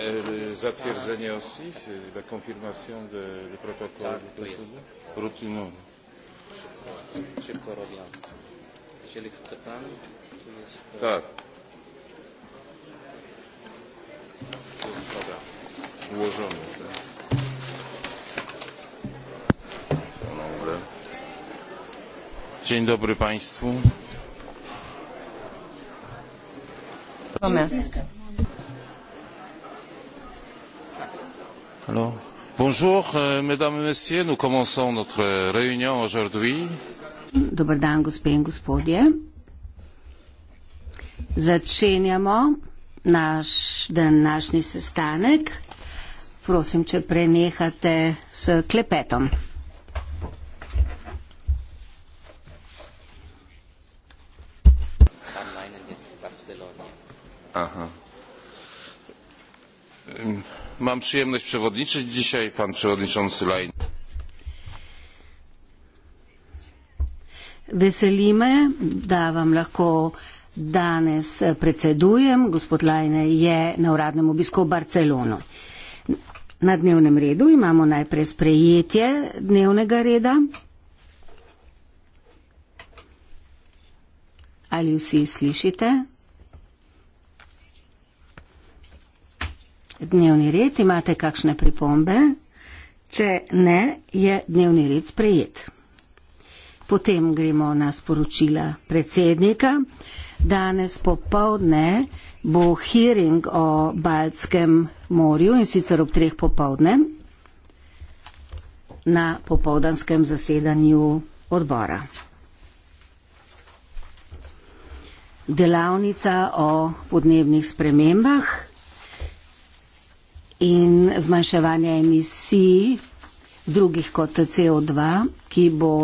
Euh, zatwierdzenie aussi, la confirmation de, de protocole. Tak, to jest. Rutino. Szybko robiąc. Jeżeli chce pan, to jest. Tak. Dobra. Ułożony. Dzień dobry Państwu. Natomiast. Alors. Bonjour, euh, mesdames et messieurs, nous commençons notre euh, réunion aujourd'hui. Dobar dan, gospe in gospodje. Začenjamo naš današnji sestanek. Prosim, če prenehate s klepetom. mam przyjemność przewodniczyć dzisiaj pan przewodniczący Leinen. Veseli me, da vam lahko danes eh, predsedujem. Gospod Lajne je na uradnem obisku v Barcelonu. Na dnevnem redu imamo najprej sprejetje dnevnega reda. Ali vsi slišite? dnevni red, imate kakšne pripombe? Če ne, je dnevni red sprejet. Potem gremo na sporočila predsednika. Danes popovdne bo hearing o Baltskem morju in sicer ob treh popovdne na popovdanskem zasedanju odbora. Delavnica o podnebnih spremembah in zmanjševanja emisij drugih kot CO2, ki bo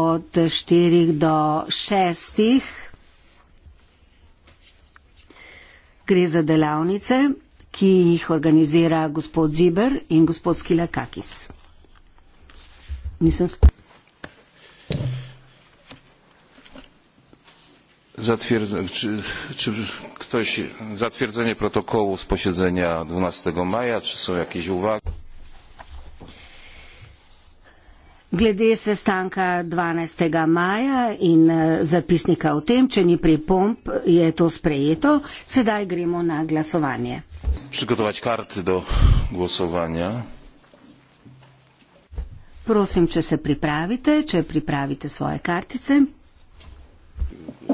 od 4 do 6. Gre za delavnice, ki jih organizira gospod Ziber in gospod Skila Kakis. Mislim, zatwierdzenie, czy, czy ktoś, zatwierdzenie protokołu z posiedzenia 12 maja, czy są jakieś uwagi? Glede sestanka 12. maja in e, zapisnika o tem, če ni pripomp, je to sprejeto. Sedaj gremo na glasovanje. Prigotovati karti do glasovanja. Prosim, če se pripravite, če pripravite svoje kartice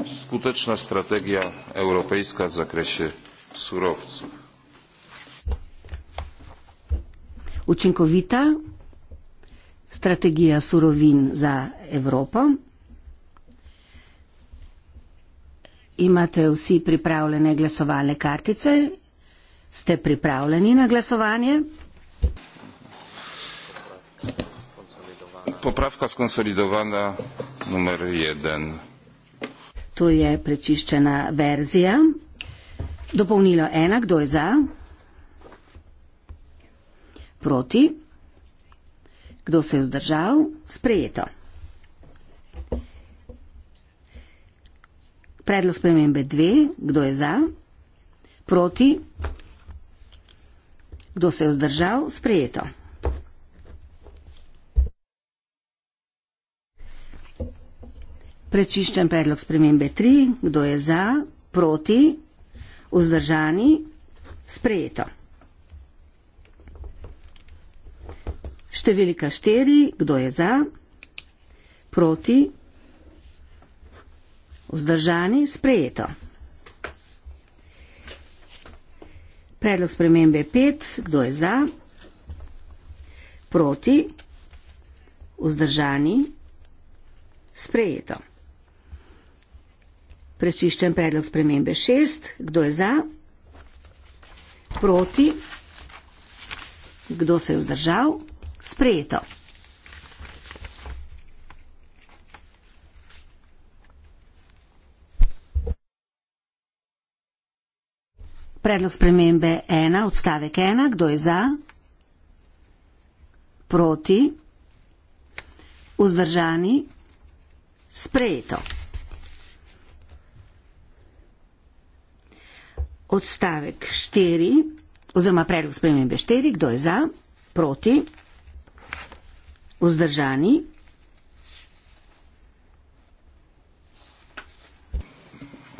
skuteczna strategia europejska w zakresie surowców. Uczynkowita strategia surowin za Europę. Imate vsi pripravljene glasovalne kartice? Ste pripravljeni na glasovanje? Popravka skonsolidovana, numer 1. To je prečiščena verzija. Dopolnilo ena, kdo je za? Proti? Kdo se je vzdržal? Sprejeto. Predlog spremembe dve, kdo je za? Proti? Kdo se je vzdržal? Sprejeto. Prečiščen predlog spremembe 3. Kdo je za, proti, vzdržani, sprejeto. Številka 4. Kdo je za, proti, vzdržani, sprejeto. Predlog spremembe 5. Kdo je za, proti, vzdržani, sprejeto. Prečiščen predlog spremembe šest. Kdo je za? Proti? Kdo se je vzdržal? Sprejeto. Predlog spremembe ena, odstavek ena. Kdo je za? Proti? Vzdržani? Sprejeto. odstavek 4, oziroma predlog spremembe 4, kdo je za, proti, vzdržani.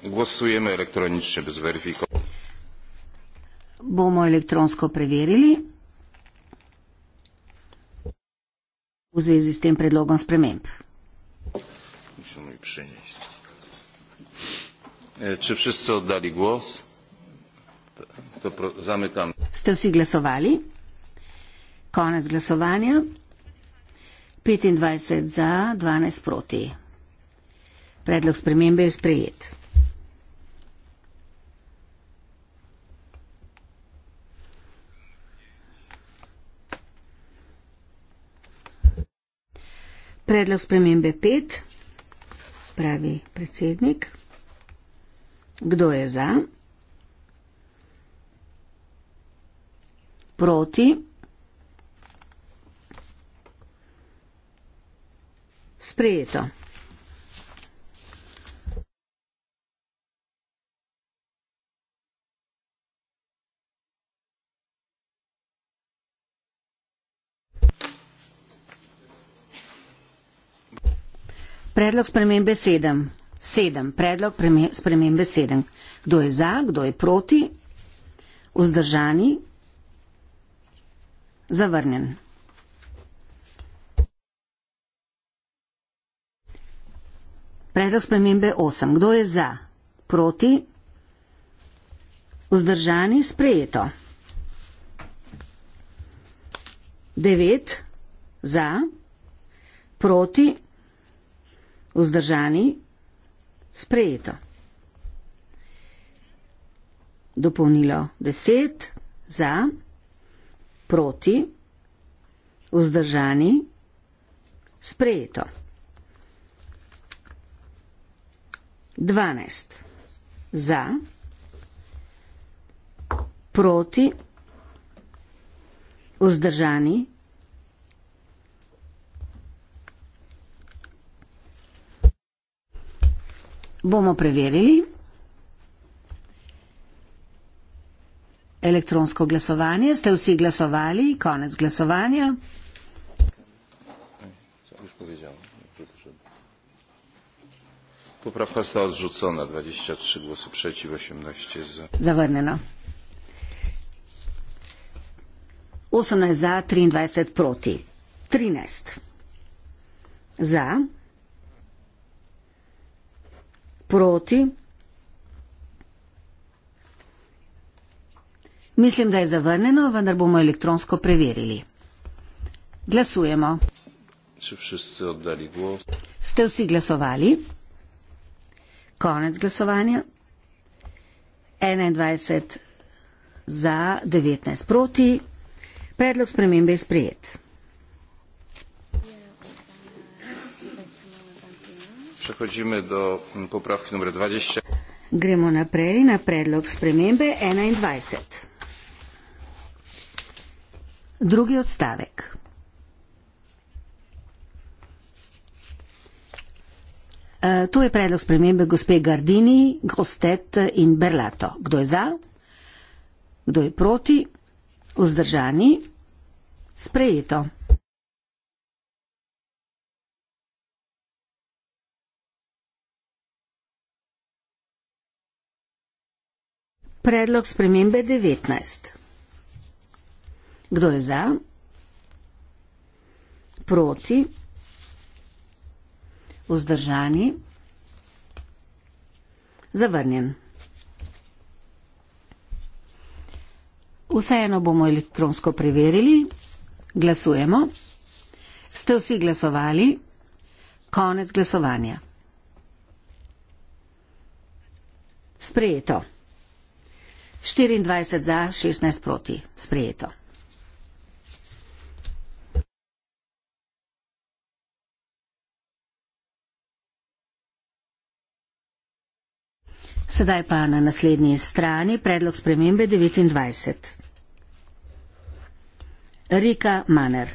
Glasujemo elektronično, brez verifikov. Bomo elektronsko preverili v zvezi s tem predlogom sprememb. E, czy wszyscy oddali głos? to zametam. Ste vsi glasovali? Konec glasovanja. 25 za, 12 proti. Predlog spremembe je sprejet. Predlog spremembe 5, pravi predsednik. Kdo je za? proti, sprejeto. Predlog spremembe 7. 7. Predlog spremembe 7. Kdo je za, kdo je proti, vzdržani, Zavrnjen. Predlog spremembe 8. Kdo je za? Proti? Vzdržani? Sprejeto. 9. Za? Proti? Vzdržani? Sprejeto. Dopolnilo 10. Za? Proti? proti, vzdržani, sprejeto. 12. Za, proti, vzdržani, bomo preverili. elektronsko glasovanje. Ste vsi glasovali? Konec glasovanja. Popravka sta odrzucena, 23 glasov proti, 18 za. Zavrnjeno. 18 za, 23 proti. 13 za, proti, Mislim, da je zavrnjeno, vendar bomo elektronsko preverili. Glasujemo. Ste vsi glasovali? Konec glasovanja. 21 za, 19 proti. Predlog spremembe je sprejet. Prehodimo do popravki nr. 20. Gremo naprej na predlog spremembe 21. Drugi odstavek. E, to je predlog spremembe gospe Gardini, Grostet in Berlato. Kdo je za? Kdo je proti? Vzdržani? Sprejeto. Predlog spremembe 19. Kdo je za? Proti? Vzdržani? Zavrnjen. Vseeno bomo elektronsko preverili. Glasujemo. Ste vsi glasovali? Konec glasovanja. Sprejeto. 24 za, 16 proti. Sprejeto. Sedaj pa na naslednji strani predlog spremembe 29. Rika Maner.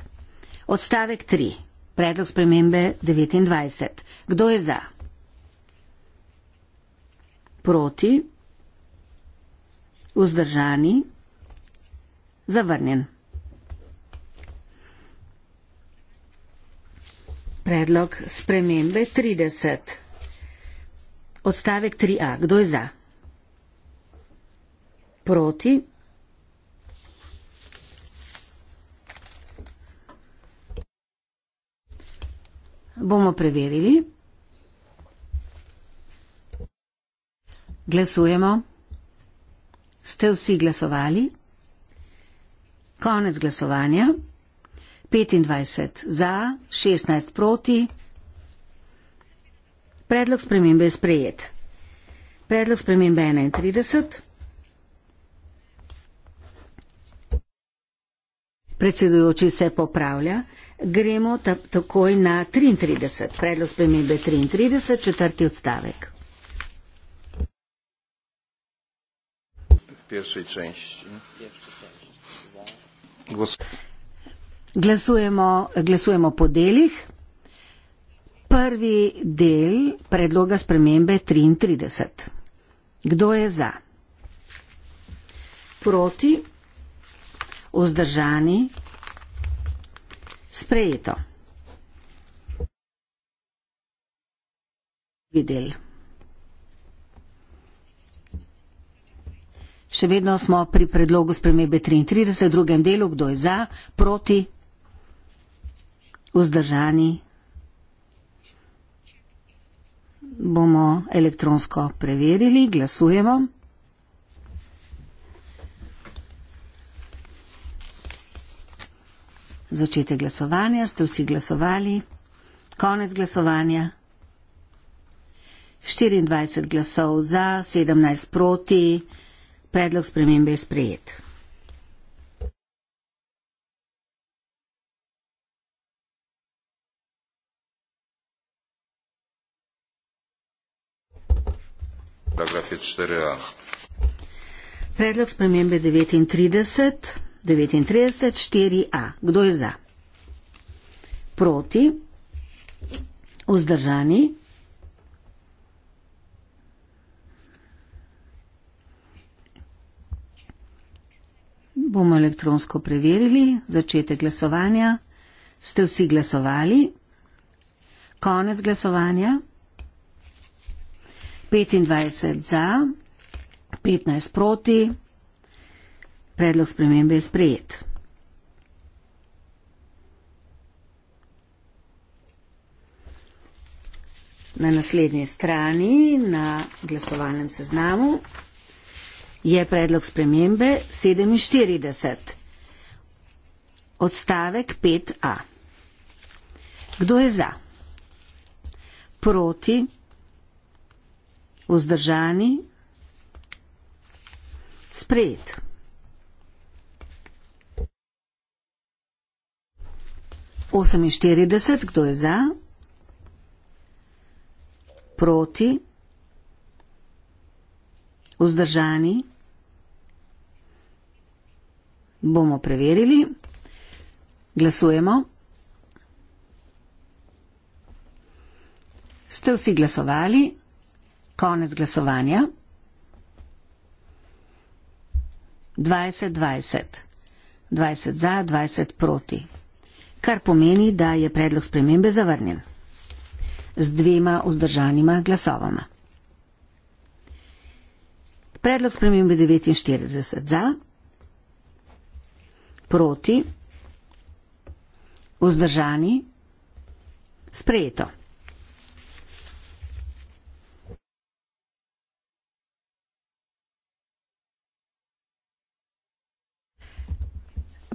Odstavek 3. Predlog spremembe 29. Kdo je za? Proti? Vzdržani? Zavrnjen. Predlog spremembe 30. Odstavek 3a. Kdo je za? Proti. Bomo preverili. Glasujemo. Ste vsi glasovali? Konec glasovanja. 25 za, 16 proti. Predlog spremembe je sprejet. Predlog spremembe 31. Predsedujoči se popravlja. Gremo ta, takoj na 33. Predlog spremembe 33, četrti odstavek. Glasujemo, glasujemo po delih prvi del predloga spremembe 33. Kdo je za? Proti? Vzdržani? Sprejeto. Videl. Še vedno smo pri predlogu spremembe 33, v drugem delu, kdo je za, proti, vzdržani. bomo elektronsko preverili. Glasujemo. Začete glasovanja, ste vsi glasovali. Konec glasovanja. 24 glasov za, 17 proti. Predlog spremembe je sprejet. paragrafie 4a. Predlog spremembe 39, 39, 4a. Kdo je za? Proti? Vzdržani? Bomo elektronsko preverili začetek glasovanja. Ste vsi glasovali? Konec glasovanja. 25 za, 15 proti. Predlog spremembe je sprejet. Na naslednji strani, na glasovalnem seznamu, je predlog spremembe 47. Odstavek 5a. Kdo je za? Proti? Vzdržani. Sprejet. Oseminštirideset, kdo je za? Proti. Vzdržani. Bomo preverili. Glasujemo. Ste vsi glasovali? Konec glasovanja. 20, 20. 20 za, 20 proti. Kar pomeni, da je predlog spremembe zavrnjen. Z dvema vzdržanima glasovama. Predlog spremembe 49 za, proti, vzdržani, sprejeto.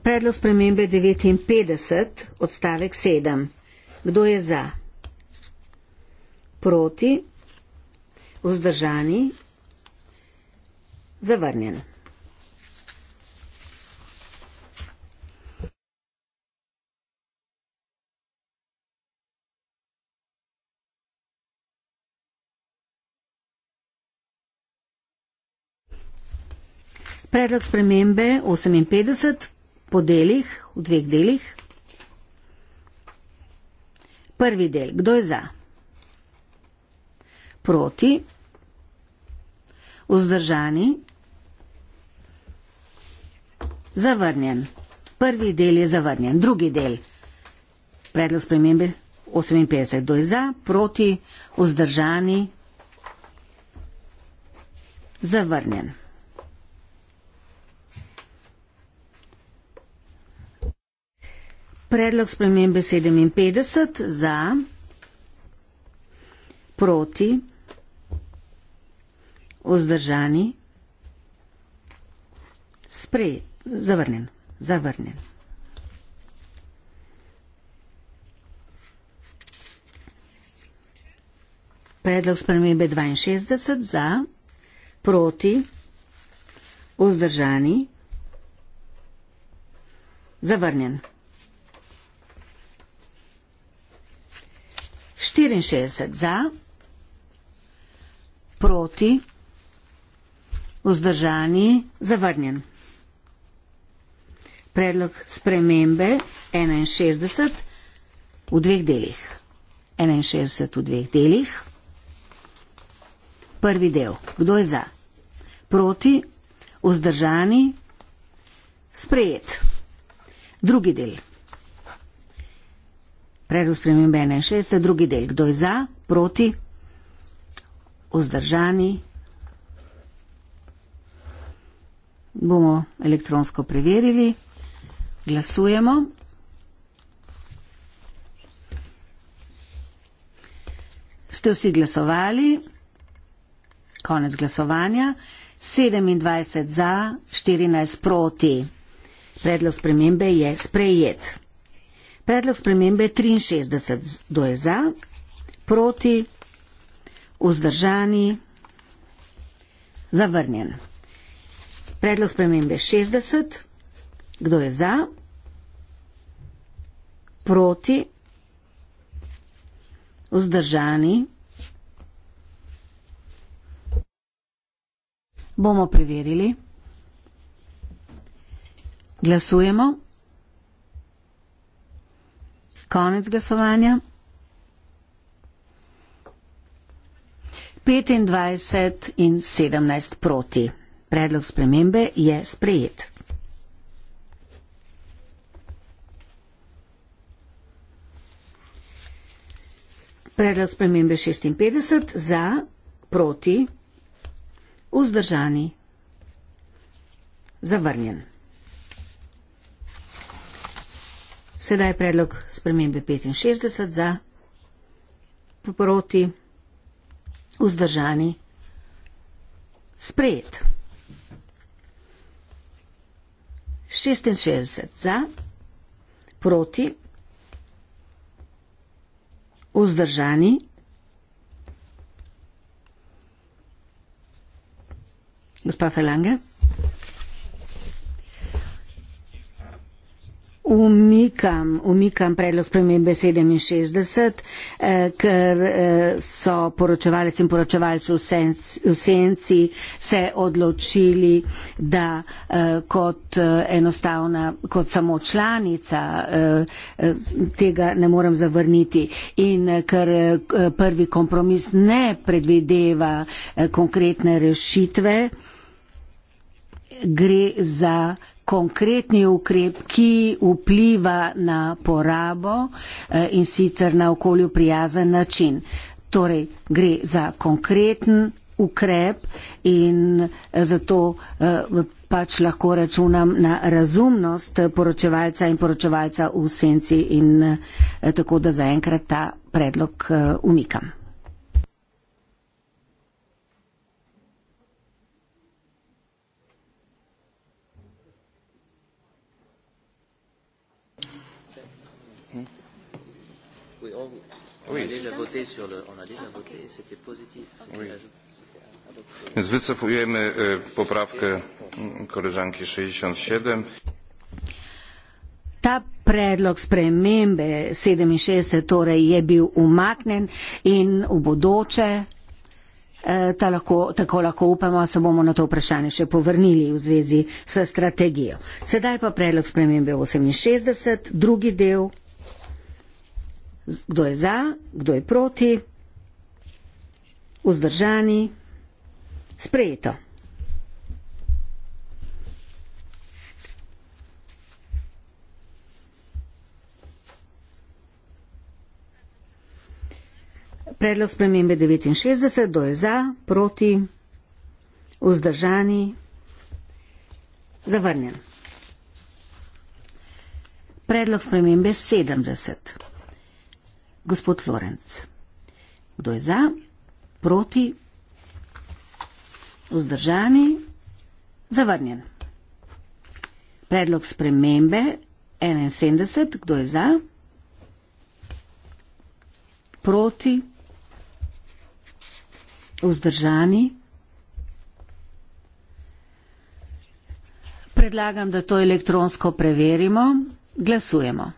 predlog spremembe 59, odstavek 7. Kdo je za? Proti? Vzdržani? Zavrnjen. Predlog spremembe 58, po delih, v dveh delih. Prvi del, kdo je za? Proti, vzdržani, zavrnjen. Prvi del je zavrnjen. Drugi del, predlog spremembe 58, kdo je za? Proti, vzdržani, zavrnjen. predlog spremembe 57 za, proti, vzdržani, sprejet, zavrnen, zavrnen. Predlog spremembe 62 za, proti, vzdržani, zavrnjen. 64 za, proti, vzdržani, zavrnjen. Predlog spremembe 61 v dveh delih. 61 v dveh delih. Prvi del. Kdo je za? Proti, vzdržani, sprejet. Drugi del predlog spremembe 61, drugi del, kdo je za, proti, vzdržani. Bomo elektronsko preverili, glasujemo. Ste vsi glasovali? Konec glasovanja. 27 za, 14 proti. Predlog spremembe je sprejet. Predlog spremembe 63 do je za, proti, vzdržani, zavrnjen. Predlog spremembe 60, kdo je za, proti, vzdržani. Bomo preverili. Glasujemo. Konec glasovanja. 25 in 17 proti. Predlog spremembe je sprejet. Predlog spremembe 56 za, proti, vzdržani, zavrnjen. Sedaj je predlog spremembe 65 za, proti, vzdržani, sprejet. 66 za, proti, vzdržani, gospa Felange. Umikam, umikam predlog spremembe 67, eh, ker eh, so poročevalec in poročevalci v, v senci se odločili, da eh, kot eh, enostavna, kot samo članica eh, eh, tega ne morem zavrniti. In eh, ker eh, prvi kompromis ne predvideva eh, konkretne rešitve, eh, gre za konkretni ukrep, ki vpliva na porabo eh, in sicer na okolju prijazen način. Torej, gre za konkreten ukrep in eh, zato eh, pač lahko računam na razumnost poročevalca in poročevalca v senci in tako da zaenkrat ta predlog unikam. Oh, on, oui. on allait la voter sur le... On allait la voter, ah, okay. c'était positif. Okay. Więc wycofujemy poprawkę koleżanki 67. Ta predlog spremembe 67 torej je bil umaknen in v bodoče, e, ta lahko, tako lahko upamo, se bomo na to vprašanje še povrnili v zvezi s strategijo. Sedaj pa predlog spremembe 68, drugi del kdo je za, kdo je proti, vzdržani, sprejeto. Predlog spremembe 69, kdo je za, proti, vzdržani, zavrnjen. Predlog spremembe 70. Gospod Florenc. Kdo je za, proti, vzdržani, zavrnjen. Predlog spremembe 71. Kdo je za, proti, vzdržani. Predlagam, da to elektronsko preverimo. Glasujemo.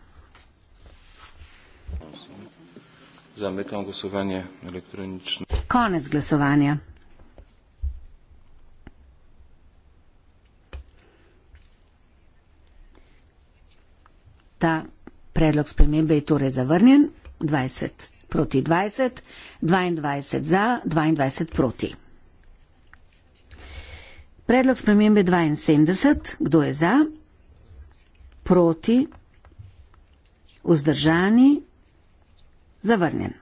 Zamykam głosowanie elektroniczne. Koniec głosowania. Ta predlog spremembe je torej zavrnjen, 20 proti 20, 22 za, 22 proti. Predlog spremembe 72, kdo je za, proti, vzdržani, Zavrnjen.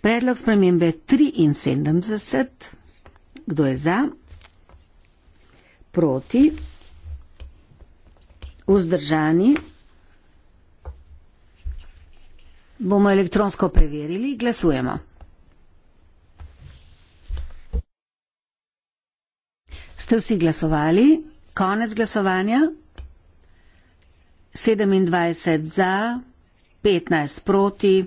Predlog spremembe 73. Kdo je za? Proti? Vzdržani? Bomo elektronsko preverili. Glasujemo. Ste vsi glasovali? Konec glasovanja? 27 za, 15 proti,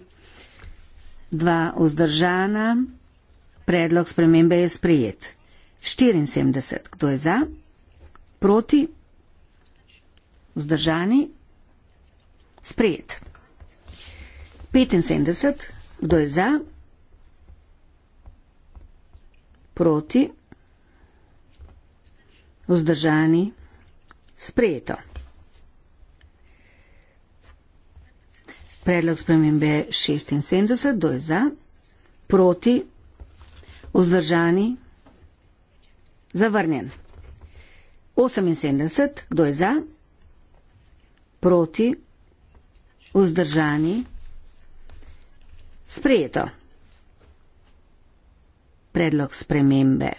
2 vzdržana. Predlog spremembe je sprejet. 74. Kdo je za? Proti? Vzdržani? Sprejet. 75. Kdo je za? Proti? Vzdržani? Sprejeto. predlog spremembe 76, kdo je za, proti, vzdržani, zavrnjen. 78, kdo je za, proti, vzdržani, sprejeto. Predlog spremembe.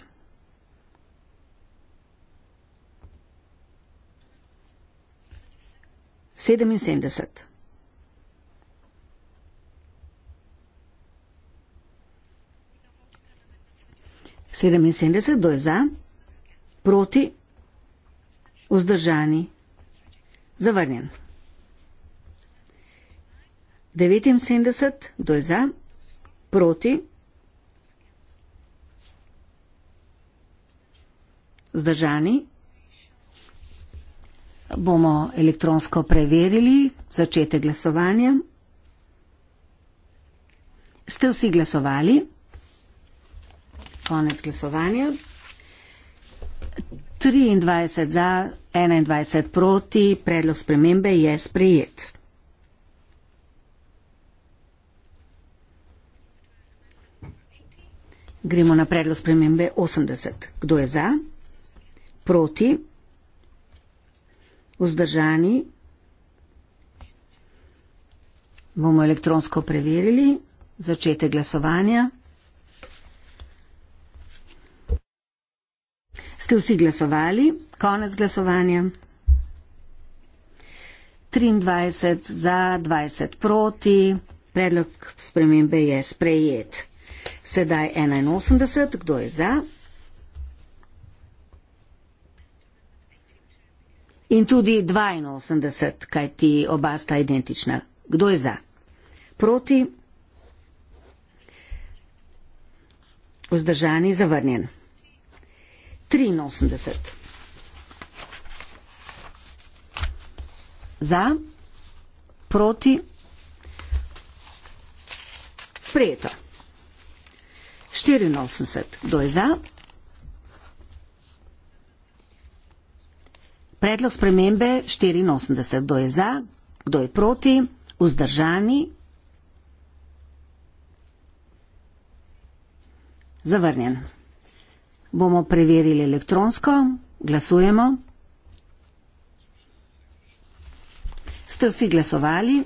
Sedeminsedemdeset. 77 kdo je za, proti, vzdržani, zavrnjen. 79 kdo je za, proti, vzdržani. Bomo elektronsko preverili začetek glasovanja. Ste vsi glasovali? konec glasovanja. 23 za, 21 proti, predlog spremembe je sprejet. Gremo na predlog spremembe 80. Kdo je za? Proti? Vzdržani? Bomo elektronsko preverili. Začete glasovanja. Ste vsi glasovali? Konec glasovanja. 23 za, 20 proti. Predlog spremembe je sprejet. Sedaj 81. Kdo je za? In tudi 82, kaj ti oba sta identična. Kdo je za? Proti? Vzdržani, zavrnjen. 83. Za, proti, sprejeto. 84. Kdo je za? Predlog spremembe 84. Kdo je za? Kdo je proti? Vzdržani? Zavrnjen bomo preverili elektronsko. Glasujemo. Ste vsi glasovali?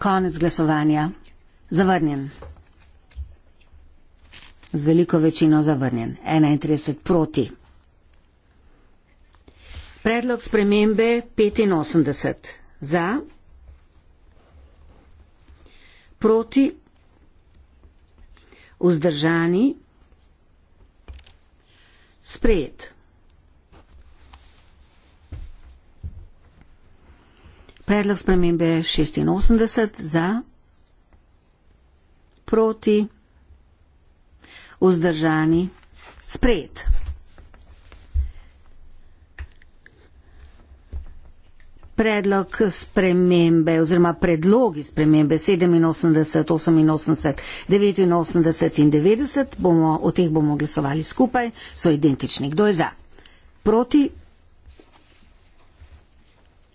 Konec glasovanja. Zavrnjen. Z veliko večino zavrnjen. 31 proti. Predlog spremembe 85. Za. Proti Vzdržani. Sprejet. Predlog spremembe 86 za. Proti. Vzdržani. Sprejet. predlog spremembe oziroma predlogi spremembe 87, 88, 89 in 90, bomo, o teh bomo glasovali skupaj, so identični. Kdo je za? Proti?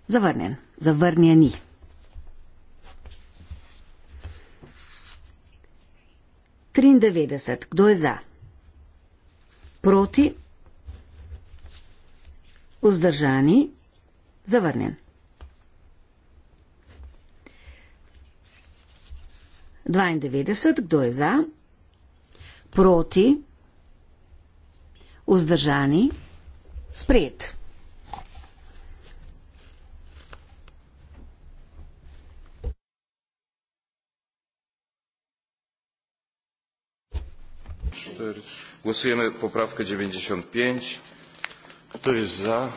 Zavrnjen. Zavrnjeni. Trindevetdeset. Kdo je za? Proti? Vzdržani? Zavrnjen. 92, kdo je za, proti, vzdržani, spred. Glasujemo popravka 95. Kdo je za?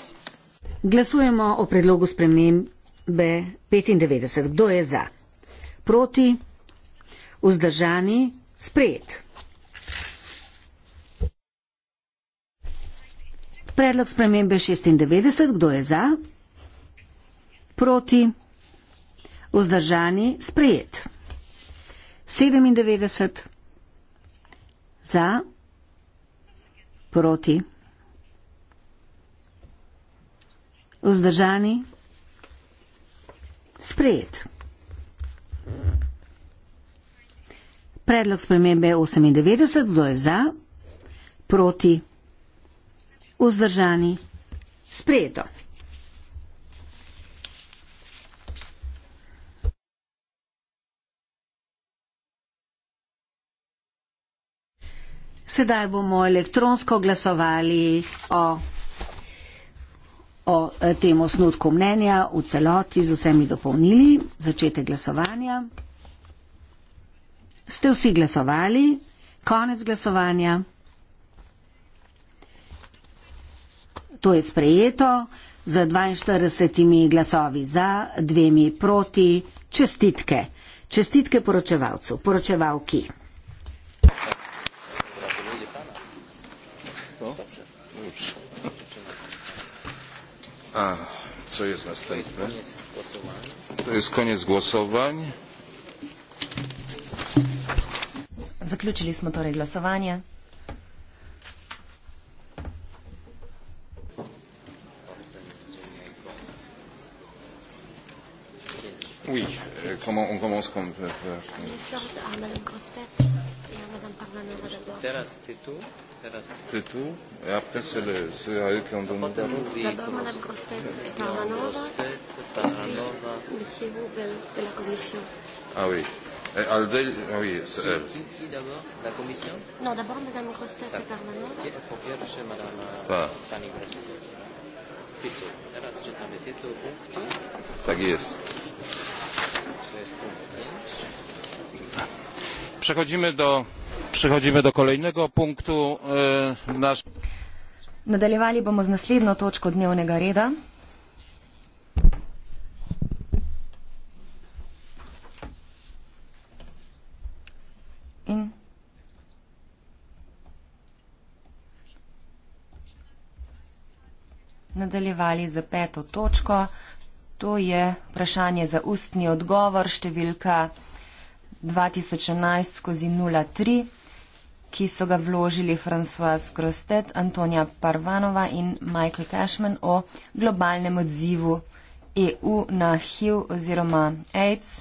Glasujemo o predlogu spremembe 95. Kdo je za? Proti? vzdržani, sprejet. Predlog spremembe 96, kdo je za? Proti, vzdržani, sprejet. 97, za, proti, vzdržani, sprejet. Predlog spremembe 98, kdo je za, proti, vzdržani, sprejeto. Sedaj bomo elektronsko glasovali o, o eh, tem osnutku mnenja v celoti z vsemi dopolnili. Začete glasovanja. Ste vsi glasovali? Konec glasovanja. To je sprejeto z 42 glasovi za, dvemi proti. Čestitke. Čestitke poročevalcu, poročevalki. To je konec glasovanja. Zaključili smo torej glasovanje. Oui, comment, euh, comment on commence comme peut faire Une fleur à Madame Grosset et à Madame Parvanova d'abord. Terrasse, c'est tout. C'est tout. Et après, c'est, le, c'est à eux qui ont donné la parole. D'abord, Madame Grosset et Parvanova. Grosset, Parvanova. Euh, monsieur Roubel de la Commission. Ah oui. Euh, ah, de, ah, oui, euh. Qui, qui, qui d'abord La commission Non, d'abord Mme Rostet ah. est permanente. Eh, pour qui est Mme euh, ah. Fanny Tito. Alors, c'est un petit tout. Tagis. Przechodzimy do, przechodzimy do kolejnego punktu. Y, e, nasz... Nadaliwali bomo z naslednią toczką dniowego reda. nadaljevali za peto točko. To je vprašanje za ustni odgovor številka 2011-03, ki so ga vložili François Grostet, Antonija Parvanova in Michael Cashman o globalnem odzivu EU na HIV oziroma AIDS.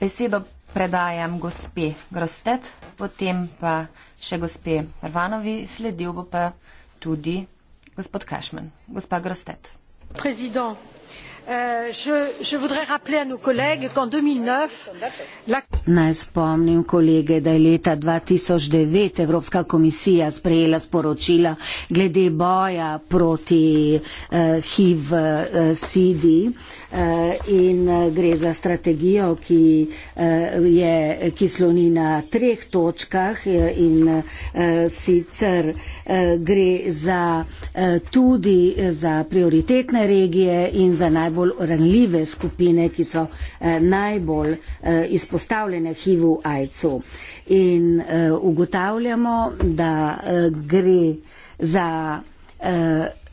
Besedo predajam gospe Grostet, potem pa še gospe Rvanovi, sledil bo pa tudi gospod Kašmen, gospa Grostet. Prezident. Uh, je, je voudrais rappeler à nos collègues qu'en 2009, la... Naj spomnim kolege, da je leta 2009 Evropska komisija sprejela sporočila glede boja proti uh, eh, HIV-CD. Uh, eh, Eh, in eh, gre za strategijo, ki, eh, je, ki sloni na treh točkah in sicer gre za, tudi za prioritetne regije in za najbolj ranljive skupine, ki so najbolj izpostavljene HIV-u AIDS-u. In ugotavljamo, da gre za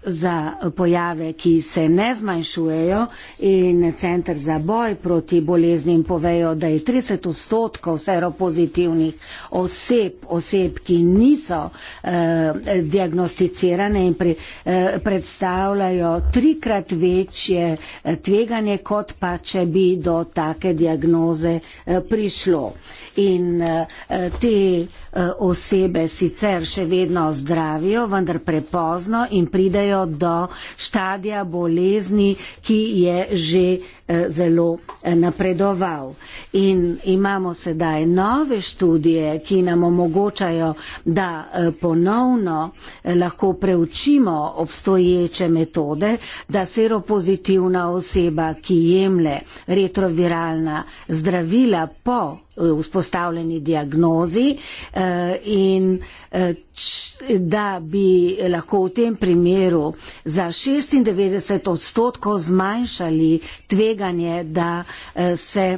za pojave, ki se ne zmanjšujejo in centr za boj proti boleznim povejo, da je 30 odstotkov seropozitivnih oseb, oseb, ki niso eh, diagnosticirane in pri, eh, predstavljajo trikrat večje eh, tveganje, kot pa če bi do take diagnoze eh, prišlo. In eh, te Eh, osebe sicer še vedno zdravijo, vendar prepozno in pridajo do štadija bolezni, ki je že eh, zelo eh, napredoval. In imamo sedaj nove študije, ki nam omogočajo, da ponovno lahko preučimo obstoječe metode, da seropozitivna oseba, ki jemle retroviralna zdravila po vzpostavljeni diagnozi eh, in eh, da bi lahko v tem primeru za 96 odstotkov zmanjšali tveganje, da eh, se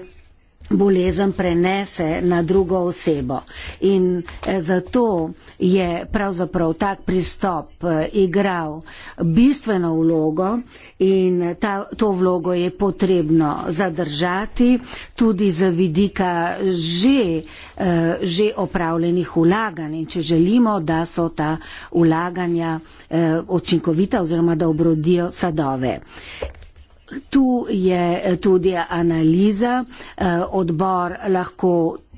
bolezen prenese na drugo osebo. In eh, zato je pravzaprav tak pristop eh, igral bistveno vlogo in ta, to vlogo je potrebno zadržati tudi za vidika že, eh, že opravljenih vlaganj in če želimo, da so ta vlaganja učinkovita oziroma da obrodijo sadove. Tu je tudi analiza, eh, odbor lahko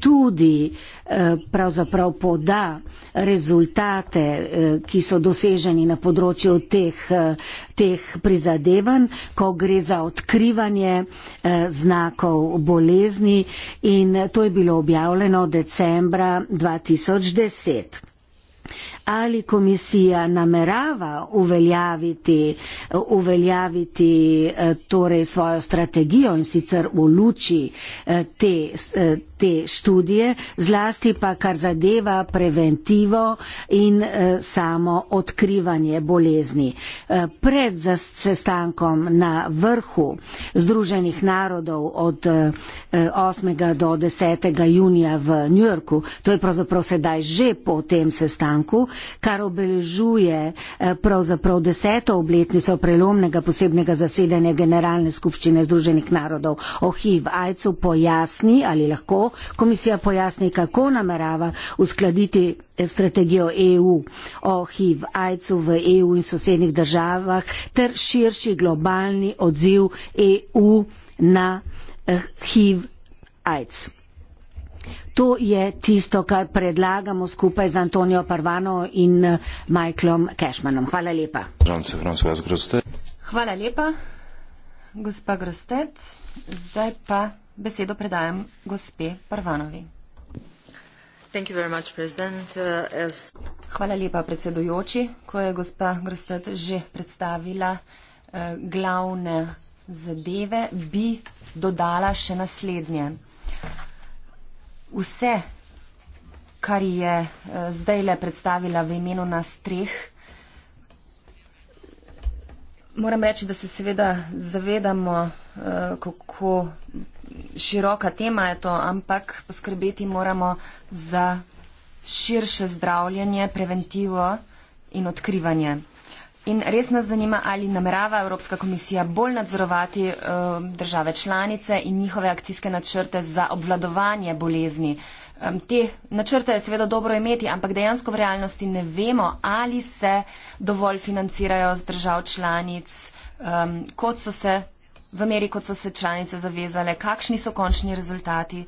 tudi eh, pravzaprav poda rezultate, eh, ki so doseženi na področju teh, teh prizadevanj, ko gre za odkrivanje znakov bolezni in to je bilo objavljeno decembra 2010. Ali komisija namerava uveljaviti, uveljaviti eh, torej svojo strategijo in sicer v luči eh, te, eh, te študije, zlasti pa kar zadeva preventivo in e, samo odkrivanje bolezni. E, pred sestankom na vrhu Združenih narodov od e, eh, 8. do 10. junija v New Yorku, to je pravzaprav sedaj že po tem sestanku, kar obeležuje e, pravzaprav deseto obletnico prelomnega posebnega zasedanja Generalne skupščine Združenih narodov o HIV-AIDS-u, pojasni ali lahko komisija pojasni, kako namerava uskladiti eh, strategijo EU o HIV, AIDS-u v EU in sosednjih državah ter širši globalni odziv EU na eh, HIV, AIDS. To je tisto, kar predlagamo skupaj z Antonijo Parvano in eh, Michaelom Cashmanom. Hvala lepa. Hvala lepa, gospa Grostet. Zdaj pa. Besedo predajam gospe Parvanovi. Uh, Hvala lepa, predsedujoči. Ko je gospa Grostet že predstavila eh, glavne zadeve, bi dodala še naslednje. Vse, kar je eh, zdajle predstavila v imenu nas treh, Moram reči, da se seveda zavedamo, eh, kako široka tema je to, ampak poskrbeti moramo za širše zdravljenje, preventivo in odkrivanje. In res nas zanima, ali namerava Evropska komisija bolj nadzorovati eh, države članice in njihove akcijske načrte za obvladovanje bolezni. Te načrte je seveda dobro imeti, ampak dejansko v realnosti ne vemo, ali se dovolj financirajo z držav članic, kot so se v meri, kot so se članice zavezale, kakšni so končni rezultati,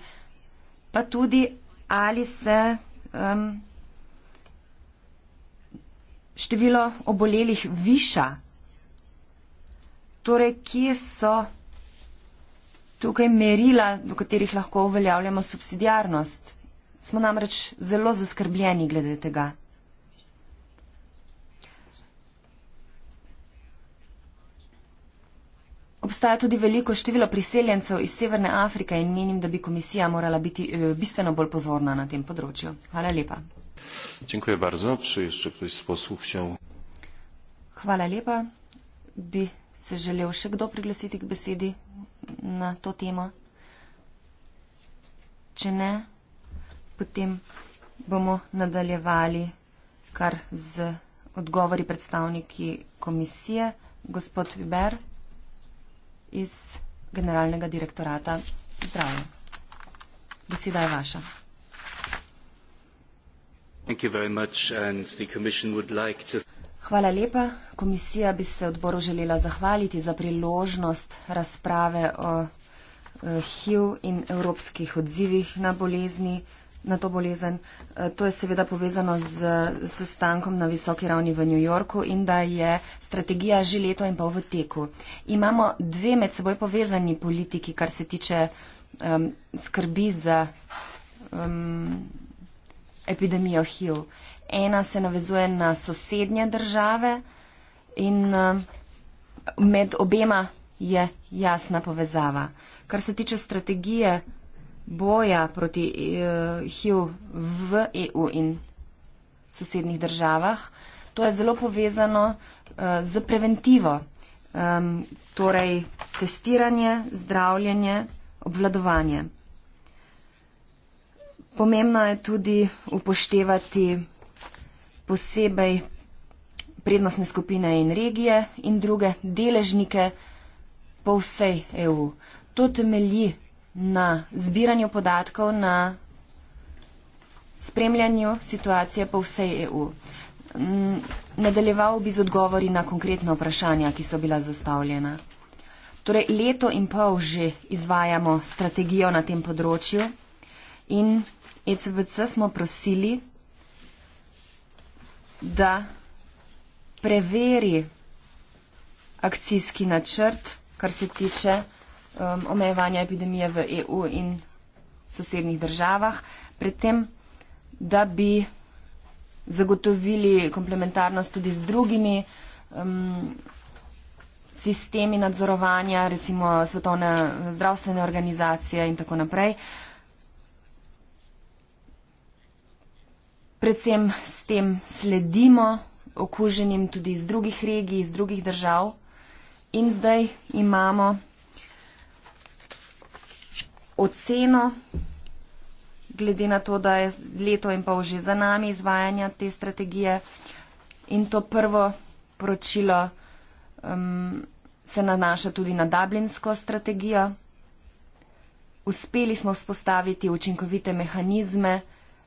pa tudi, ali se število obolelih viša. Torej, kje so tukaj merila, v katerih lahko uveljavljamo subsidijarnost? Smo namreč zelo zaskrbljeni glede tega. Obstaja tudi veliko število priseljencev iz Severne Afrike in menim, da bi komisija morala biti eh, bistveno bolj pozorna na tem področju. Hvala lepa. Bardzo. Hvala lepa. Bi se želel še kdo priglasiti k besedi na to temo? Če ne potem bomo nadaljevali kar z odgovori predstavniki komisije. Gospod Viber iz generalnega direktorata. Zdravo. Beseda je vaša. Hvala lepa. Komisija bi se odboru želela zahvaliti za priložnost razprave o eh, HIV in evropskih odzivih na bolezni na to bolezen. Eh, to je seveda povezano z sestankom na visoki ravni v New Yorku in da je strategija že leto in pol v teku. Imamo dve med seboj povezani politiki, kar se tiče um, skrbi za um, epidemijo HIV. Ena se navezuje na sosednje države in um, med obema je jasna povezava. Kar se tiče strategije, boja proti uh, HIV v EU in sosednih državah. To je zelo povezano uh, z preventivo, um, torej testiranje, zdravljenje, obvladovanje. Pomembno je tudi upoštevati posebej prednostne skupine in regije in druge deležnike po vsej EU. To temelji na zbiranju podatkov, na spremljanju situacije po vsej EU. Mm, nadaljeval bi z odgovori na konkretne vprašanja, ki so bila zastavljena. Torej, leto in pol že izvajamo strategijo na tem področju in ECVC smo prosili, da preveri akcijski načrt, kar se tiče um, omejevanja epidemije v EU in sosednjih državah, predtem, da bi zagotovili komplementarnost tudi z drugimi um, sistemi nadzorovanja, recimo svetovne zdravstvene organizacije in tako naprej. Predvsem s tem sledimo okuženim tudi iz drugih regij, iz drugih držav in zdaj imamo oceno, glede na to, da je leto in pol že za nami izvajanja te strategije in to prvo poročilo um, se nanaša tudi na dublinsko strategijo. Uspeli smo spostaviti učinkovite mehanizme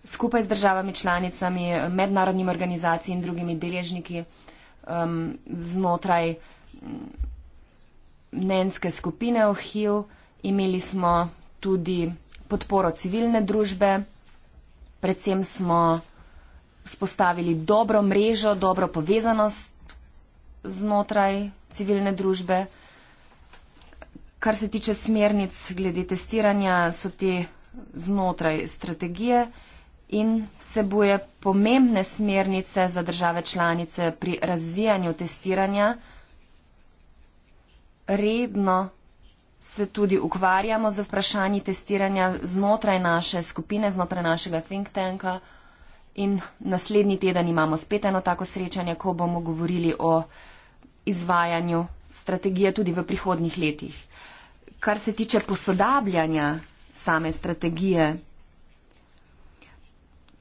skupaj z državami članicami, mednarodnimi organizacijami in drugimi deležniki um, znotraj mm, mnenjske skupine v HIV. Imeli smo tudi podporo civilne družbe. Predvsem smo spostavili dobro mrežo, dobro povezanost znotraj civilne družbe. Kar se tiče smernic glede testiranja, so te znotraj strategije in vsebuje pomembne smernice za države članice pri razvijanju testiranja redno se tudi ukvarjamo z vprašanji testiranja znotraj naše skupine, znotraj našega think tanka. In naslednji teden imamo spet eno tako srečanje, ko bomo govorili o izvajanju strategije tudi v prihodnih letih. Kar se tiče posodabljanja same strategije,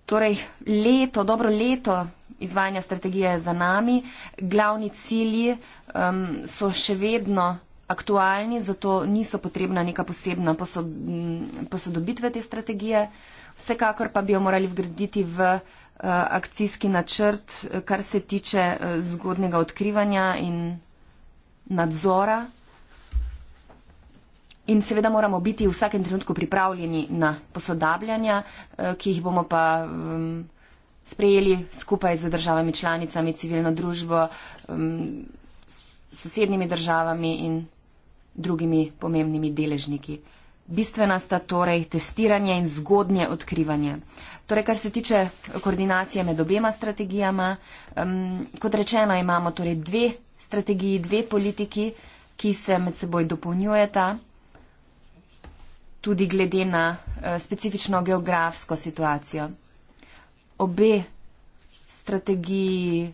torej leto, dobro leto izvajanja strategije je za nami, glavni cilji um, so še vedno aktualni, zato niso potrebna neka posebna posod, mm, posodobitve te strategije. Vsekakor pa bi jo morali vgraditi v uh, akcijski načrt, eh, kar se tiče uh, eh, zgodnega odkrivanja in nadzora. In seveda moramo biti v vsakem trenutku pripravljeni na posodabljanja, uh, ki jih bomo pa um, sprejeli skupaj z državami članicami, civilno družbo, um, sosednjimi državami in drugimi pomembnimi deležniki. Bistvena sta torej testiranje in zgodnje odkrivanje. Torej, kar se tiče koordinacije med obema strategijama, um, kot rečeno, imamo torej dve strategiji, dve politiki, ki se med seboj dopolnjujeta, tudi glede na uh, specifično geografsko situacijo. Obe strategiji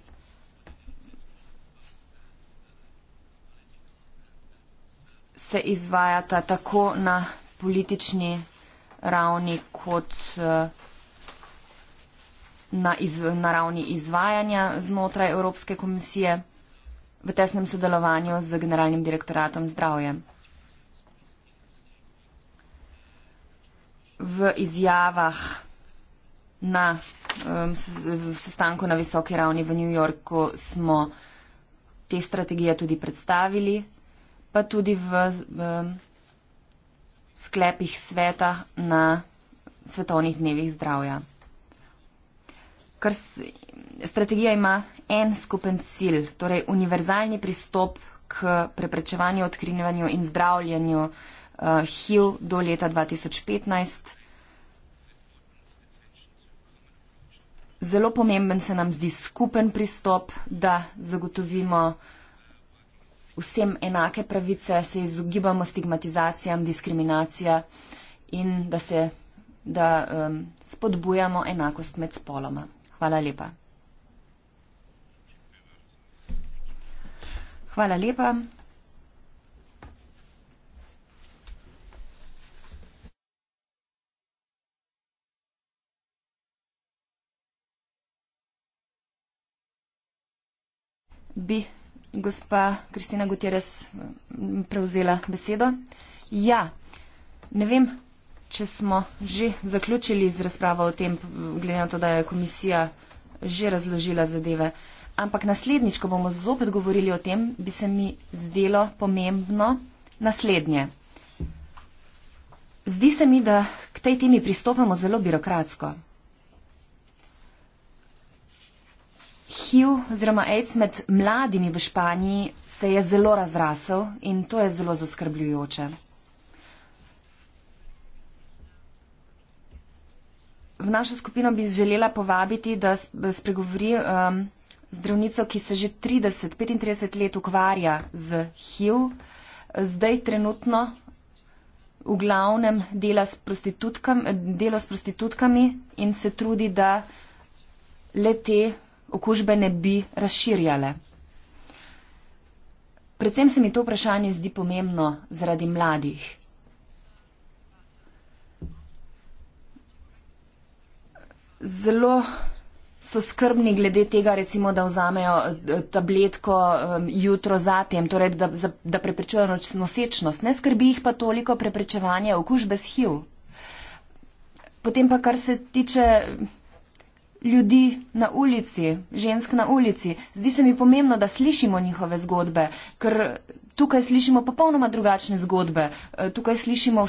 se izvajata tako na politični ravni kot eh, na, iz, na ravni izvajanja znotraj Evropske komisije v tesnem sodelovanju z Generalnim direktoratom zdravja. V izjavah na um, sestanku na visoki ravni v New Yorku smo te strategije tudi predstavili, pa tudi v, v sklepih sveta na svetovnih dnevih zdravja. Kar strategija ima en skupen cilj, torej univerzalni pristop k preprečevanju, odkrinjanju in zdravljanju uh, eh, HIV do leta 2015. Zelo pomemben se nam zdi skupen pristop, da zagotovimo uh, vsem enake pravice, se izogibamo stigmatizacijam, diskriminacijam in da se da, um, spodbujamo enakost med spoloma. Hvala lepa. Hvala lepa. Bi gospa Kristina Gutierrez prevzela besedo. Ja, ne vem, če smo že zaključili z razpravo o tem, glede na to, da je komisija že razložila zadeve. Ampak naslednjič, ko bomo zopet govorili o tem, bi se mi zdelo pomembno naslednje. Zdi se mi, da k tej temi pristopamo zelo birokratsko. HIV oziroma AIDS med mladimi v Španiji se je zelo razrasel in to je zelo zaskrbljujoče. V našo skupino bi želela povabiti, da spregovori um, zdravnico, ki se že 30-35 let ukvarja z HIV, zdaj trenutno v glavnem dela s, prostitutkam, dela s prostitutkami in se trudi, da le te okužbe ne bi razširjale. Predvsem se mi to vprašanje zdi pomembno zaradi mladih. Zelo so skrbni glede tega, recimo, da vzamejo eh, tabletko eh, jutro zatem, torej da, da preprečujejo nosečnost. Ne skrbi jih pa toliko preprečevanje okužbe s HIV. Potem pa, kar se tiče ljudi na ulici, žensk na ulici. Zdi se mi pomembno, da slišimo njihove zgodbe, ker tukaj slišimo popolnoma drugačne zgodbe. Eh, tukaj slišimo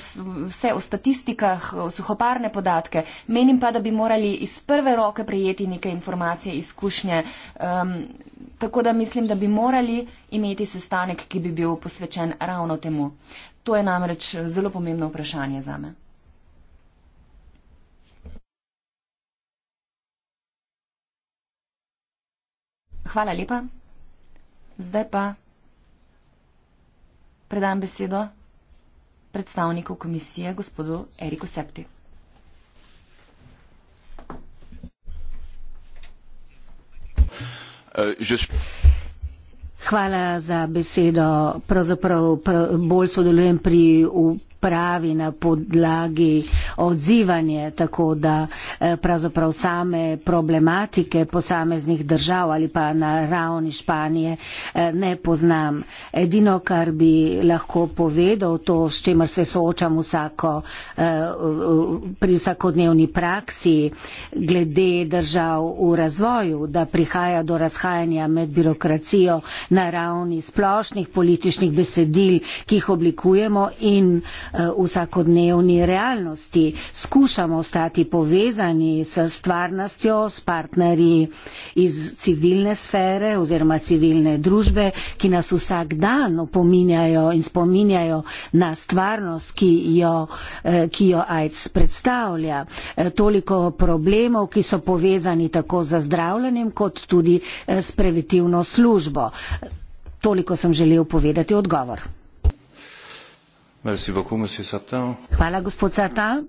vse o statistikah, o suhoparne podatke. Menim pa, da bi morali iz prve roke prijeti neke informacije, izkušnje. Um, tako da mislim, da bi morali imeti sestanek, ki bi bil posvečen ravno temu. To je namreč eh, zelo pomembno vprašanje za me. Hvala lepa. Zdaj pa predam besedo predstavniku komisije, gospodu Eriku Septi. Eh, Hvala za besedo. Pravzaprav pr bolj sodelujem pri pravi na podlagi odzivanje, tako da eh, pravzaprav same problematike posameznih držav ali pa na ravni Španije eh, ne poznam. Edino, kar bi lahko povedal, to, s čemer se soočam vsako, eh, pri vsakodnevni praksi glede držav v razvoju, da prihaja do razhajanja med birokracijo na ravni splošnih političnih besedil, ki jih oblikujemo in Eh, vsakodnevni realnosti. Skušamo ostati povezani s stvarnostjo, s partnerji iz civilne sfere oziroma civilne družbe, ki nas vsak dan opominjajo in spominjajo na stvarnost, ki jo, eh, ki jo AIDS predstavlja. Eh, toliko problemov, ki so povezani tako za zdravljenjem kot tudi s preventivno službo. Toliko sem želel povedati odgovor. Merci beaucoup, monsieur Satan. Hvala, gospod Satan.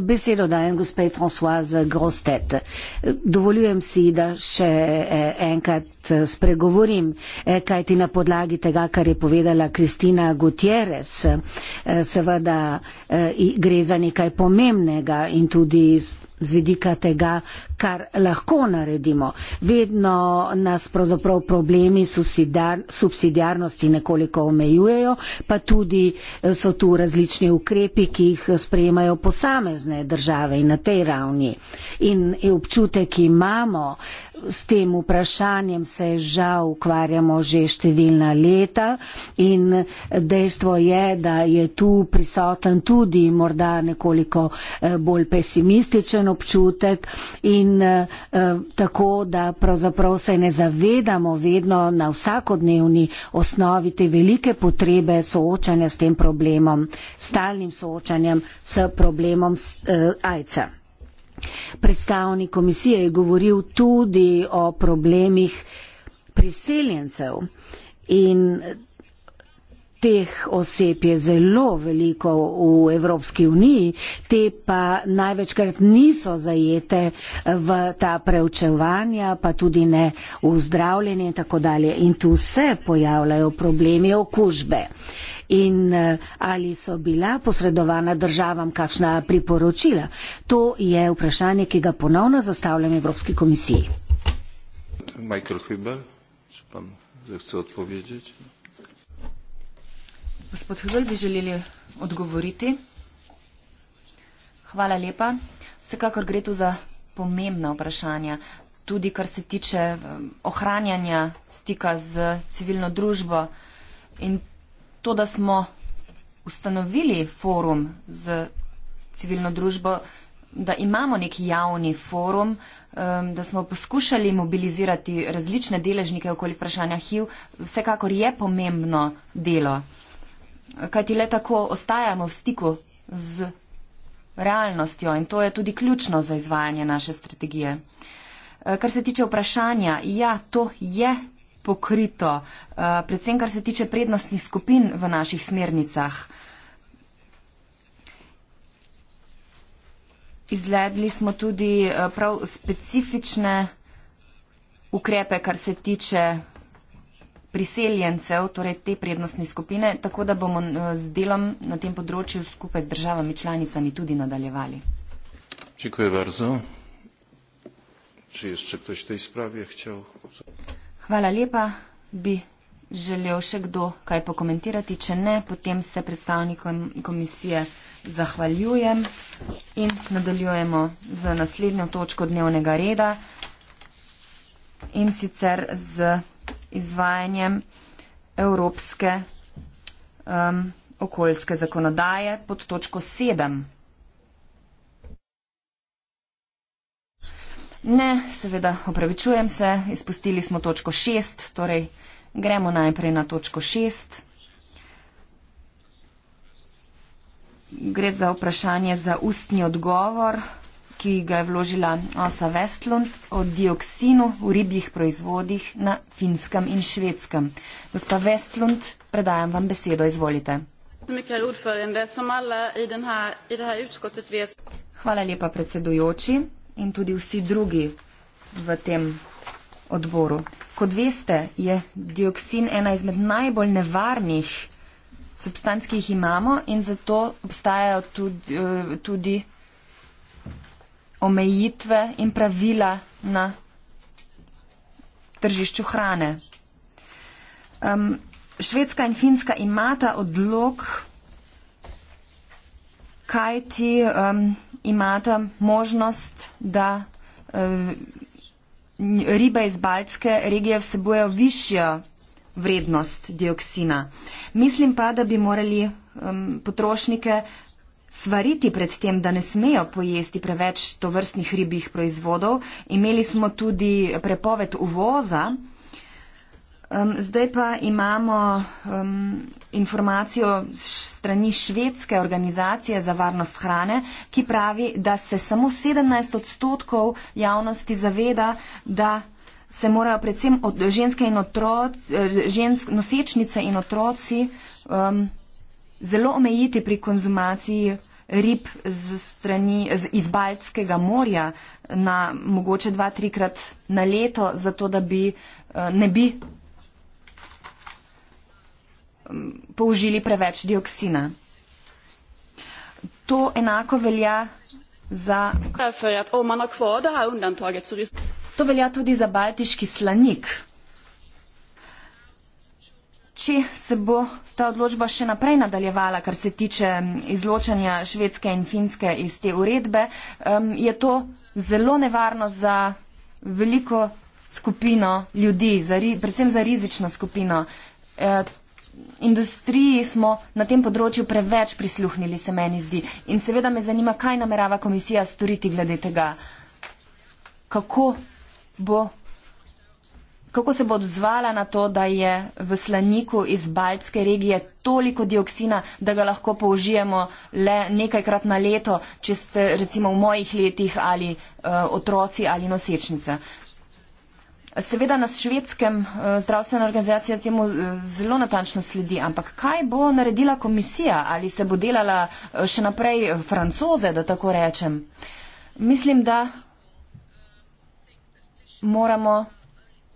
Besedo dajem gospe Françoise Grostet. Dovoljujem si, da še e, enkrat e, spregovorim, e, kajti na podlagi tega, kar je povedala Kristina Gutierrez, seveda gre za nekaj pomembnega in tudi z vidika tega, kar lahko naredimo. Vedno nas pravzaprav problemi subsidijarnosti nekoliko omejujejo, pa tudi eh, so tu različni ukrepi, ki jih sprejemajo posamezne države in na tej ravni. In občutek imamo, S tem vprašanjem se žal ukvarjamo že številna leta in dejstvo je, da je tu prisoten tudi morda nekoliko eh, bolj pesimističen občutek in eh, eh, tako, da pravzaprav se ne zavedamo vedno na vsakodnevni osnovi te velike potrebe soočanja s tem problemom, stalnim soočanjem s problemom AIDS-a. Predstavnik komisije je govoril tudi o problemih priseljencev in teh oseb je zelo veliko v Evropski uniji, te pa največkrat niso zajete v ta preučevanja, pa tudi ne v zdravljenje in tako dalje. In tu se pojavljajo problemi okužbe. Uh, in eh, ali so bila posredovana državam kakšna priporočila. To je vprašanje, ki ga ponovno zastavljam Evropski komisiji. Michael Hibber, če pa lahko odpovedite. Gospod Hibber, bi želeli odgovoriti. Hvala lepa. Vsekakor gre tu za pomembna vprašanja, tudi kar se tiče eh, ohranjanja stika z civilno družbo in to, da smo ustanovili forum z civilno družbo, da imamo nek javni forum, da smo poskušali mobilizirati različne deležnike okoli vprašanja HIV, vsekakor je pomembno delo. Kaj ti le tako ostajamo v stiku z realnostjo in to je tudi ključno za izvajanje naše strategije. Eh, kar se tiče vprašanja, ja, to je pokrito, eh, predvsem kar se tiče prednostnih skupin v naših smernicah. Izvedli smo tudi eh, prav specifične ukrepe, kar se tiče priseljencev, torej te prednostne skupine, tako da bomo eh, z delom na tem področju skupaj z državami članicami tudi nadaljevali. Dziękuję bardzo. Czy jeszcze ktoś w tej sprawie chciał? Hvala lepa. Bi želel še kdo kaj pokomentirati? Če ne, potem se predstavnikom komisije zahvaljujem in nadaljujemo z naslednjo točko dnevnega reda in sicer z izvajanjem evropske um, okoljske zakonodaje pod točko 7. Ne, seveda, opravičujem se, izpustili smo točko šest, torej gremo najprej na točko šest. Gre za vprašanje za ustni odgovor, ki ga je vložila Osa Vestlund o dioksinu v ribjih proizvodih na finskem in švedskem. Gospa Vestlund, predajam vam besedo, izvolite. Hvala lepa, predsedujoči in tudi vsi drugi v tem odboru. Kot veste, je dioksin ena izmed najbolj nevarnih substanc, ki jih imamo in zato obstajajo tudi, eh, tudi omejitve in pravila na tržišču hrane. Um, Švedska in Finska imata odlog, kaj ti. Um, imata možnost, da eh, ribe iz Baltske regije vsebujejo višjo vrednost dioksina. Mislim pa, da bi morali potrošnike svariti pred tem, da ne smejo pojesti preveč tovrstnih ribjih proizvodov. Imeli smo tudi prepoved uvoza. Um, zdaj pa imamo um, informacijo strani švedske organizacije za varnost hrane, ki pravi, da se samo 17 odstotkov javnosti zaveda, da se morajo predvsem od, ženske in otroci, eh, žensk, nosečnice in otroci um, zelo omejiti pri konzumaciji rib z strani, z, iz Baltskega morja na mogoče dva, trikrat na leto, zato da bi, uh, ne bi Um, použili preveč dioksina. To enako velja za. To velja tudi za baltiški slanik. Če se bo ta odločba še naprej nadaljevala, kar se tiče um, izločanja švedske in finske iz te uredbe, um, je to zelo nevarno za veliko skupino ljudi, za, predvsem za rizično skupino. Eh, industriji smo na tem področju preveč prisluhnili, se meni zdi. In seveda me zanima, kaj namerava komisija storiti glede tega, kako, bo, kako se bo odzvala na to, da je v slaniku iz Baltske regije toliko dioksina, da ga lahko použijemo le nekajkrat na leto, če ste recimo v mojih letih ali uh, otroci ali nosečnica. Seveda na švedskem eh, zdravstvena organizacija temu eh, zelo natančno sledi, ampak kaj bo naredila komisija? Ali se bo delala eh, še naprej francoze, da tako rečem? Mislim, da moramo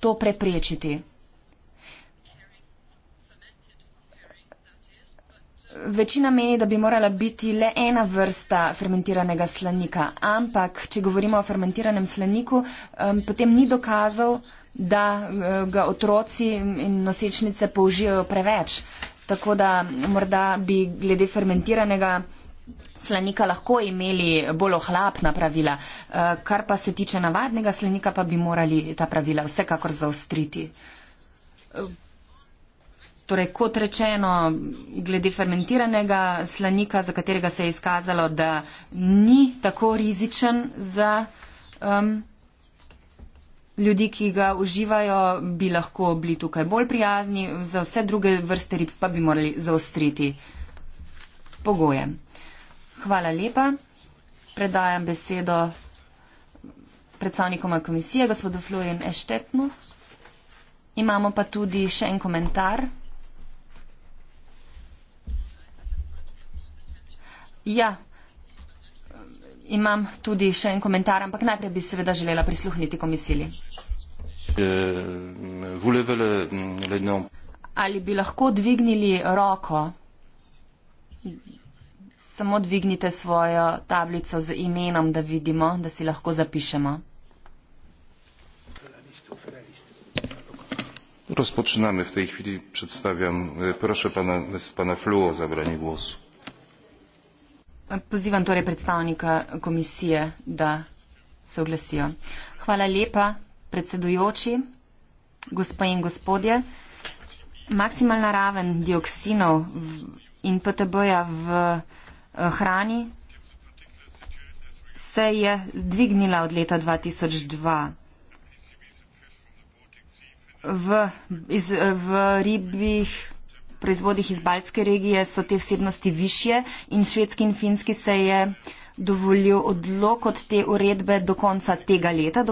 to preprečiti. Večina meni, da bi morala biti le ena vrsta fermentiranega slanika, ampak če govorimo o fermentiranem slaniku, um, potem ni dokazal, da eh, ga otroci in nosečnice použijo preveč. Tako da morda bi glede fermentiranega slanika lahko imeli bolj ohlapna pravila, eh, kar pa se tiče navadnega slanika, pa bi morali ta pravila vsekakor zaostriti. Torej, kot rečeno, glede fermentiranega slanika, za katerega se je izkazalo, da ni tako rizičen za um, ljudi, ki ga uživajo, bi lahko bili tukaj bolj prijazni, za vse druge vrste rib pa bi morali zaostriti pogoje. Hvala lepa. Predajam besedo predstavnikoma komisije, gospodu Flujen Eštetnu. Imamo pa tudi še en komentar. Ja, imam tudi še en komentar, ampak najprej bi seveda želela prisluhniti komisiji. Eh, Ali bi lahko dvignili roko? Samo dvignite svojo tablico z imenom, da vidimo, da si lahko zapišemo. Razpočnemo v tej hvili, predstavljam, e, prosim pana Fluo za branje glasu. Pozivam torej predstavnika komisije, da se oglasijo. Hvala lepa, predsedujoči, gospod in gospodje. Maksimalna raven dioksinov in PTB-ja v eh, hrani se je dvignila od leta 2002. V, iz, eh, v ribih proizvodih iz Baltske regije so te vsebnosti više in švedski in finski se je dovolil odlog od te uredbe do konca tega leta.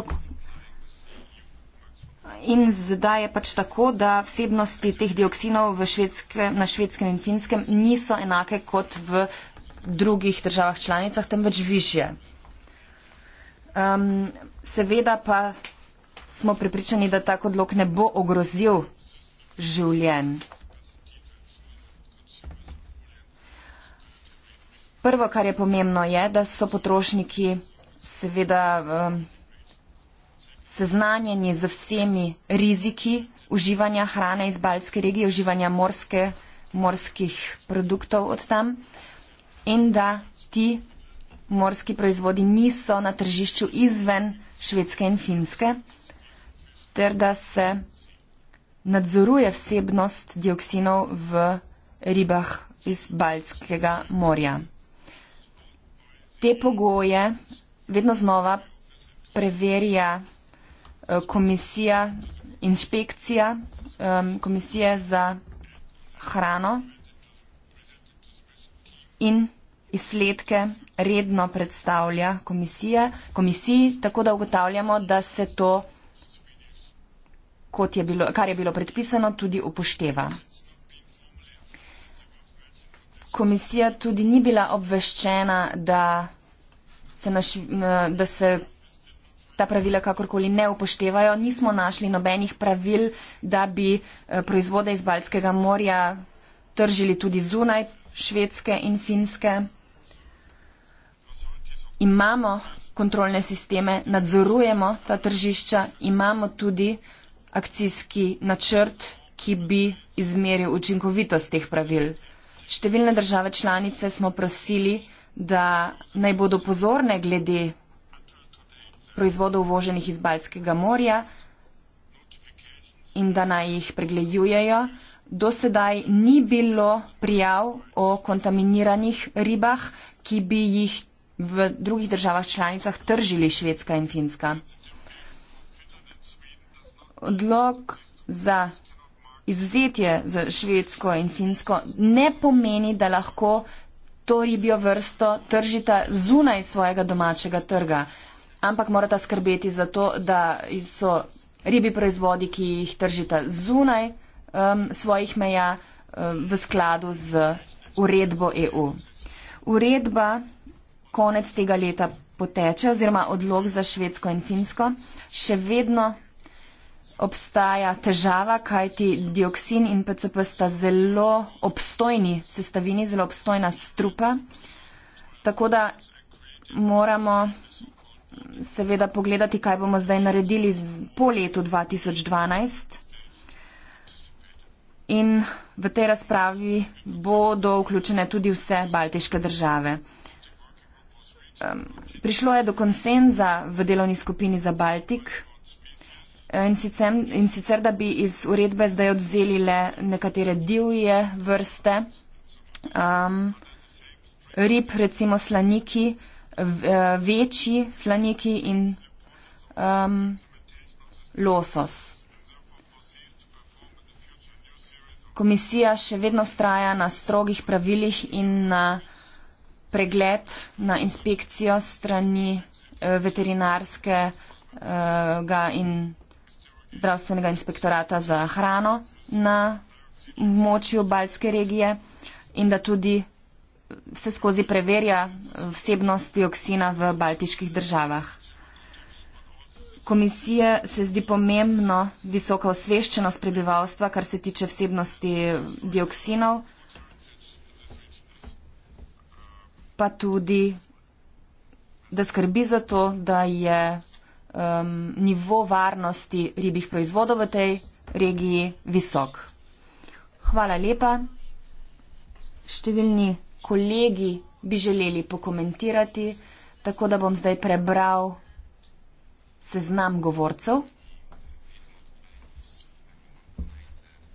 In zdaj je pač tako, da vsebnosti teh dioksinov švedske, na švedskem in finskem niso enake kot v drugih državah članicah, temveč više. Um, seveda pa smo pripričani, da tako odlog ne bo ogrozil življenj. Prvo, kar je pomembno, je, da so potrošniki seveda um, seznanjeni z vsemi riziki uživanja hrane iz Balske regije, uživanja morske, morskih produktov od tam in da ti morski proizvodi niso na tržišču izven švedske in finske, ter da se nadzoruje vsebnost dioksinov v ribah iz Balskega morja te pogoje vedno znova preverja eh, komisija, inšpekcija, komisija za hrano in izsledke redno predstavlja komisije, komisiji, tako da ugotavljamo, da se to, kot je bilo, kar je bilo predpisano, tudi upošteva komisija tudi ni bila obveščena, da se, naš, da se ta pravila kakorkoli ne upoštevajo. Nismo našli nobenih pravil, da bi eh, proizvode iz Balskega morja tržili tudi zunaj švedske in finske. Imamo kontrolne sisteme, nadzorujemo ta tržišča, imamo tudi akcijski načrt, ki bi izmeril učinkovitost teh pravil. Številne države članice smo prosili, da naj bodo pozorne glede proizvodov uvoženih iz Baltskega morja in da naj jih pregledujejo. Do sedaj ni bilo prijav o kontaminiranih ribah, ki bi jih v drugih državah članicah tržili Švedska in Finska. Odlog za izuzetje za Švedsko in Finsko ne pomeni, da lahko to ribjo vrsto tržita zunaj svojega domačega trga, ampak morata skrbeti za to, da so ribi proizvodi, ki jih tržita zunaj um, svojih meja, um, v skladu z uredbo EU. Uredba konec tega leta poteče oziroma odlog za Švedsko in Finsko še vedno obstaja težava, kajti dioksin in PCP sta zelo obstojni sestavini, zelo obstojna strupa. Tako da moramo seveda pogledati, kaj bomo zdaj naredili po letu 2012. In v tej razpravi bodo vključene tudi vse baltiške države. Ehm, prišlo je do konsenza v delovni skupini za Baltik. In sicer, in sicer, da bi iz uredbe zdaj odzeli le nekatere divje vrste, um, rib, recimo slaniki, eh, večji slaniki in um, losos. Komisija še vedno straja na strogih pravilih in na pregled, na inspekcijo strani eh, veterinarskega in zdravstvenega inšpektorata za hrano na močju Baljske regije in da tudi vse skozi preverja vsebnost dioksina v baltiških državah. Komisije se zdi pomembno visoka osveščenost prebivalstva, kar se tiče vsebnosti dioksinov, pa tudi, da skrbi za to, da je um, nivo varnosti ribih proizvodov v tej regiji visok. Hvala lepa. Številni kolegi bi želeli pokomentirati, tako da bom zdaj prebral seznam govorcev.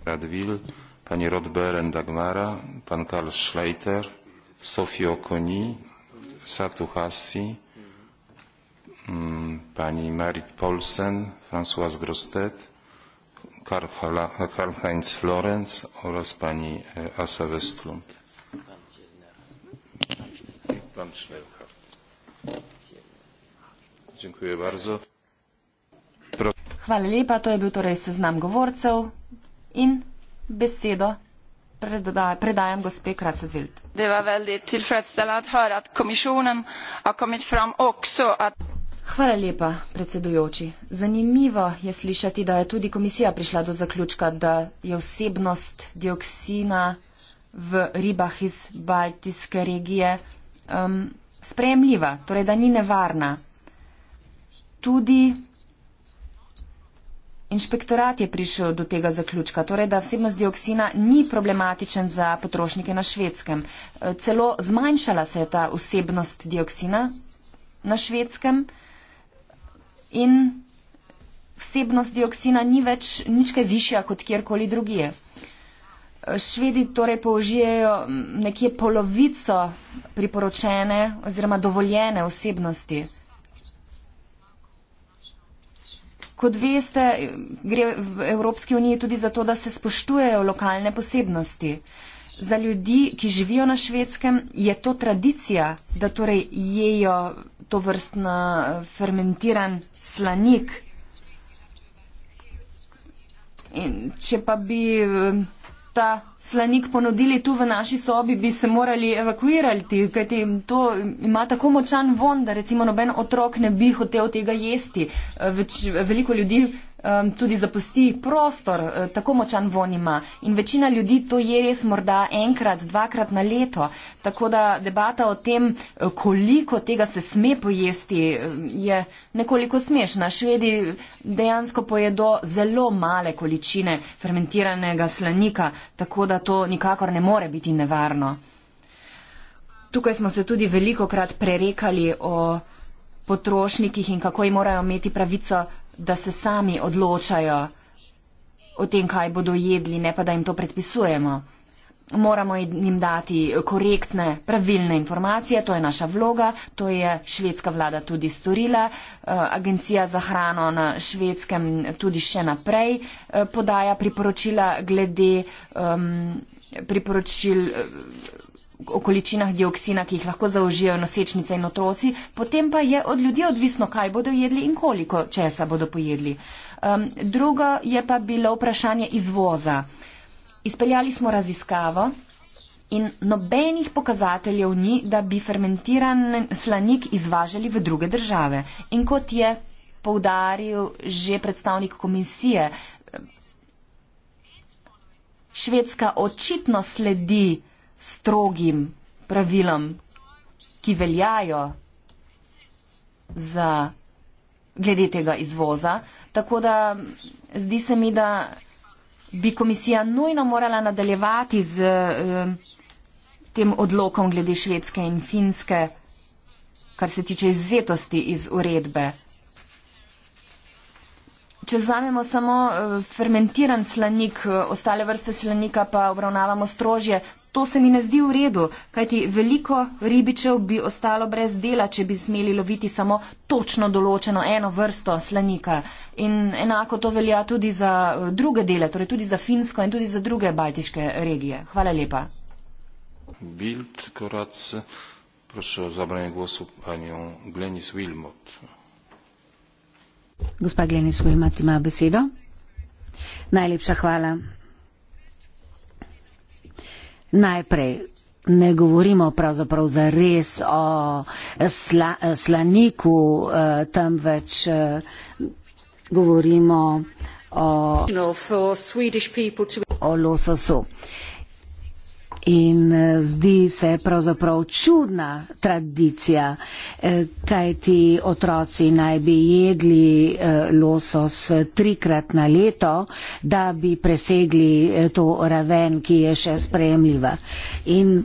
Radvil, pani Rodberen Dagmara, pan Karl Schleiter, Sofio Koni, Satu Hassi. Mm, pani Marit Polsen, François Grostet, Karl-Heinz Florenz oraz pani e, Asa Westlund. Pan Dziękuję bardzo. Pro... Hvala lepa, to je bil torej seznam govorcev in besedo predajam gospe Kratzevild. Det var veldig tilfredsstillende å høre at kommisjonen har kommet fram også at Hvala lepa, predsedujoči. Zanimivo je slišati, da je tudi komisija prišla do zaključka, da je vsebnost dioksina v ribah iz Baltijske regije um, sprejemljiva, torej da ni nevarna. Tudi inšpektorat je prišel do tega zaključka, torej da vsebnost dioksina ni problematičen za potrošnike na švedskem. E, celo zmanjšala se je ta vsebnost dioksina na švedskem in vsebnost dioksina ni več nič kaj višja kot kjerkoli drugje. Švedi torej použijejo nekje polovico priporočene oziroma dovoljene vsebnosti. Kot veste, gre v Evropski uniji tudi za to, da se spoštujejo lokalne posebnosti. Uh, za ljudi, ki živijo na švedskem, je to tradicija, da torej jejo to vrstna eh, fermentiran slanik. In če pa bi eh, ta slanik ponudili tu v naši sobi, bi se morali evakuirati, kajti to ima tako močan von, da recimo noben otrok ne bi hotel tega jesti. Eh, več, veliko ljudi um, tudi zapusti prostor, uh, tako močan von ima. In večina ljudi to je res morda enkrat, dvakrat na leto. Tako da debata o tem, uh, koliko tega se sme pojesti, uh, je nekoliko smešna. Švedi dejansko pojedo zelo male količine fermentiranega slanika, tako da to nikakor ne more biti nevarno. Tukaj smo se tudi veliko krat prerekali o potrošnikih in kako jim morajo imeti pravico da se sami odločajo o tem, kaj bodo jedli, ne pa da jim to predpisujemo. Moramo jim dati korektne, pravilne informacije, to je naša vloga, to je švedska vlada tudi storila. Eh, Agencija za hrano na švedskem tudi še naprej eh, podaja priporočila glede um, priporočil. Eh, o količinah dioksina, ki jih lahko zaužijo nosečnice in otroci, potem pa je od ljudi odvisno, kaj bodo jedli in koliko česa bodo pojedli. Um, drugo je pa bilo vprašanje izvoza. Izpeljali smo raziskavo in nobenih pokazateljev ni, da bi fermentiran slanik izvažali v druge države. In kot je poudaril že predstavnik komisije, Švedska očitno sledi strogim pravilom, ki veljajo za glede tega izvoza. Tako da zdi se mi, da bi komisija nujno morala nadaljevati z eh, tem odlokom glede švedske in finske, kar se tiče izvzetosti iz uredbe. Če vzamemo samo eh, fermentiran slanik, eh, ostale vrste slanika pa obravnavamo strožje, To se mi ne zdi v redu, kajti veliko ribičev bi ostalo brez dela, če bi smeli loviti samo točno določeno eno vrsto slanika. In enako to velja tudi za eh, druge dele, torej tudi za Finsko in tudi za druge baltiške regije. Hvala lepa. Bild, korac, prosim, zabranje glasu panjo Glenis Wilmot. Gospa Glenis Wilmot ima besedo. Najlepša hvala najprej. Ne govorimo pravzaprav za res o sla, slaniku, eh, temveč eh, govorimo o, o lososu in eh, zdi se pravzaprav čudna tradicija, eh, kaj ti otroci naj bi jedli eh, losos trikrat na leto, da bi presegli to raven, ki je še sprejemljiva. In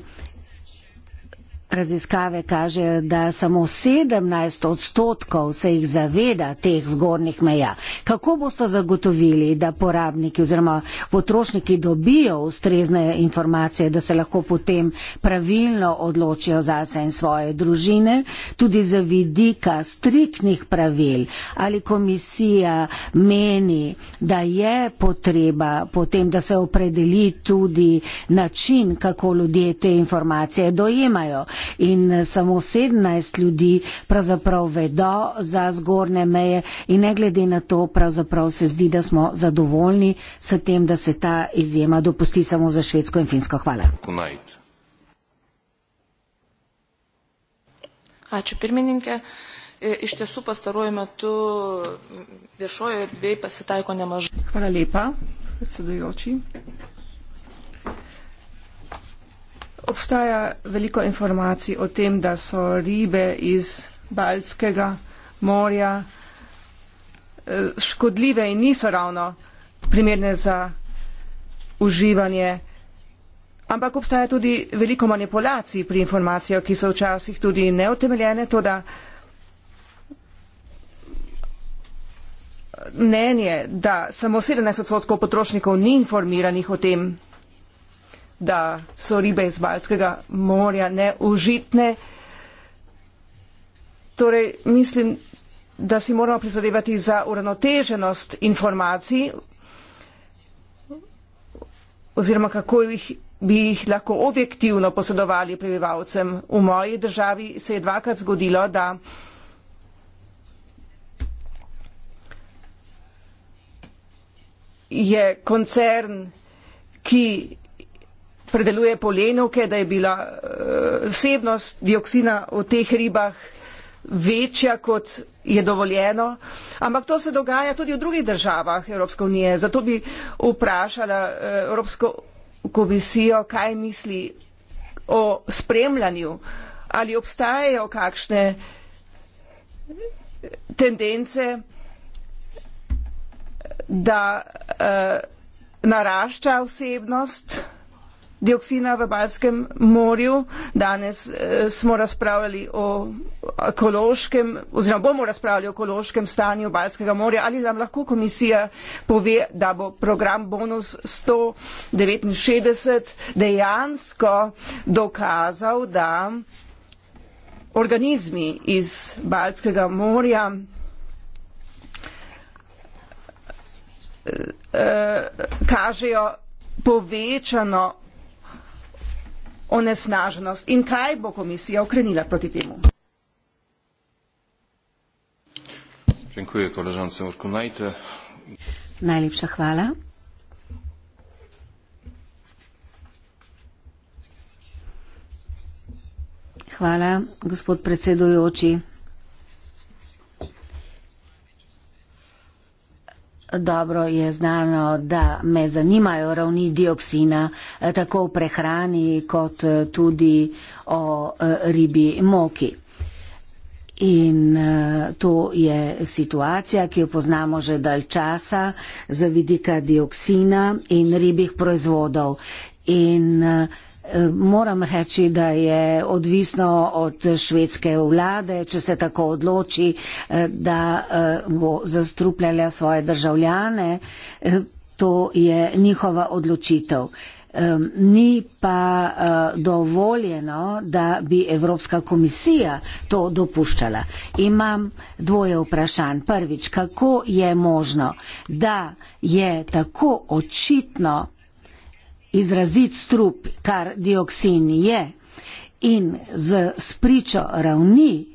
Raziskave kažejo, da samo 17 odstotkov se jih zaveda teh zgornjih meja. Kako boste zagotovili, da porabniki oziroma potrošniki dobijo ustrezne informacije, da se lahko potem pravilno odločijo za se in svoje družine, tudi za vidika striknih pravil? Ali komisija meni, da je potreba potem, da se opredeli tudi način, kako ljudje te informacije dojemajo? in eh, samo 17 ljudi pravzaprav vedo za zgornje meje in ne glede na to pravzaprav se zdi, da smo zadovoljni s tem, da se ta izjema dopusti samo za Švedsko in Finsko. Hvala. Ačiū pirmininkė. E, iš tiesų pastaruoju metu viešojo dviejai pasitaiko nemažai. Hvala lepa, atsidujočiai. Obstaja veliko informacij o tem, da so ribe iz Baltskega morja eh, škodljive in niso ravno primerne za uživanje. Ampak obstaja tudi veliko manipulacij pri informacijah, ki so včasih tudi neotemeljene, to da mnenje, da samo 17 odstotkov potrošnikov ni informiranih o tem, da so ribe iz Balskega morja neužitne. Torej, mislim, da si moramo prizadevati za uravnoteženost informacij oziroma kako jih bi jih lahko objektivno posedovali prebivalcem. V moji državi se je dvakrat zgodilo, da je koncern, ki predeluje polenovke, da je bila eh, vsebnost dioksina v teh ribah večja, kot je dovoljeno. Ampak to se dogaja tudi v drugih državah Evropske unije. Zato bi vprašala eh, Evropsko komisijo, kaj misli o spremljanju, ali obstajajo kakšne tendence, da uh, narašča vsebnost dioksina v Balskem morju. Danes eh, smo razpravljali o ekološkem oziroma bomo razpravljali o ekološkem stanju Balskega morja. Ali nam lahko komisija pove, da bo program bonus 169 dejansko dokazal, da organizmi iz Balskega morja eh, eh, kažejo povečano onesnaženost in kaj bo komisija ukrenila proti temu. Dziękuję koleżance Urkunajte. Najlepsza chwala. Hvala, gospod predsedujoči. Dobro je znano, da me zanimajo ravni dioksina eh, tako v prehrani kot eh, tudi o eh, ribi moki. In to je situacija, ki jo poznamo že dalj časa za vidika dioksina in ribih proizvodov. In, uh, Moram reči, da je odvisno od švedske vlade, če se tako odloči, eh, da eh, bo zastrupljala svoje državljane. Eh, to je njihova odločitev. Ni pa dovoljeno, da bi Evropska komisija to dopuščala. Imam dvoje vprašanj. Prvič, kako je možno, da je tako očitno izrazit strup, kar dioksin je, in z spričo ravni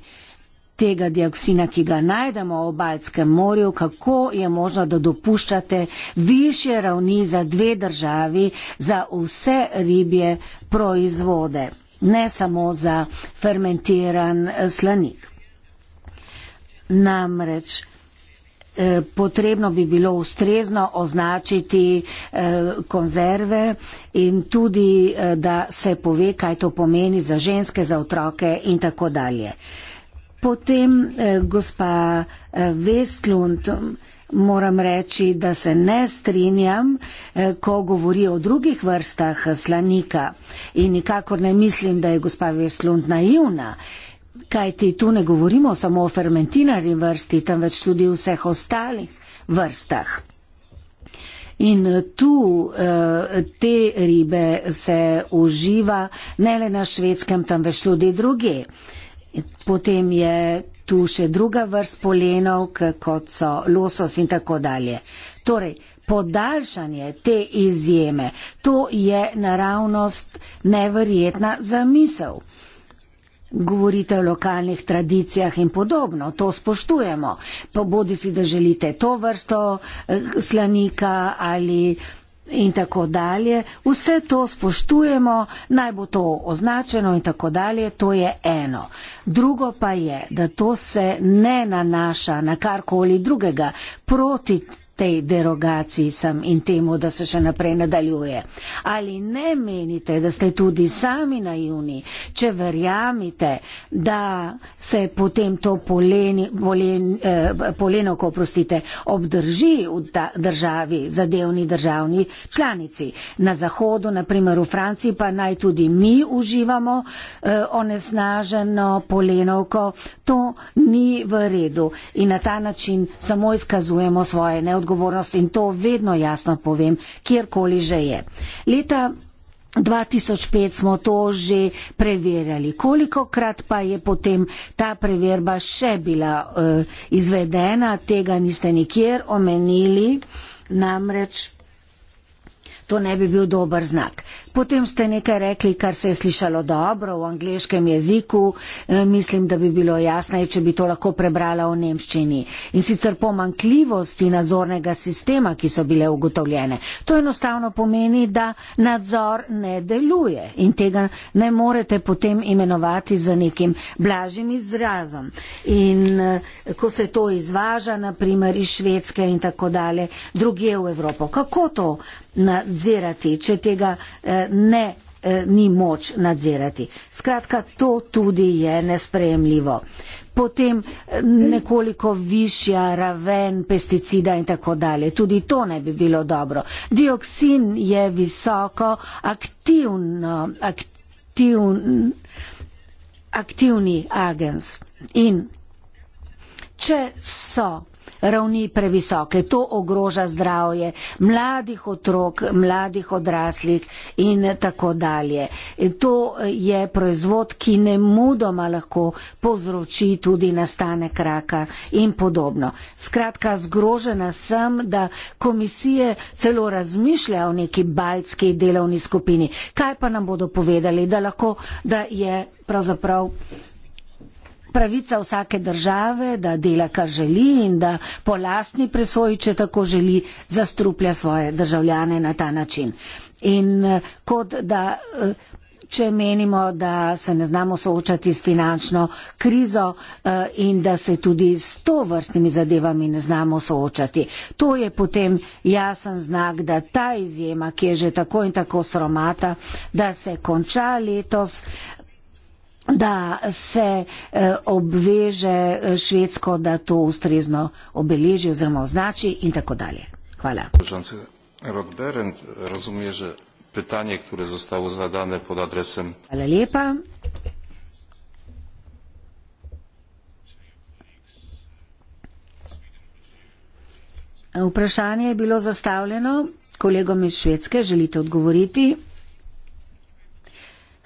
tega dioksina, ki ga najdemo v Baltskem morju, kako je možno, da dopuščate više ravni za dve državi, za vse ribje proizvode, ne samo za fermentiran slanik. Namreč Eh, potrebno bi bilo ustrezno označiti eh, konzerve in tudi, eh, da se pove, kaj to pomeni za ženske, za otroke in tako dalje. Potem, gospa Vestlund, moram reči, da se ne strinjam, ko govori o drugih vrstah slanika in nikakor ne mislim, da je gospa Vestlund naivna. Kaj ti tu ne govorimo samo o fermentinari vrsti, temveč tudi o vseh ostalih vrstah. In tu eh, te ribe se uživa ne le na švedskem, temveč tudi druge. Potem je tu še druga vrst polenov, kot so losos in tako dalje. Torej, podaljšanje te izjeme, to je naravnost neverjetna zamisel. Govorite o lokalnih tradicijah in podobno, to spoštujemo. Pa bodi si, da želite to vrsto eh, slanika ali in tako dalje. Vse to spoštujemo, naj bo to označeno in tako dalje, to je eno. Drugo pa je, da to se ne nanaša na karkoli drugega proti tej derogaciji sem in temu, da se še naprej nadaljuje. Ali ne menite, da ste tudi sami naivni, če verjamite, da se potem to poleni, poleni, eh, poleno, ko oprostite, obdrži v državi, zadevni državni članici. Na zahodu, naprimer v Franciji, pa naj tudi mi uživamo eh, onesnaženo polenovko, to ni v redu in na ta način samo izkazujemo svoje neodgovornosti odgovornost in to vedno jasno povem, kjerkoli že je. Leta 2005 smo to že preverjali. Koliko krat pa je potem ta preverba še bila uh, izvedena, tega niste nikjer omenili, namreč to ne bi bil dober znak. Potem ste nekaj rekli, kar se je slišalo dobro v angliškem jeziku. E, mislim, da bi bilo jasneje, če bi to lahko prebrala v nemščini. In sicer pomankljivosti nadzornega sistema, ki so bile ugotovljene. To enostavno pomeni, da nadzor ne deluje in tega ne morete potem imenovati za nekim blažjim izrazom. In e, ko se to izvaža, naprimer iz Švedske in tako dalje, drugje v Evropo. Kako to nadzirati, če tega eh, ne, eh, ni moč nadzirati. Skratka, to tudi je nespremljivo. Potem eh, nekoliko višja raven pesticida in tako dalje. Tudi to ne bi bilo dobro. Dioksin je visoko aktivno, aktivn, aktivni agens. In če so ravni previsoke. To ogroža zdravje mladih otrok, mladih odraslih in tako dalje. In to je proizvod, ki ne mudoma lahko povzroči tudi nastanek raka in podobno. Skratka, zgrožena sem, da komisije celo razmišljajo o neki baljski delovni skupini. Kaj pa nam bodo povedali, da lahko, da je pravzaprav pravica vsake države, da dela, kar želi in da po lastni presoji, če tako želi, zastruplja svoje državljane na ta način. In eh, kot da, eh, če menimo, da se ne znamo soočati s finančno krizo eh, in da se tudi s to vrstnimi zadevami ne znamo soočati, to je potem jasen znak, da ta izjema, ki je že tako in tako sromata, da se konča letos da se eh, obveže eh, švedsko, da to ustrezno obeleži oziroma označi in tako dalje. Hvala. Rod Berend razumije, že pitanje, ki je zostalo zadane pod adresem. Hvala lepa. Vprašanje je bilo zastavljeno kolegom iz Švedske, želite odgovoriti?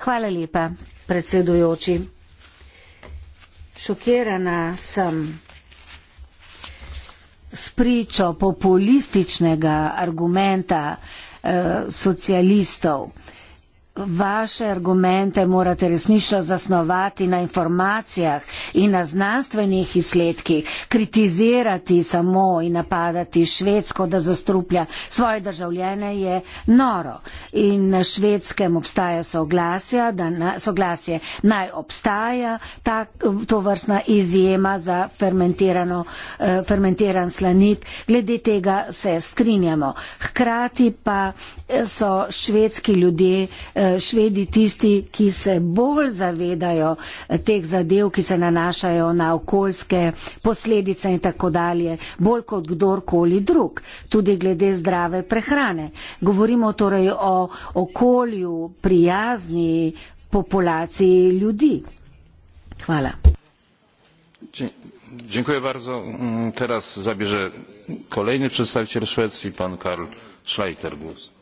Hvala lepa predsedujoči. Šokirana sem spričo populističnega argumenta eh, socialistov. Vaše argumente morate resnično zasnovati na informacijah in na znanstvenih izsledkih, kritizirati samo in napadati Švedsko, da zastruplja svoje državljene, je noro. In na švedskem obstaja soglasje, da na, soglasje naj obstaja ta, to vrstna izjema za eh, fermentiran slanit. Glede tega se strinjamo. Hkrati pa so švedski ljudje, eh, švedi tisti, ki se bolj zavedajo eh, teh zadev, ki se nanašajo na okoljske posledice in tako dalje, bolj kot kdorkoli drug, tudi glede zdrave prehrane. Govorimo torej o okolju, prijazni populaciji ljudi. Hvala. Dziękuję bardzo. Mm, teraz zabierze kolejny przedstawiciel Szwecji, pan Karl Schleiter. -Gust.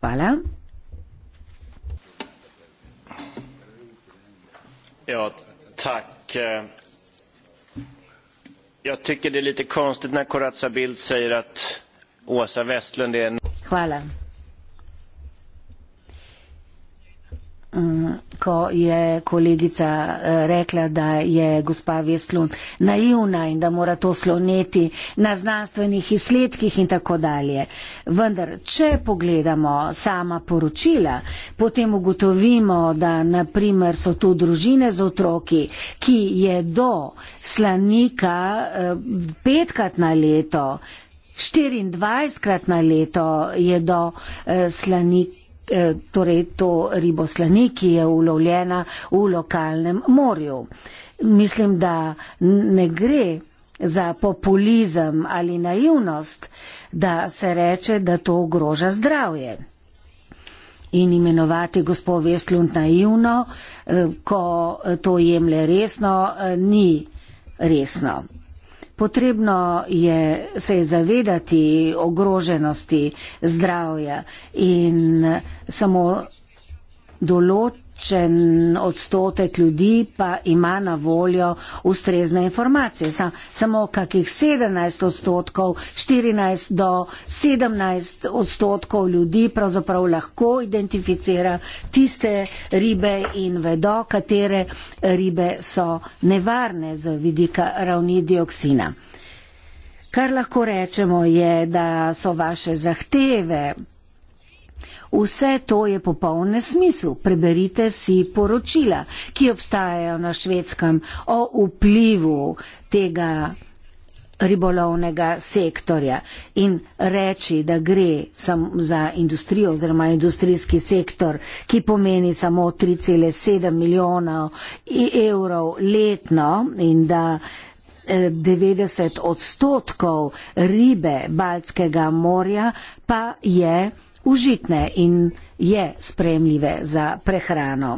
Hvala. Ja, tack. Jag tycker det är lite konstigt när Corazza Bildt säger att Åsa Westlund är... Hvala. ko je kolegica eh, rekla, da je gospa Veslun naivna in da mora to sloneti na znanstvenih izsledkih in tako dalje. Vendar, če pogledamo sama poročila, potem ugotovimo, da naprimer so tu družine z otroki, ki je do slanika eh, petkrat na leto, 24krat na leto je do eh, slanika. Eh, torej to riboslani, ki je ulovljena v lokalnem morju. Mislim, da ne gre za populizem ali naivnost, da se reče, da to ogroža zdravje. In imenovati gospo Veslund naivno, eh, ko to jemlje resno, eh, ni resno. Potrebno je se je zavedati ogroženosti zdravja in samo določiti, določen odstotek ljudi pa ima na voljo ustrezne informacije. Sam, samo kakih 17 odstotkov, 14 do 17 odstotkov ljudi pravzaprav lahko identificira tiste ribe in vedo, katere ribe so nevarne z vidika ravni dioksina. Kar lahko rečemo je, da so vaše zahteve Vse to je popoln nesmisel. Preberite si poročila, ki obstajajo na švedskem o vplivu tega ribolovnega sektorja in reči, da gre za industrijo oziroma industrijski sektor, ki pomeni samo 3,7 milijonov evrov letno in da 90 eh, odstotkov ribe Baltskega morja pa je užitne in je sprejemljive za prehrano.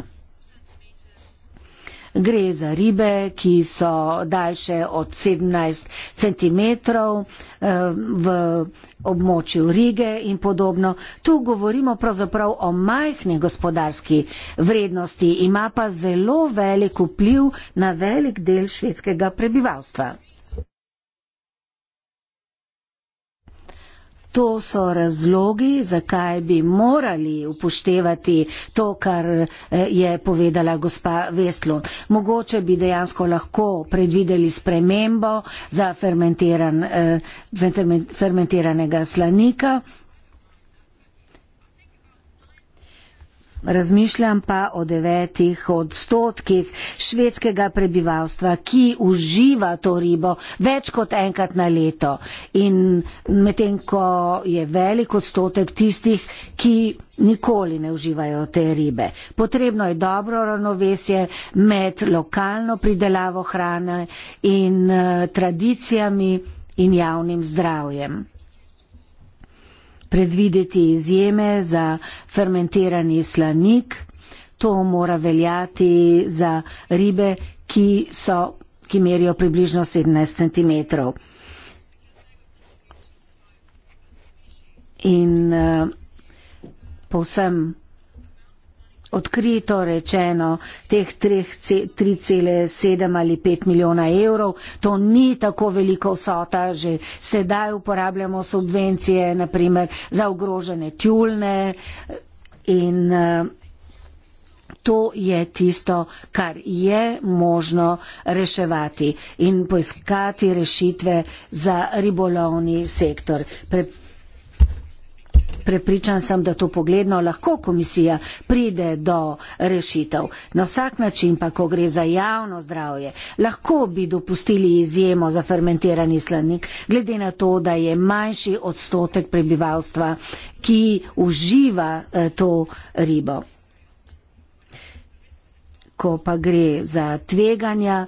Gre za ribe, ki so daljše od 17 cm eh, v območju Rige in podobno. Tu govorimo pravzaprav o majhni gospodarski vrednosti, ima pa zelo velik vpliv na velik del švedskega prebivalstva. To so razlogi, zakaj bi morali upoštevati to, kar eh, je povedala gospa Vestlo. Mogoče bi dejansko lahko predvideli spremembo za fermentiran, eh, fermentiranega slanika Razmišljam pa o devetih odstotkih švedskega prebivalstva, ki uživa to ribo več kot enkrat na leto. In medtem, ko je velik odstotek tistih, ki nikoli ne uživajo te ribe. Potrebno je dobro ravnovesje med lokalno pridelavo hrane in uh, tradicijami in javnim zdravjem predvideti izjeme za fermentirani slanik. To mora veljati za ribe, ki, so, ki merijo približno 17 cm. In uh, povsem odkrito rečeno teh 3,7 ali 5 milijona evrov. To ni tako veliko vsota, že sedaj uporabljamo subvencije, naprimer za ogrožene tjulne eh, in eh, to je tisto, kar je možno reševati in poiskati rešitve za ribolovni sektor. Pred Prepričan sem, da to pogledno lahko komisija pride do rešitev. Na vsak način pa, ko gre za javno zdravje, lahko bi dopustili izjemo za fermentirani slanik, glede na to, da je manjši odstotek prebivalstva, ki uživa eh, to ribo. Ko pa gre za tveganja,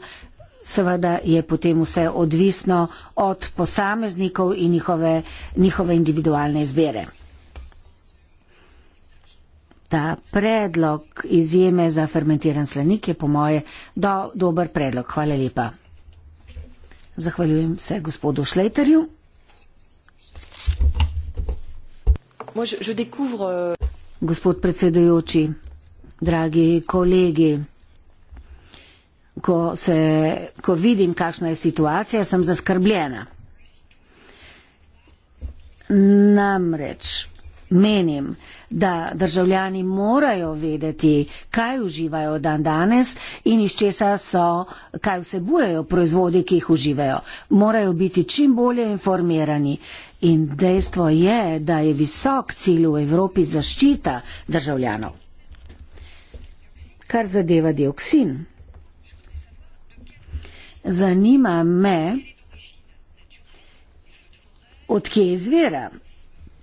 seveda je potem vse odvisno od posameznikov in njihove, njihove individualne izbere ta predlog izjeme za fermentiran slanik je po moje do, dober predlog. Hvala lepa. Zahvaljujem se gospodu Šlejterju. Euh, Gospod predsedujoči, dragi kolegi, ko, se, ko vidim, kakšna je situacija, sem zaskrbljena. Namreč menim, da državljani morajo vedeti, kaj uživajo dan danes in iz česa so, kaj vsebujejo proizvodi, ki jih uživajo. Morajo biti čim bolje informirani. In dejstvo je, da je visok cilj v Evropi zaščita državljanov. Kar zadeva dioksin. Zanima me, odkje izvira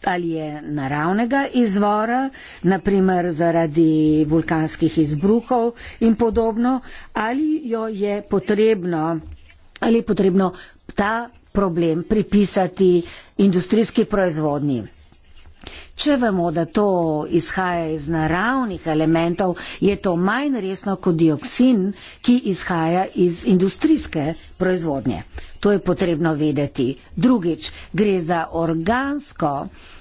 ali je naravnega izvora, naprimer zaradi vulkanskih izbruhov in podobno, ali jo je potrebno, ali je potrebno ta problem pripisati industrijski proizvodnji. Če vemo, da to izhaja iz naravnih elementov, je to manj resno kot dioksin, ki izhaja iz industrijske proizvodnje. To je potrebno vedeti. Drugič, gre za organsko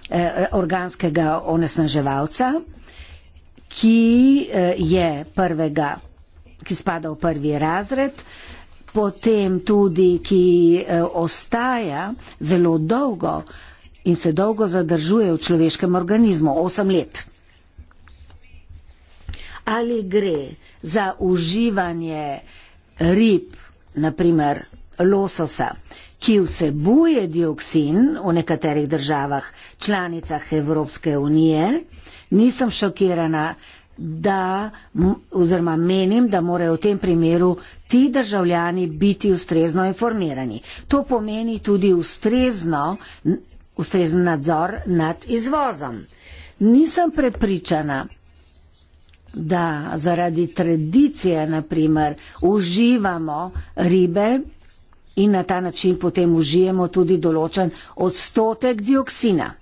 Eh, organskega onesnaževalca, ki eh, je prvega, ki spada v prvi razred, potem tudi, ki eh, ostaja zelo dolgo in se dolgo zadržuje v človeškem organizmu, 8 let. Ali gre za uživanje rib, naprimer lososa, ki vsebuje dioksin v nekaterih državah, članicah Evropske unije, nisem šokirana, da, oziroma menim, da morajo v tem primeru ti državljani biti ustrezno informirani. To pomeni tudi ustrezno, ustrezen nadzor nad izvozom. Nisem prepričana, da zaradi tradicije, naprimer, uživamo ribe, in na ta način potem užijemo tudi določen odstotek dioksina.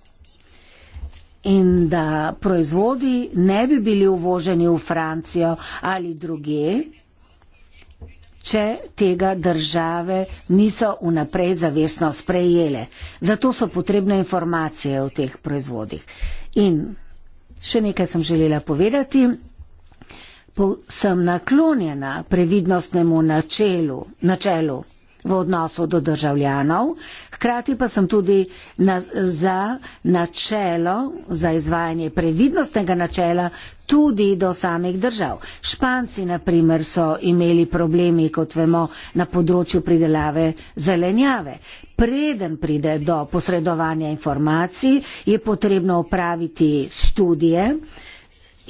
In da proizvodi ne bi bili uvoženi v Francijo ali druge, če tega države niso vnaprej zavestno sprejele. Zato so potrebne informacije o teh proizvodih. In še nekaj sem želela povedati. Po, sem naklonjena previdnostnemu načelu, načelu v odnosu do državljanov, hkrati pa sem tudi na, za načelo, za izvajanje previdnostnega načela tudi do samih držav. Španci, na primer, so imeli problemi, kot vemo, na področju pridelave zelenjave. Preden pride do posredovanja informacij, je potrebno opraviti študije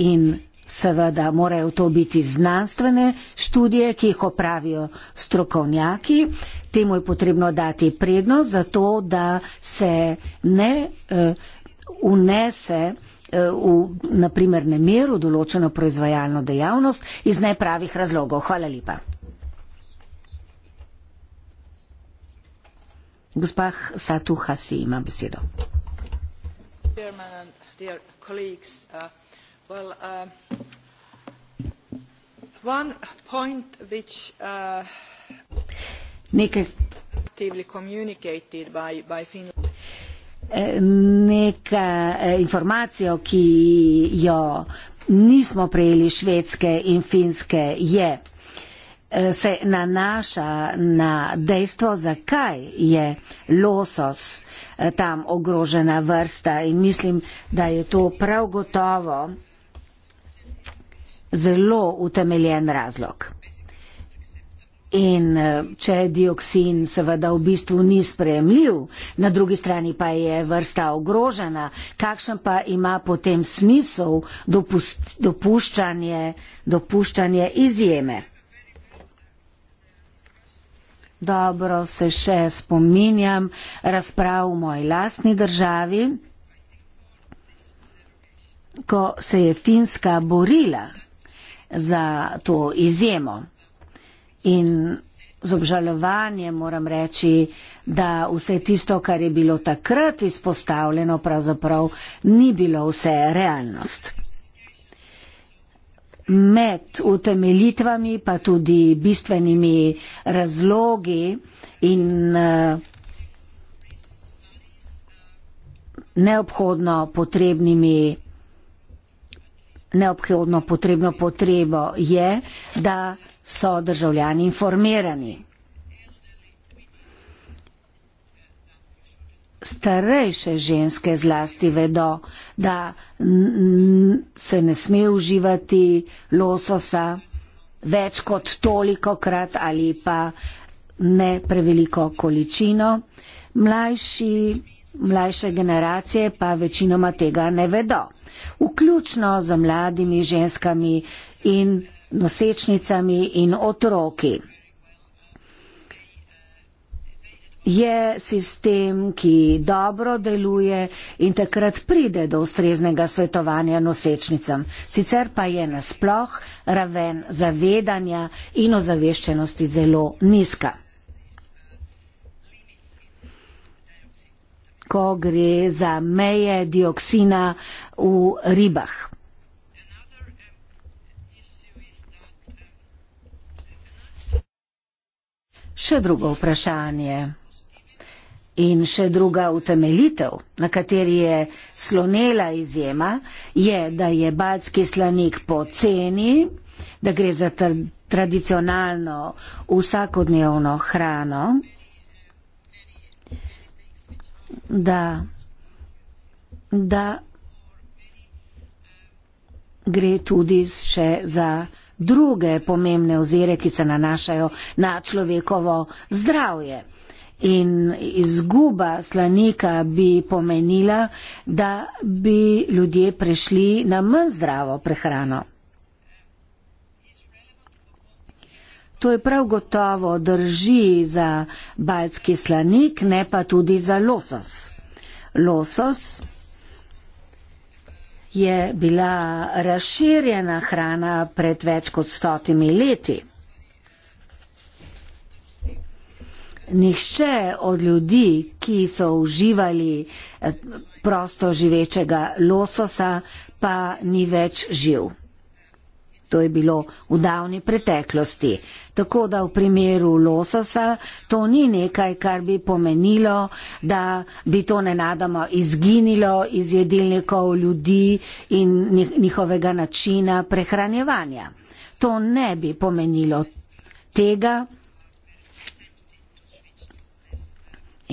in Seveda morajo to biti znanstvene študije, ki jih opravijo strokovnjaki. Temu je potrebno dati prednost, zato da se ne uh, unese uh, v naprimer nemeru določeno proizvajalno dejavnost iz nepravih razlogov. Hvala lepa. Gospa Satuha si ima besedo. Dear man, dear Well, uh, one point which uh, actively communicated by, by Finland. Eh, neka eh, informacija, ki jo nismo prejeli švedske in finske, je, eh, se nanaša na dejstvo, zakaj je losos tam ogrožena vrsta. In mislim, da je to prav gotovo zelo utemeljen razlog. In eh, če dioksin seveda v bistvu ni sprejemljiv, na drugi strani pa je vrsta ogrožena, kakšen pa ima potem smisel dopust, dopuščanje, dopuščanje izjeme? Dobro se še spominjam razprav v moji lastni državi, ko se je Finska borila za to izjemo. In z obžalovanjem moram reči, da vse tisto, kar je bilo takrat izpostavljeno, pravzaprav ni bilo vse realnost. Med utemelitvami pa tudi bistvenimi razlogi in eh, neobhodno potrebnimi neobhodno potrebno potrebo je, da so državljani informirani. Starejše ženske zlasti vedo, da se ne sme uživati lososa več kot toliko krat ali pa ne preveliko količino. Mlajši mlajše generacije pa večinoma tega ne vedo. Vključno z mladimi ženskami in nosečnicami in otroki. Je sistem, ki dobro deluje in takrat pride do ustreznega svetovanja nosečnicam. Sicer pa je nasploh raven zavedanja in ozaveščenosti zelo nizka. ko gre za meje dioksina v ribah. Še drugo vprašanje in še druga utemeljitev, na kateri je slonela izjema, je, da je balski slanik poceni, da gre za tradicionalno vsakodnevno hrano da, da gre tudi še za druge pomembne ozire, ki se nanašajo na človekovo zdravje. In izguba slanika bi pomenila, da bi ljudje prešli na manj zdravo prehrano. To je prav gotovo drži za baljski slanik, ne pa tudi za losos. Losos je bila razširjena hrana pred več kot stotimi leti. Nihče od ljudi, ki so uživali eh, prosto živečega lososa, pa ni več živ. To je bilo v davni preteklosti. Tako da v primeru lososa to ni nekaj, kar bi pomenilo, da bi to nenadoma izginilo iz jedilnikov ljudi in njihovega načina prehranjevanja. To ne bi pomenilo tega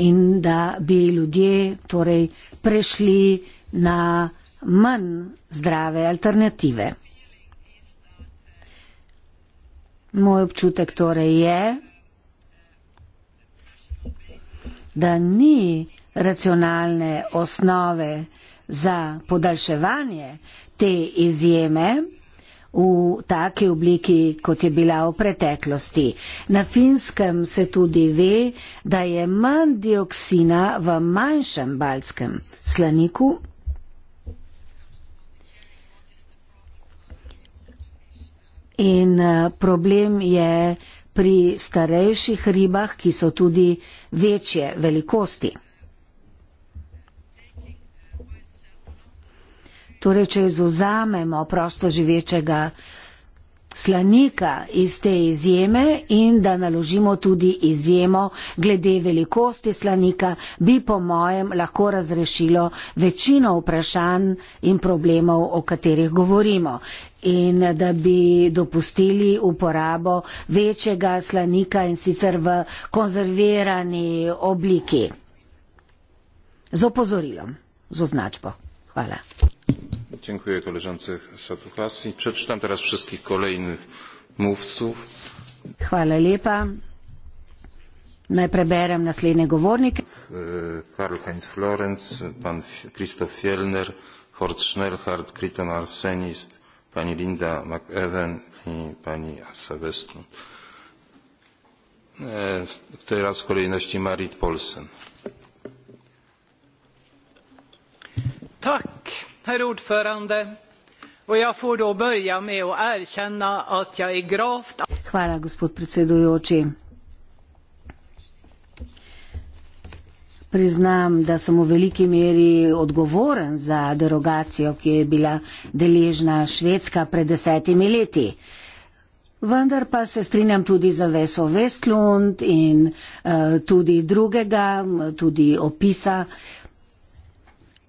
in da bi ljudje torej prešli na manj zdrave alternative. Moj občutek torej je, da ni racionalne osnove za podaljševanje te izjeme v taki obliki, kot je bila v preteklosti. Na finskem se tudi ve, da je manj dioksina v manjšem balskem slaniku In eh, problem je pri starejših ribah, ki so tudi večje velikosti. Torej, če izuzamemo prosto živečega slanika iz te izjeme in da naložimo tudi izjemo glede velikosti slanika, bi po mojem lahko razrešilo večino vprašanj in problemov, o katerih govorimo in da bi dopustili uporabo večjega slanika in sicer v konzervirani obliki. Z opozorilom, z označbo. Hvala. Dziękuję koleżance Satuhasi. Przeczytam teraz wszystkich kolejnych mówców. Hvala lepa. Najprej berem naslednje govornike. Eh, Karl Heinz Florenz, pan Christoph Fjellner, Horst Schnellhardt, Kriton Arsenist, pani Linda McEwen i pani Asa Westlund. Który e, raz w kolejności Marit Polsen. Tak, herr ordförande. Och jag får då börja med att erkänna att jag är gravt... Hvala, gospod predsedujoči. priznam, da sem v veliki meri odgovoren za derogacijo, ki je bila deležna Švedska pred desetimi leti. Vendar pa se strinjam tudi za Veso Vestlund in uh, tudi drugega, tudi opisa,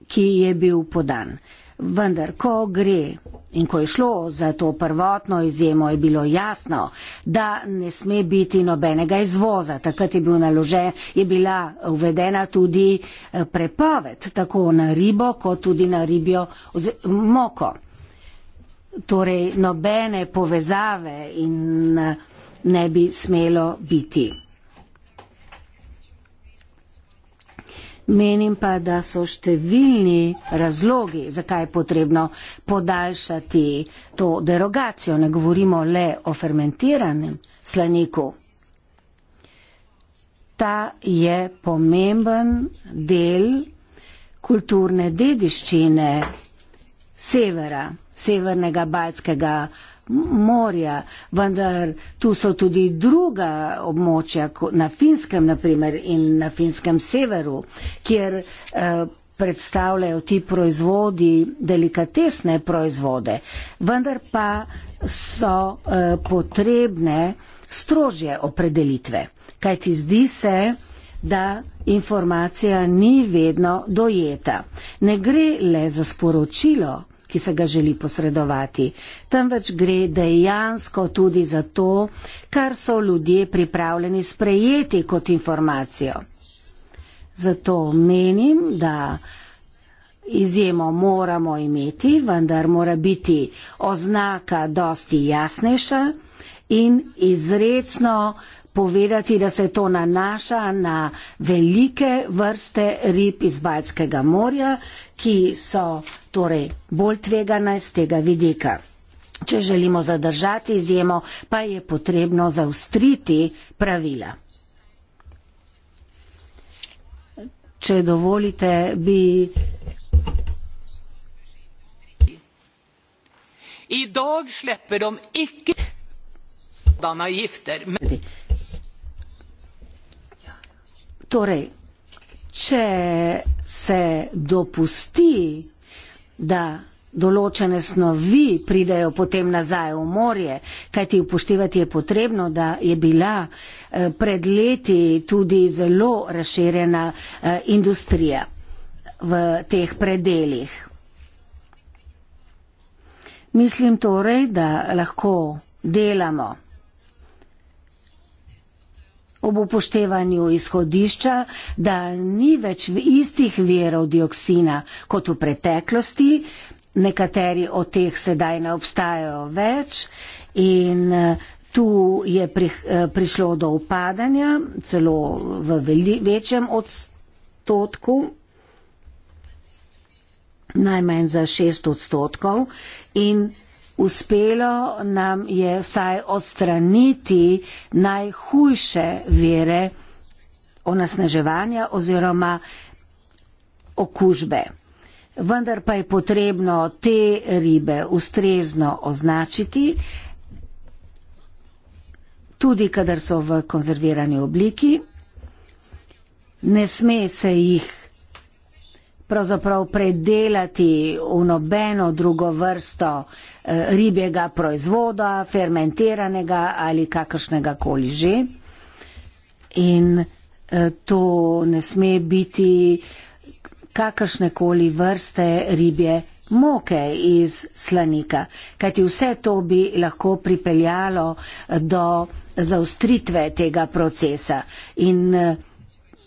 ki je bil podan. Uh, Vendar, ko gre in ko je šlo za to prvotno izjemo, je bilo jasno, da ne sme biti nobenega izvoza. Takrat je, bil nalože, je bila uvedena tudi eh, prepoved tako na ribo, kot tudi na ribjo moko. Torej, nobene povezave in eh, ne bi smelo biti. Menim pa, da so številni razlogi, zakaj je potrebno podaljšati to derogacijo. Ne govorimo le o fermentiranem slaniku. Ta je pomemben del kulturne dediščine severa, severnega baljskega morja, vendar tu so tudi druga območja, na finskem naprimer in na finskem severu, kjer eh, predstavljajo ti proizvodi delikatesne proizvode, vendar pa so eh, potrebne strožje opredelitve, kajti zdi se, da informacija ni vedno dojeta. Ne gre le za sporočilo, ki se ga želi posredovati. Temveč gre dejansko tudi za to, kar so ljudje pripravljeni sprejeti kot informacijo. Zato menim, da izjemo moramo imeti, vendar mora biti oznaka dosti jasnejša in izredno povedati, da se to nanaša na velike vrste rib iz Baljskega morja, ki so torej bolj tvegane z tega vidika. Če želimo zadržati izjemo, pa je potrebno zaustriti pravila. Če dovolite, bi. I dag slipper de ikke danna gifter. Men... Torej, če se dopusti, da določene snovi pridejo potem nazaj v morje, kajti upoštevati je potrebno, da je bila eh, pred leti tudi zelo razširjena eh, industrija v teh predeljih. Mislim torej, da lahko delamo ob upoštevanju izhodišča, da ni več istih verov dioksina kot v preteklosti, nekateri od teh sedaj ne obstajajo več in eh, tu je eh, prišlo do upadanja, celo v večjem odstotku, najmanj za šest odstotkov in uspelo nam je vsaj odstraniti najhujše vire onasneževanja oziroma okužbe. Vendar pa je potrebno te ribe ustrezno označiti, tudi kadar so v konzervirani obliki. Ne sme se jih pravzaprav predelati v nobeno drugo vrsto uh, Eh, ribjega proizvoda, fermentiranega ali kakršnega koli že. In eh, to ne sme biti kakršne koli vrste ribje moke iz slanika, kajti vse to bi lahko pripeljalo do zaustritve tega procesa. In, eh,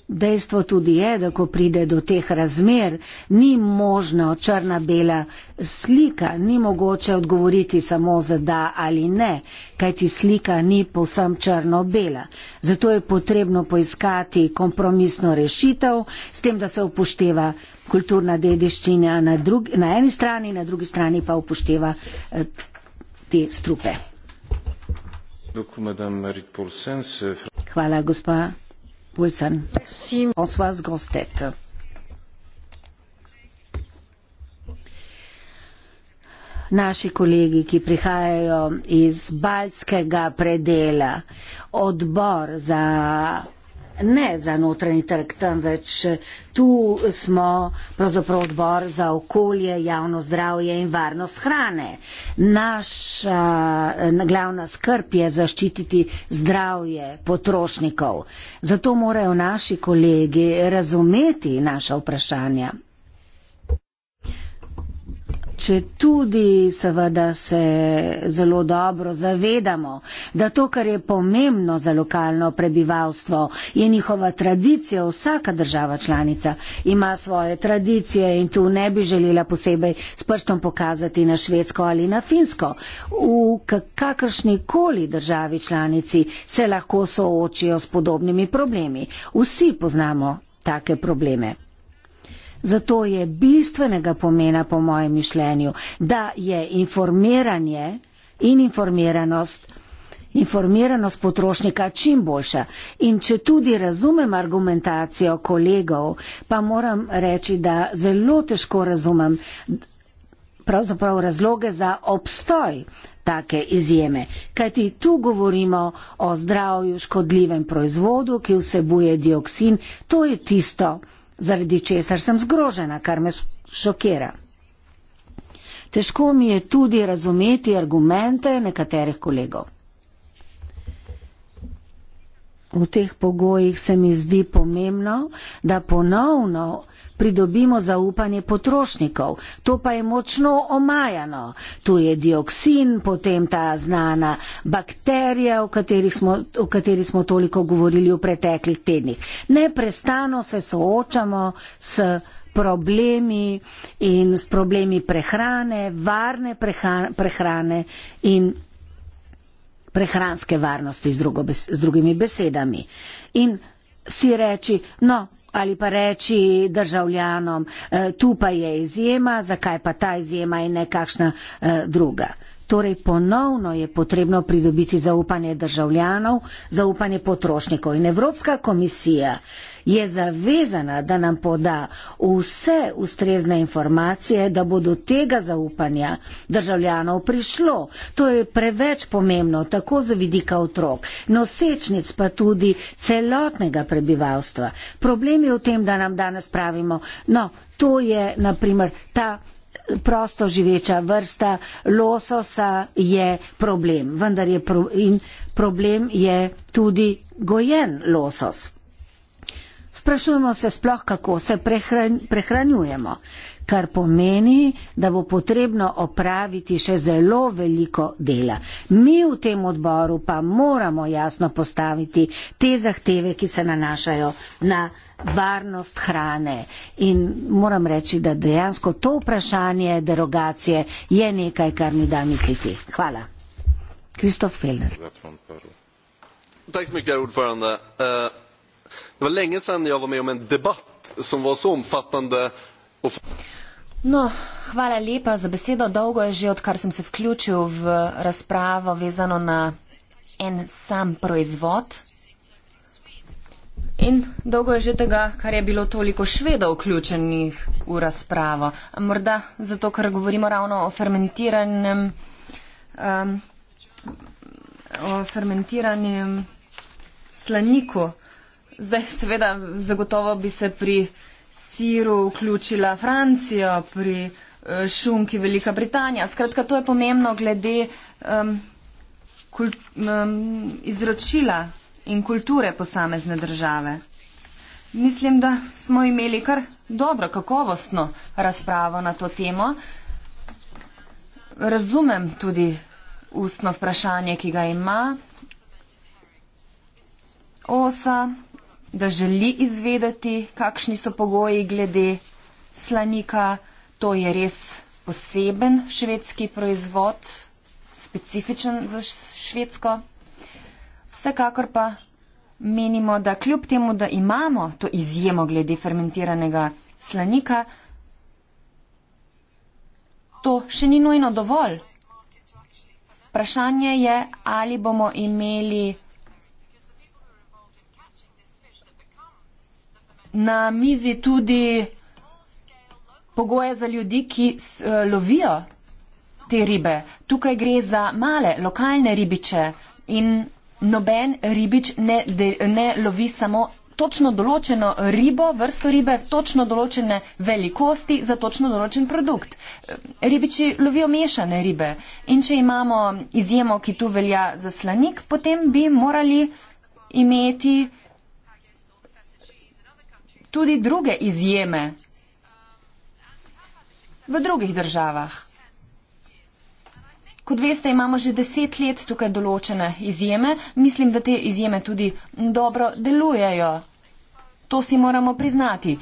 Dejstvo tudi je, da ko pride do teh razmer, ni možno črna-bela slika, ni mogoče odgovoriti samo za da ali ne, kajti slika ni povsem črno-bela. Zato je potrebno poiskati kompromisno rešitev, s tem, da se upošteva kulturna dediščina na, drugi, na eni strani, na drugi strani pa upošteva eh, te strupe. Hvala, gospa. Wilson. Merci. Françoise Grosstedt. Naši kolegi, ki prihajajo iz Baltskega predela, odbor za ne za notranji trg, temveč eh, tu smo pravzaprav odbor za okolje, javno zdravje in varnost hrane. Naša eh, glavna skrb je zaščititi zdravje potrošnikov. Zato morajo naši kolegi razumeti naša vprašanja. Če tudi seveda se zelo dobro zavedamo, da to, kar je pomembno za lokalno prebivalstvo, je njihova tradicija, vsaka država članica ima svoje tradicije in tu ne bi želela posebej s prstom pokazati na Švedsko ali na Finsko. V kakršnikoli državi članici se lahko soočijo s podobnimi problemi. Vsi poznamo take probleme. Zato je bistvenega pomena, po mojem mišljenju, da je informiranje in informiranost, informiranost potrošnika čim boljša. In če tudi razumem argumentacijo kolegov, pa moram reči, da zelo težko razumem pravzaprav razloge za obstoj take izjeme. Kajti tu govorimo o zdravju škodljivem proizvodu, ki vsebuje dioksin, to je tisto, zaradi česar sem zgrožena, kar me šokira. Težko mi je tudi razumeti argumente nekaterih kolegov. V teh pogojih se mi zdi pomembno, da ponovno pridobimo zaupanje potrošnikov. To pa je močno omajano. Tu je dioksin, potem ta znana bakterija, o kateri smo, o kateri smo toliko govorili v preteklih tednih. Neprestano se soočamo s problemi in s problemi prehrane, varne prehrane in prehranske varnosti z, bes z drugimi besedami. In si reči, no ali pa reči državljanom, e, tu pa je izjema, zakaj pa ta izjema in nekakšna e, druga. Torej, ponovno je potrebno pridobiti zaupanje državljanov, zaupanje potrošnikov in Evropska komisija je zavezana, da nam poda vse ustrezne informacije, da bo do tega zaupanja državljanov prišlo. To je preveč pomembno, tako za vidika otrok, nosečnic pa tudi celotnega prebivalstva. Problem je v tem, da nam danes pravimo, no, to je naprimer ta eh, prosto živeča vrsta lososa je problem, vendar je pro, problem je tudi gojen losos. Sprašujemo se sploh, kako se prehran, prehranjujemo, kar pomeni, da bo potrebno opraviti še zelo veliko dela. Mi v tem odboru pa moramo jasno postaviti te zahteve, ki se nanašajo na varnost hrane. In moram reči, da dejansko to vprašanje derogacije je nekaj, kar mi da misliti. Hvala. Kristof Felner. Thanks, Miguel, Det var länge sedan jag var med om en debatt som var så omfattande och... No, hvala lepa za besedo. Dolgo je že, odkar sem se vključil v razpravo vezano na en sam proizvod. In dolgo je že tega, kar je bilo toliko švedov vključenih v razpravo. Morda zato, ker govorimo ravno o fermentiranem, um, o fermentiranem slaniku. Zdaj, seveda, zagotovo bi se pri siru vključila Francija, pri eh, šunki Velika Britanija. Skratka, to je pomembno glede um, kult, um, izročila in kulture posamezne države. Mislim, da smo imeli kar dobro, kakovostno razpravo na to temo. Razumem tudi ustno vprašanje, ki ga ima. Osa da želi izvedeti, kakšni so pogoji glede slanika. To je res poseben švedski proizvod, specifičen za švedsko. Vsekakor pa menimo, da kljub temu, da imamo to izjemo glede fermentiranega slanika, to še ni nujno dovolj. Vprašanje je, ali bomo imeli na mizi tudi pogoje za ljudi, ki eh, lovijo te ribe. Tukaj gre za male, lokalne ribiče in noben ribič ne, de, ne lovi samo točno določeno ribo, vrsto ribe, točno določene velikosti za točno določen produkt. Eh, ribiči lovijo mešane ribe in če imamo izjemo, ki tu velja za slanik, potem bi morali imeti tudi druge izjeme v drugih državah. Kot veste, imamo že deset let tukaj določene izjeme. Mislim, da te izjeme tudi dobro delujejo. To si moramo priznati.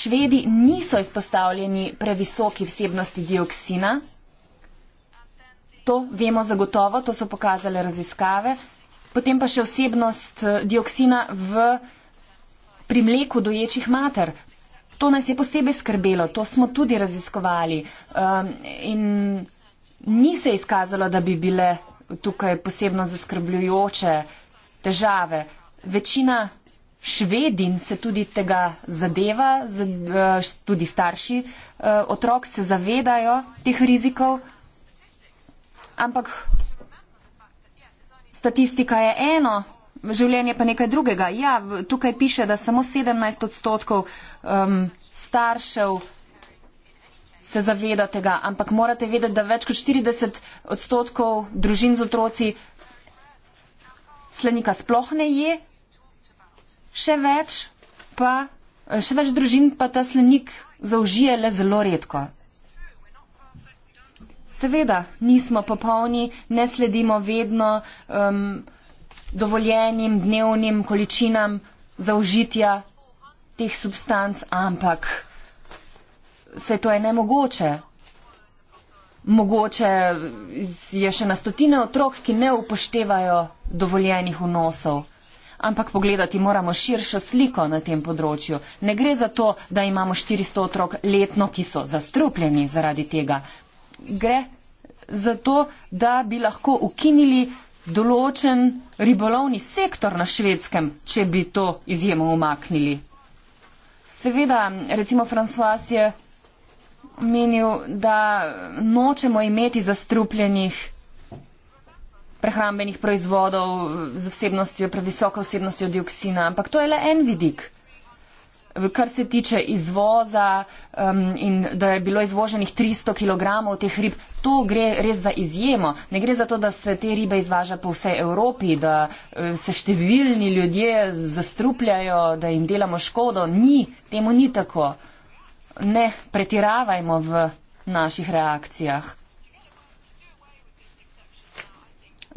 Švedi niso izpostavljeni previsoki vsebnosti dioksina. To vemo zagotovo, to so pokazale raziskave. Potem pa še vsebnost eh, dioksina v pri mleku doječih mater. To nas je posebej skrbelo, to smo tudi raziskovali um, in ni se izkazalo, da bi bile tukaj posebno zaskrbljujoče težave. Večina švedin se tudi tega zadeva, eh, tudi starši eh, otrok se zavedajo teh rizikov, ampak statistika je eno, Življenje pa nekaj drugega. Ja, tukaj piše, da samo 17 odstotkov um, staršev se zaveda tega, ampak morate vedeti, da več kot 40 odstotkov družin z otroci slenika sploh ne je, še več, pa, še več družin pa ta slenik zaužije le zelo redko. Seveda, nismo popolni, ne sledimo vedno. Um, dovoljenim dnevnim količinam zaužitja teh substanc, ampak se to je nemogoče. Mogoče je še na stotine otrok, ki ne upoštevajo dovoljenih vnosov. Ampak pogledati moramo širšo sliko na tem področju. Ne gre za to, da imamo 400 otrok letno, ki so zastrupljeni zaradi tega. Gre za to, da bi lahko ukinili določen ribolovni sektor na švedskem, če bi to izjemo omaknili. Seveda, recimo, François je menil, da nočemo imeti zastrupljenih prehrambenih proizvodov z vsebnostjo, previsoko vsebnostjo dioksina, ampak to je le en vidik kar se tiče izvoza um, in da je bilo izvoženih 300 kg teh rib, to gre res za izjemo. Ne gre za to, da se te ribe izvaža po vsej Evropi, da eh, se številni ljudje zastrupljajo, da jim delamo škodo. Ni, temu ni tako. Ne pretiravajmo v naših reakcijah.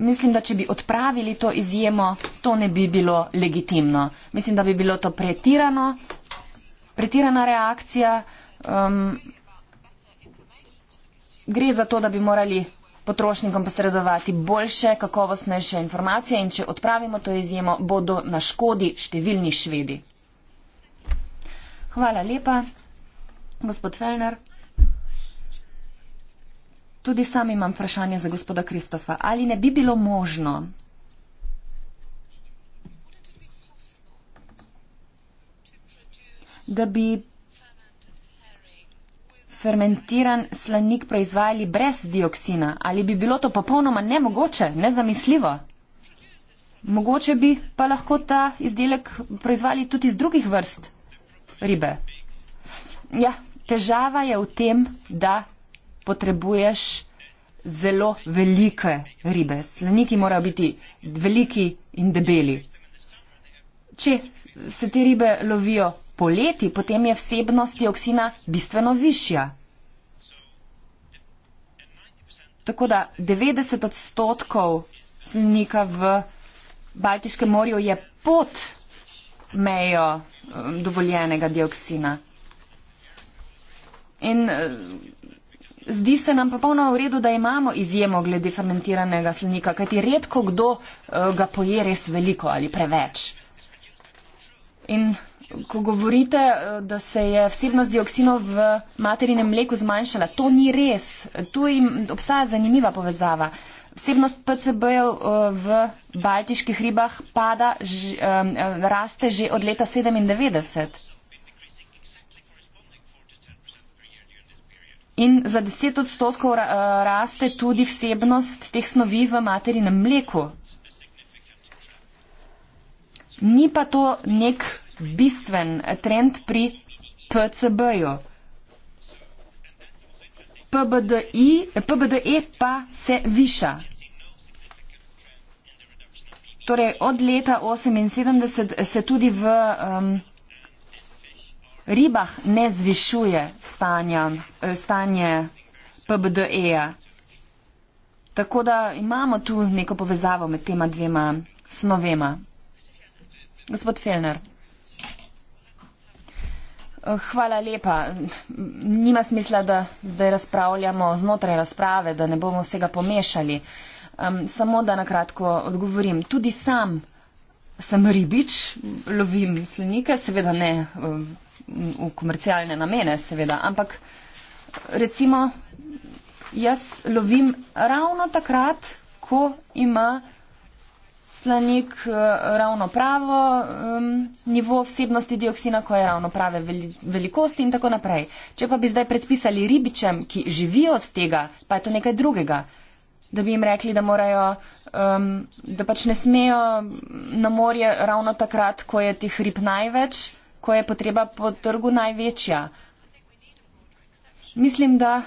Mislim, da če bi odpravili to izjemo, to ne bi bilo legitimno. Mislim, da bi bilo to pretirano pretirana reakcija. Um, gre za to, da bi morali potrošnikom posredovati boljše, kakovostnejše informacije in če odpravimo to izjemo, bodo na škodi številni švedi. Hvala lepa, gospod Felner. Tudi sam imam vprašanje za gospoda Kristofa. Ali ne bi bilo možno da bi fermentiran slanik proizvajali brez dioksina. Ali bi bilo to popolnoma nemogoče, nezamisljivo? Mogoče bi pa lahko ta izdelek proizvali tudi iz drugih vrst ribe. Ja, težava je v tem, da potrebuješ zelo velike ribe. Slaniki morajo biti veliki in debeli. Če se te ribe lovijo poleti potem je vsebnost dioksina bistveno višja. Tako da 90 odstotkov slinika v Baltiškem morju je pod mejo um, dovoljenega dioksina. In uh, zdi se nam popolno v redu, da imamo izjemo glede fermentiranega slinika, kajti redko kdo uh, ga poje res veliko ali preveč. In ko govorite, eh, da se je vsebnost dioksinov v materinem mleku zmanjšala, to ni res. Tu obstaja zanimiva povezava. Vsebnost PCB-jev eh, v baltiških ribah pada, eh, raste že od leta 1997. In za 10 odstotkov raste tudi vsebnost teh snovi v materinem mleku. Ni pa to nek bistven trend pri PCB-ju. PBDI, PBDE pa se viša. Torej, od leta 1978 se tudi v um, ribah ne zvišuje stanja, stanje PBDE-ja. Tako da imamo tu neko povezavo med tema dvema snovema. Gospod Felner. Eh, hvala lepa. Nima smisla, da zdaj razpravljamo znotraj razprave, da ne bomo vsega pomešali. Um, samo da na kratko odgovorim. Tudi sam sem ribič, lovim slonike, seveda ne um, v komercialne namene, seveda, ampak recimo jaz lovim ravno takrat, ko ima slanik eh, ravno pravo, um, nivo vsebnosti dioksina, ko je ravno prave velikosti in tako naprej. Če pa bi zdaj predpisali ribičem, ki živijo od tega, pa je to nekaj drugega, da bi jim rekli, da, morajo, um, da pač ne smejo na morje ravno takrat, ko je tih rib največ, ko je potreba po trgu največja. Mislim, da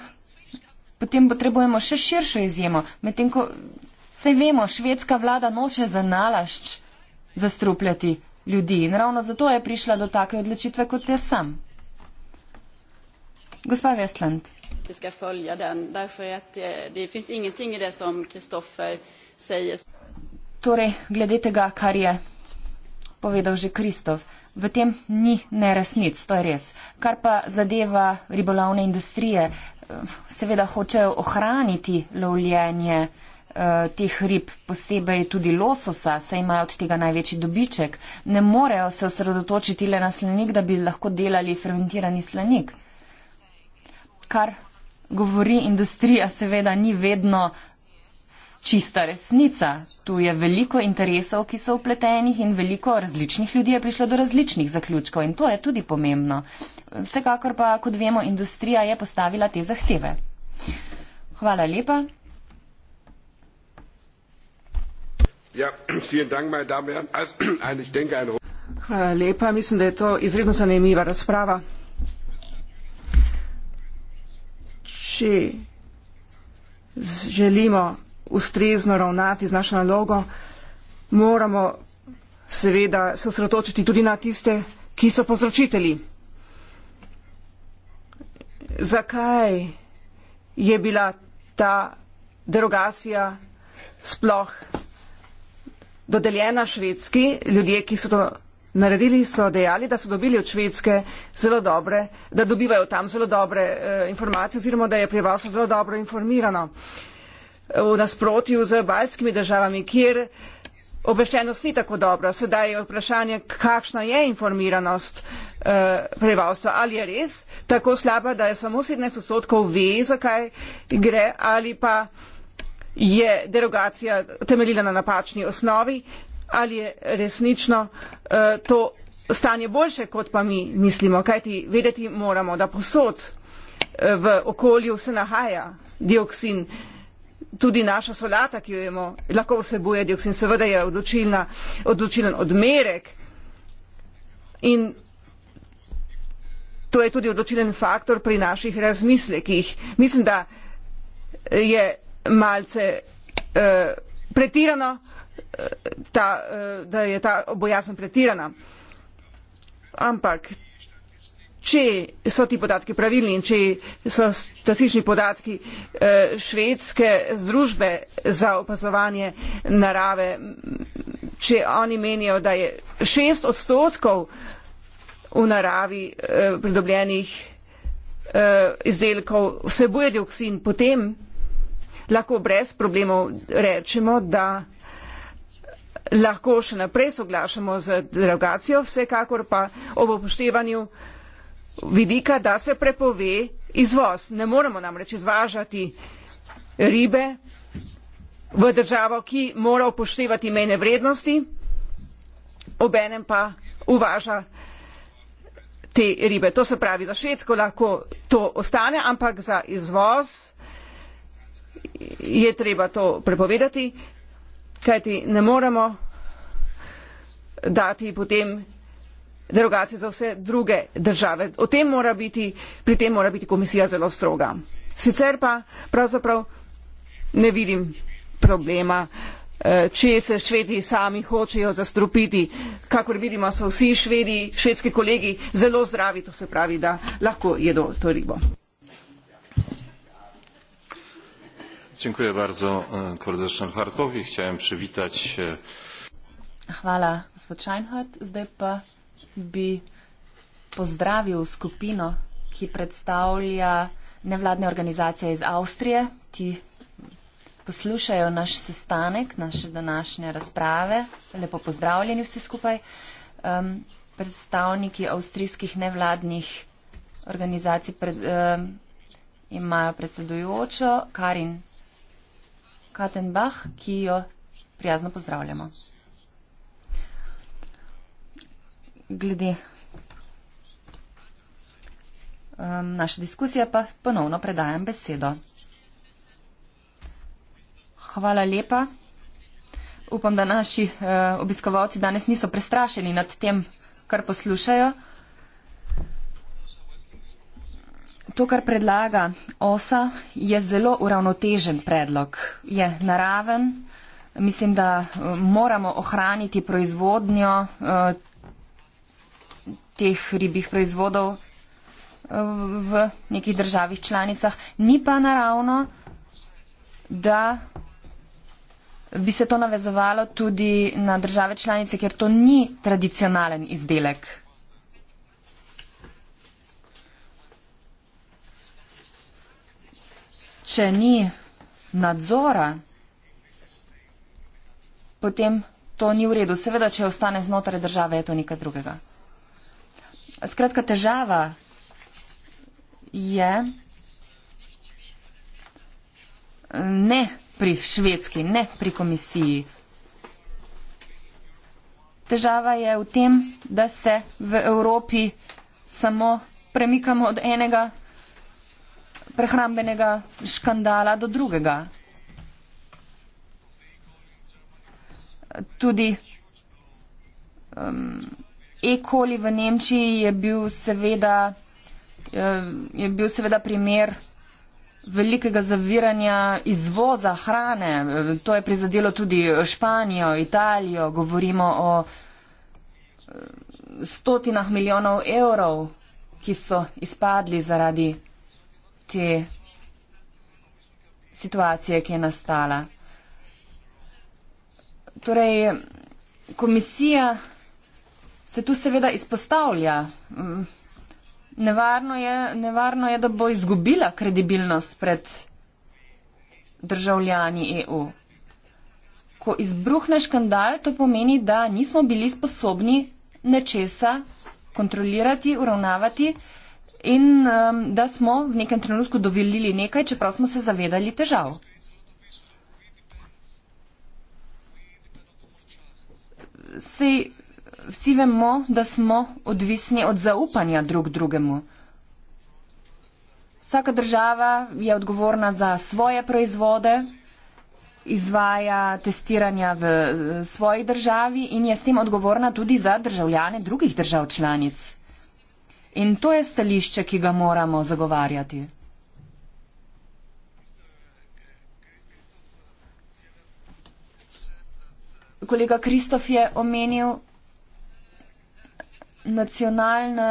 potem potrebujemo še širšo izjemo. Medtem, ko Sej vemo, švedska vlada noče za nalašč zastrupljati ljudi in ravno zato je prišla do take odločitve kot jaz sam. Gospa Vestland. Eh, torej, glede tega, kar je povedal že Kristof, v tem ni neresnic, to je res. Kar pa zadeva ribolovne industrije, eh, seveda hočejo ohraniti lovljenje. Eh, teh rib, posebej tudi lososa, saj imajo od tega največji dobiček, ne morejo se osredotočiti le na slanik, da bi lahko delali fermentirani slanik. Kar govori industrija, seveda ni vedno čista resnica. Tu je veliko interesov, ki so upletenih in veliko različnih ljudi je prišlo do različnih zaključkov in to je tudi pomembno. Vsekakor pa, kot vemo, industrija je postavila te zahteve. Hvala lepa. Ja, Hvala lepa. Mislim, da je to izredno zanimiva razprava. Če želimo ustrezno ravnati z našo nalogo, moramo seveda se osredotočiti tudi na tiste, ki so povzročitelji. Zakaj je bila ta derogacija sploh dodeljena švedski. Ljudje, ki so to naredili, so dejali, da so dobili od švedske zelo dobre, da dobivajo tam zelo dobre eh, informacije oziroma da je prebivalstvo zelo dobro informirano v nasprotju z baljskimi državami, kjer obveščenost ni tako dobra. Sedaj je vprašanje, kakšna je informiranost eh, prebivalstva. Ali je res tako slaba, da je samo 17 odstotkov ve, zakaj gre, ali pa je derogacija temeljila na napačni osnovi ali je resnično uh, to stanje boljše, kot pa mi mislimo. Kajti vedeti moramo, da posod eh, v okolju se nahaja dioksin. Tudi naša solata, ki jo jemo, lahko vsebuje dioksin. Seveda je odločilen odmerek in to je tudi odločilen faktor pri naših razmislekih. Mislim, da je malce uh, pretirano, eh, ta, uh, da je ta bojazen pretirana. Ampak če so ti podatki pravilni in če so statistični podatki švedske združbe za opazovanje narave, če oni menijo, da je šest odstotkov v naravi pridobljenih izdelkov vsebuje dioksin, potem lahko brez problemov rečemo, da lahko še naprej soglašamo z delegacijo, vsekakor pa ob upoštevanju vidika, da se prepove izvoz. Ne moremo namreč izvažati ribe v državo, ki mora upoštevati mejne vrednosti, obenem pa uvaža te ribe. To se pravi, za Švedsko lahko to ostane, ampak za izvoz je treba to prepovedati, kajti ne moremo dati potem derogacije za vse druge države. O tem mora biti, pri tem mora biti komisija zelo stroga. Sicer pa pravzaprav ne vidim problema, eh, če se švedi sami hočejo zastrupiti. Kakor vidimo, so vsi švedi, švedski kolegi zelo zdravi, to se pravi, da lahko jedo to ribo. Dziękuję bardzo e, koledze Szenhardtowi. Chciałem przywitać e, Hvala, gospod Scheinhardt. Zdaj pa bi pozdravil skupino, ki predstavlja nevladne organizacije iz Avstrije, ki poslušajo naš sestanek, naše današnje razprave. Lepo pozdravljeni vsi skupaj. Um, predstavniki avstrijskih nevladnih organizacij pred, um, imajo predsedujočo Karin Kattenbach, ki jo prijazno pozdravljamo. Glede um, naše diskusije pa ponovno predajam besedo. Hvala lepa. Upam, da naši uh, obiskovalci danes niso prestrašeni nad tem, kar poslušajo. to, kar predlaga OSA, je zelo uravnotežen predlog. Je naraven. Mislim, da eh, moramo ohraniti proizvodnjo eh, teh ribih proizvodov eh, v nekih državih članicah. Ni pa naravno, da bi se to navezovalo tudi na države članice, kjer to ni tradicionalen izdelek. če ni nadzora, potem to ni v redu. Seveda, če ostane znotraj države, je to nekaj drugega. Skratka, težava je ne pri švedski, ne pri komisiji. Težava je v tem, da se v Evropi samo premikamo od enega prehrambenega škandala do drugega. Tudi um, E-koli v Nemčiji je bil, seveda, um, je bil seveda primer velikega zaviranja izvoza hrane. To je prizadelo tudi Španijo, Italijo, govorimo o um, stotinah milijonov evrov, ki so izpadli zaradi te situacije, ki je nastala. Torej, komisija se tu seveda izpostavlja. Mm, nevarno je, nevarno je, da bo izgubila kredibilnost pred državljani EU. Ko izbruhne škandal, to pomeni, da nismo bili sposobni nečesa kontrolirati, uravnavati in um, da smo v nekem trenutku dovolili nekaj, čeprav smo se zavedali težav. Sej, vsi vemo, da smo odvisni od zaupanja drug drugemu. Vsaka država je odgovorna za svoje proizvode, izvaja testiranja v svoji državi in je s tem odgovorna tudi za državljane drugih držav članic. In to je stališče, ki ga moramo zagovarjati. Kolega Kristof je omenil nacionalne,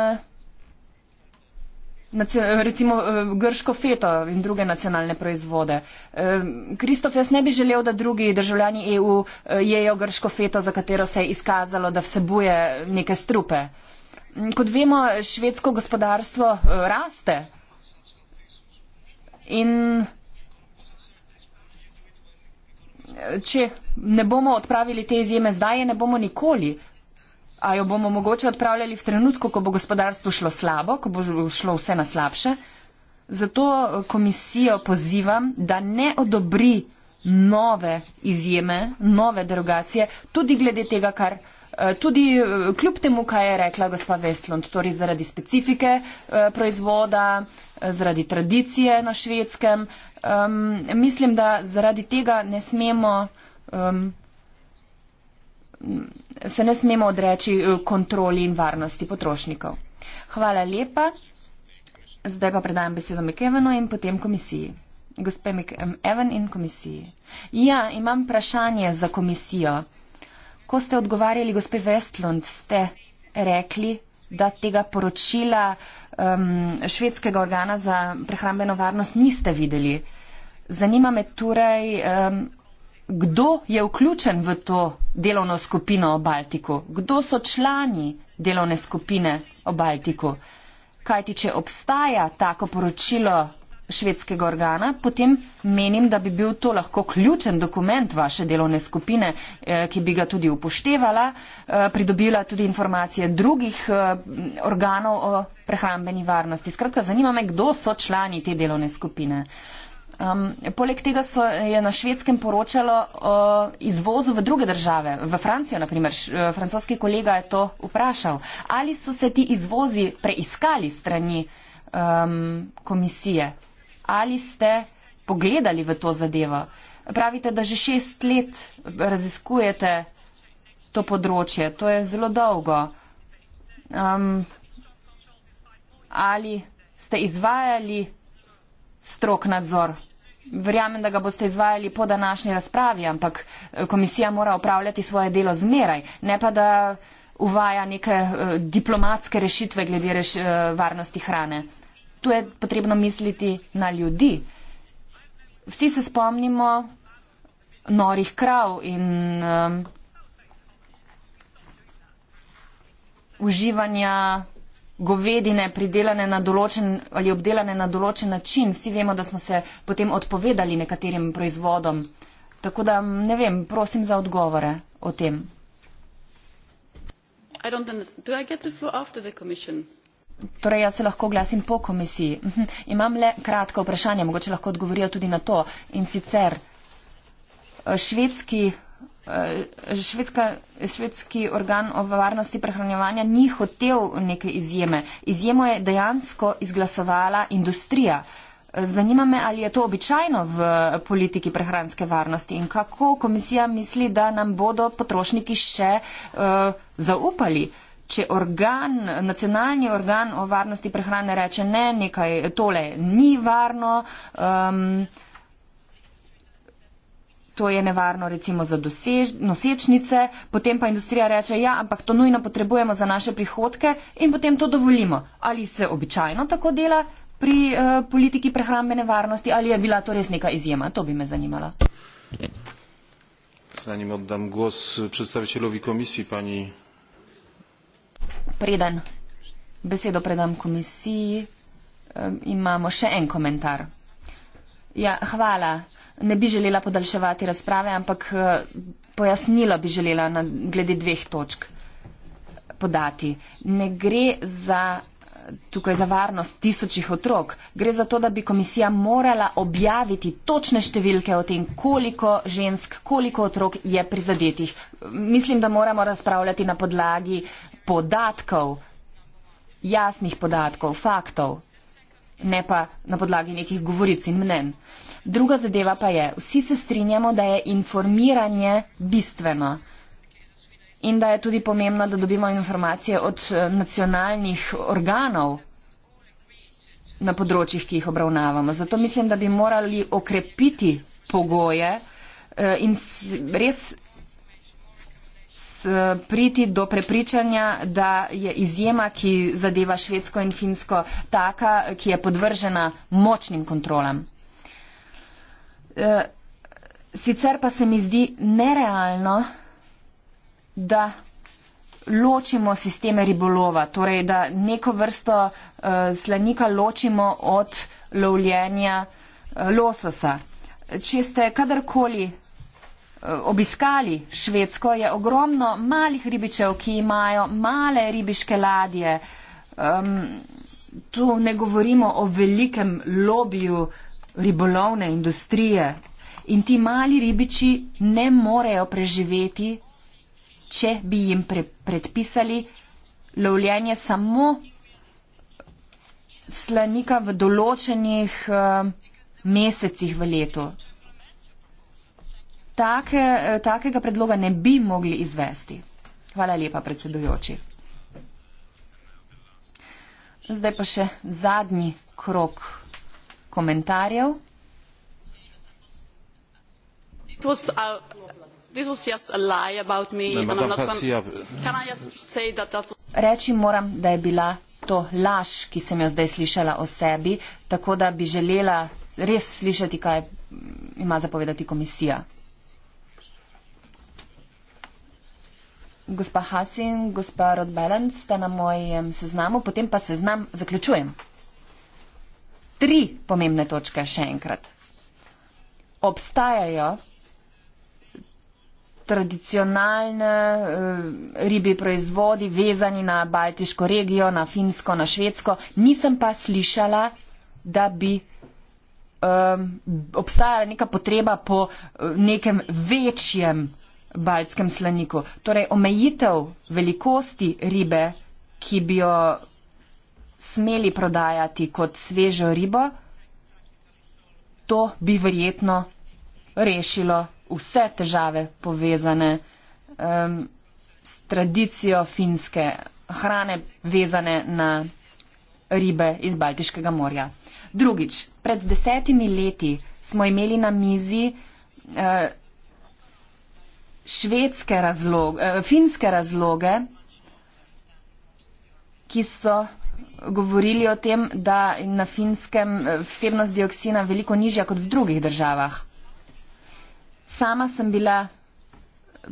recimo eh, grško feto in druge nacionalne proizvode. Eh, Kristof, jaz ne bi želel, da drugi državljani EU eh, jejo grško feto, za katero se je izkazalo, da vsebuje neke strupe kot vemo, švedsko gospodarstvo eh, raste. In eh, če ne bomo odpravili te izjeme zdaj, ne bomo nikoli. A jo bomo mogoče odpravljali v trenutku, ko bo gospodarstvo šlo slabo, ko bo šlo vse na slabše. Zato eh, komisijo pozivam, da ne odobri nove izjeme, nove derogacije, tudi glede tega, kar Eh, tudi eh, kljub temu, kaj je rekla gospa Vestlund, torej zaradi specifike eh, proizvoda, zaradi tradicije na švedskem, um, mislim, da zaradi tega ne smemo. Um, se ne smemo odreči kontroli in varnosti potrošnikov. Hvala lepa. Zdaj pa predajam besedo McEvenu in potem komisiji. Gospe McEven in komisiji. Ja, imam vprašanje za komisijo ko ste odgovarjali gospe Vestlund, ste rekli, da tega poročila um, švedskega organa za prehrambeno varnost niste videli. Zanima me torej, um, kdo je vključen v to delovno skupino o Baltiku, kdo so člani delovne skupine o Baltiku. Kajti, če obstaja tako poročilo švedskega organa, potem menim, da bi bil to lahko ključen dokument vaše delovne skupine, eh, ki bi ga tudi upoštevala, eh, pridobila tudi informacije drugih eh, organov o prehrambeni varnosti. Skratka, zanima me, kdo so člani te delovne skupine. Um, poleg tega so, je na švedskem poročalo o izvozu v druge države, v Francijo naprimer, francoski kolega je to vprašal, ali so se ti izvozi preiskali strani um, komisije ali ste pogledali v to zadevo? Pravite, da že šest let raziskujete to področje. To je zelo dolgo. Um, ali ste izvajali strok nadzor? Verjamem, da ga boste izvajali po današnji razpravi, ampak eh, komisija mora upravljati svoje delo zmeraj, ne pa da uvaja neke uh, diplomatske rešitve glede reš, uh, varnosti hrane tu je potrebno misliti na ljudi. Vsi se spomnimo norih krav in um, uživanja govedine, pridelane na določen ali obdelane na določen način. Vsi vemo, da smo se potem odpovedali nekaterim proizvodom. Tako da ne vem, prosim za odgovore o tem. I don't understand. Do I get the floor after the commission? Torej, jaz se lahko glasim po komisiji. Mhm. Imam le kratko vprašanje, mogoče lahko odgovorijo tudi na to. In sicer eh, švedski, eh, švedska, švedski organ o varnosti prehranjevanja ni hotel neke izjeme. Izjemo je dejansko izglasovala industrija. Eh, zanima me, ali je to običajno v politiki prehranske varnosti in kako komisija misli, da nam bodo potrošniki še uh, zaupali. Uh, če organ, nacionalni organ o varnosti prehrane reče ne, nekaj tole ni varno, um, to je nevarno recimo za dosež, nosečnice, potem pa industrija reče ja, ampak to nujno potrebujemo za naše prihodke in potem to dovolimo. Ali se običajno tako dela pri uh, politiki prehrambene varnosti ali je bila to res neka izjema? To bi me zanimalo. Zanim oddam głos przedstawicielowi komisji, pani preden besedo predam komisiji, imamo še en komentar. Ja, hvala. Ne bi želela podaljševati razprave, ampak e, pojasnilo bi želela glede dveh točk podati. Ne gre za tukaj za varnost tisočih otrok. Gre za to, da bi komisija morala objaviti točne številke o tem, koliko žensk, koliko otrok je prizadetih. Mislim, da moramo razpravljati na podlagi podatkov, jasnih podatkov, faktov, ne pa na podlagi nekih govoric in mnen. Druga zadeva pa je, vsi se strinjamo, da je informiranje bistveno in da je tudi pomembno, da dobimo informacije od eh, nacionalnih organov na področjih, ki jih obravnavamo. Zato mislim, da bi morali okrepiti pogoje eh, in res priti do prepričanja, da je izjema, ki zadeva Švedsko in Finsko, taka, ki je podvržena močnim kontrolam. Eh, sicer pa se mi zdi nerealno, da ločimo sisteme ribolova, torej da neko vrsto uh, slanika ločimo od lovljenja uh, lososa. Če ste kadarkoli eh, obiskali Švedsko, je ogromno malih ribičev, ki imajo male ribiške ladje. Um, tu ne govorimo o velikem lobiju ribolovne industrije. In ti mali ribiči ne morejo preživeti če bi jim pre, predpisali lovljenje samo slanika v določenih uh, mesecih v letu. Take, eh, takega predloga ne bi mogli izvesti. Hvala lepa, predsedujoči. Zdaj pa še zadnji krok komentarjev this was just a lie about me ne, and I'm not si ja, Can I just say that that was... Reči moram, da je bila to laž, ki sem jo zdaj slišala o sebi, tako da bi želela res slišati, kaj ima zapovedati komisija. Gospa Hasin, gospa Rodbelen, ste na mojem seznamu, potem pa seznam zaključujem. Tri pomembne točke še enkrat. Obstajajo tradicionalne eh, ribi proizvodi vezani na Baltiško regijo, na Finsko, na Švedsko. Nisem pa slišala, da bi um, obstajala neka potreba po eh, nekem večjem baltskem slaniku. Torej omejitev velikosti ribe, ki bi jo smeli prodajati kot svežo ribo, to bi verjetno rešilo vse težave povezane um, s tradicijo finske hrane vezane na ribe iz Baltiškega morja. Drugič, pred desetimi leti smo imeli na mizi uh, švedske razloge, uh, finske razloge, ki so govorili o tem, da na finskem e, vsebnost dioksina veliko nižja kot v drugih državah sama sem bila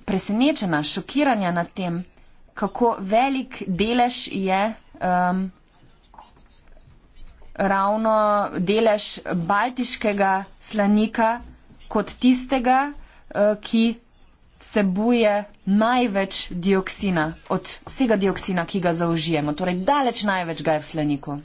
presenečena, šokirana nad tem, kako velik delež je um, ravno delež baltiškega slanika kot tistega, uh, ki vsebuje največ dioksina od vsega dioksina, ki ga zaužijemo. Torej, daleč največ ga je v slaniku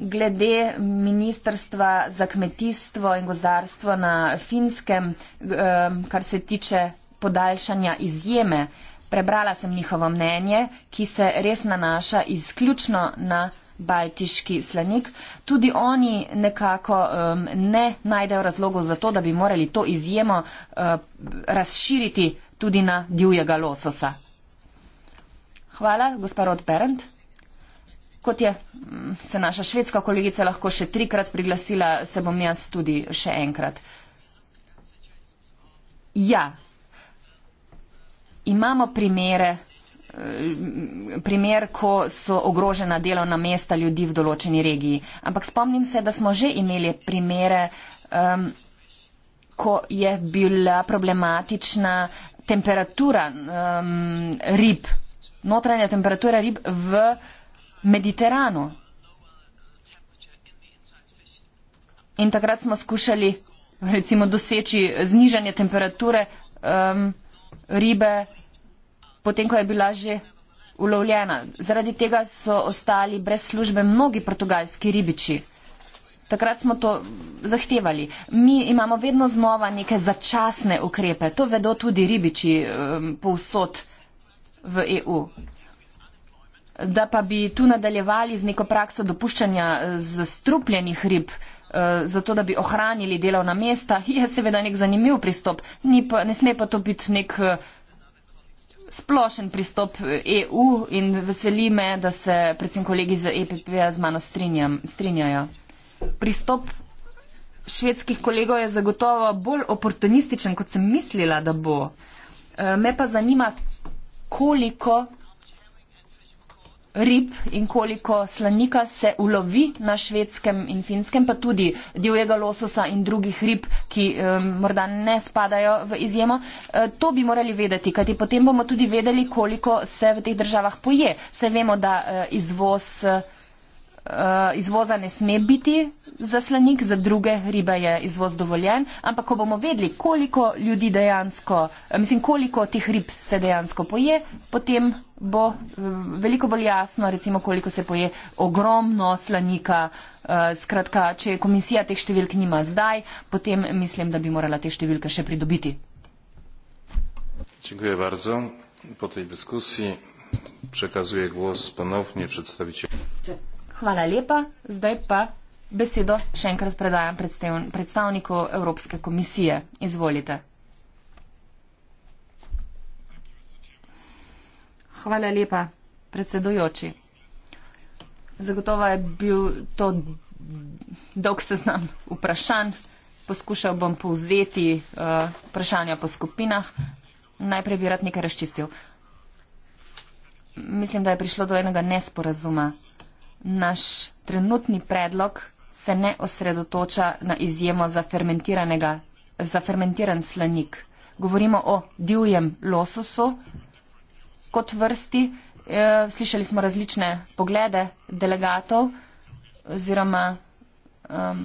glede ministrstva za kmetijstvo in gozdarstvo na finskem, ehm, kar se tiče podaljšanja izjeme. Prebrala sem njihovo mnenje, ki se res nanaša izključno na baltiški slanik. Tudi oni nekako um, ne najdejo razlogov za to, da bi morali to izjemo uh, razširiti tudi na divjega lososa. Hvala, gospod Rod Berendt kot je, mm, se naša švedska kolegica lahko še trikrat priglasila, se bom jaz tudi še enkrat. Ja, imamo primere, eh, primer, ko so ogrožena delovna mesta ljudi v določeni regiji. Ampak spomnim se, da smo že imeli primere, um, ko je bila problematična temperatura um, rib, notranja temperatura rib v. Mediteranu. In takrat smo skušali recimo doseči znižanje temperature um, ribe, potem ko je bila že ulovljena. Zaradi tega so ostali brez službe mnogi portugalski ribiči. Takrat smo to zahtevali. Mi imamo vedno znova neke začasne ukrepe. To vedo tudi ribiči um, povsod v EU da pa bi tu nadaljevali z neko prakso dopuščanja eh, zastrupljenih rib, eh, zato da bi ohranili delovna mesta, je seveda nek zanimiv pristop. Pa, ne sme pa to biti nek eh, splošen pristop EU e in veseli me, da se predvsem kolegi z EPP-ja z mano strinjam, strinjajo. Pristop švedskih kolegov je zagotovo bolj oportunističen, kot sem mislila, da bo. Me pa zanima, koliko rib in koliko slanika se ulovi na švedskem in finskem, pa tudi divjega lososa in drugih rib, ki morda ne spadajo v izjemo. E, to bi morali vedeti, kajti potem bomo tudi vedeli, koliko se v teh državah poje. Se vemo, da e, izvoz, e, izvoza ne sme biti za slanik, za druge ribe je izvoz dovoljen, ampak ko bomo vedeli, koliko ljudi dejansko, mislim, koliko teh rib se dejansko poje, potem bo veliko bolj jasno, recimo, koliko se poje ogromno slanika. Eh, skratka, če komisija teh številk nima zdaj, potem mislim, da bi morala te številke še pridobiti. Dziękuję bardzo. Po tej dyskusji przekazuję głos ponownie przedstawicielowi. Hvala lepa. Zdaj pa besedo še enkrat predajam predstavniku Evropske komisije. Izvolite. Hvala lepa, predsedujoči. Zagotovo je bil to dolg seznam vprašanj. Poskušal bom povzeti uh, vprašanja po skupinah. Najprej bi rad nekaj razčistil. Mislim, da je prišlo do enega nesporazuma. Naš trenutni predlog se ne osredotoča na izjemo za, fermentiranega, za fermentiran slanik. Govorimo o divjem lososu, kot vrsti. Eh, slišali smo različne poglede delegatov oziroma um,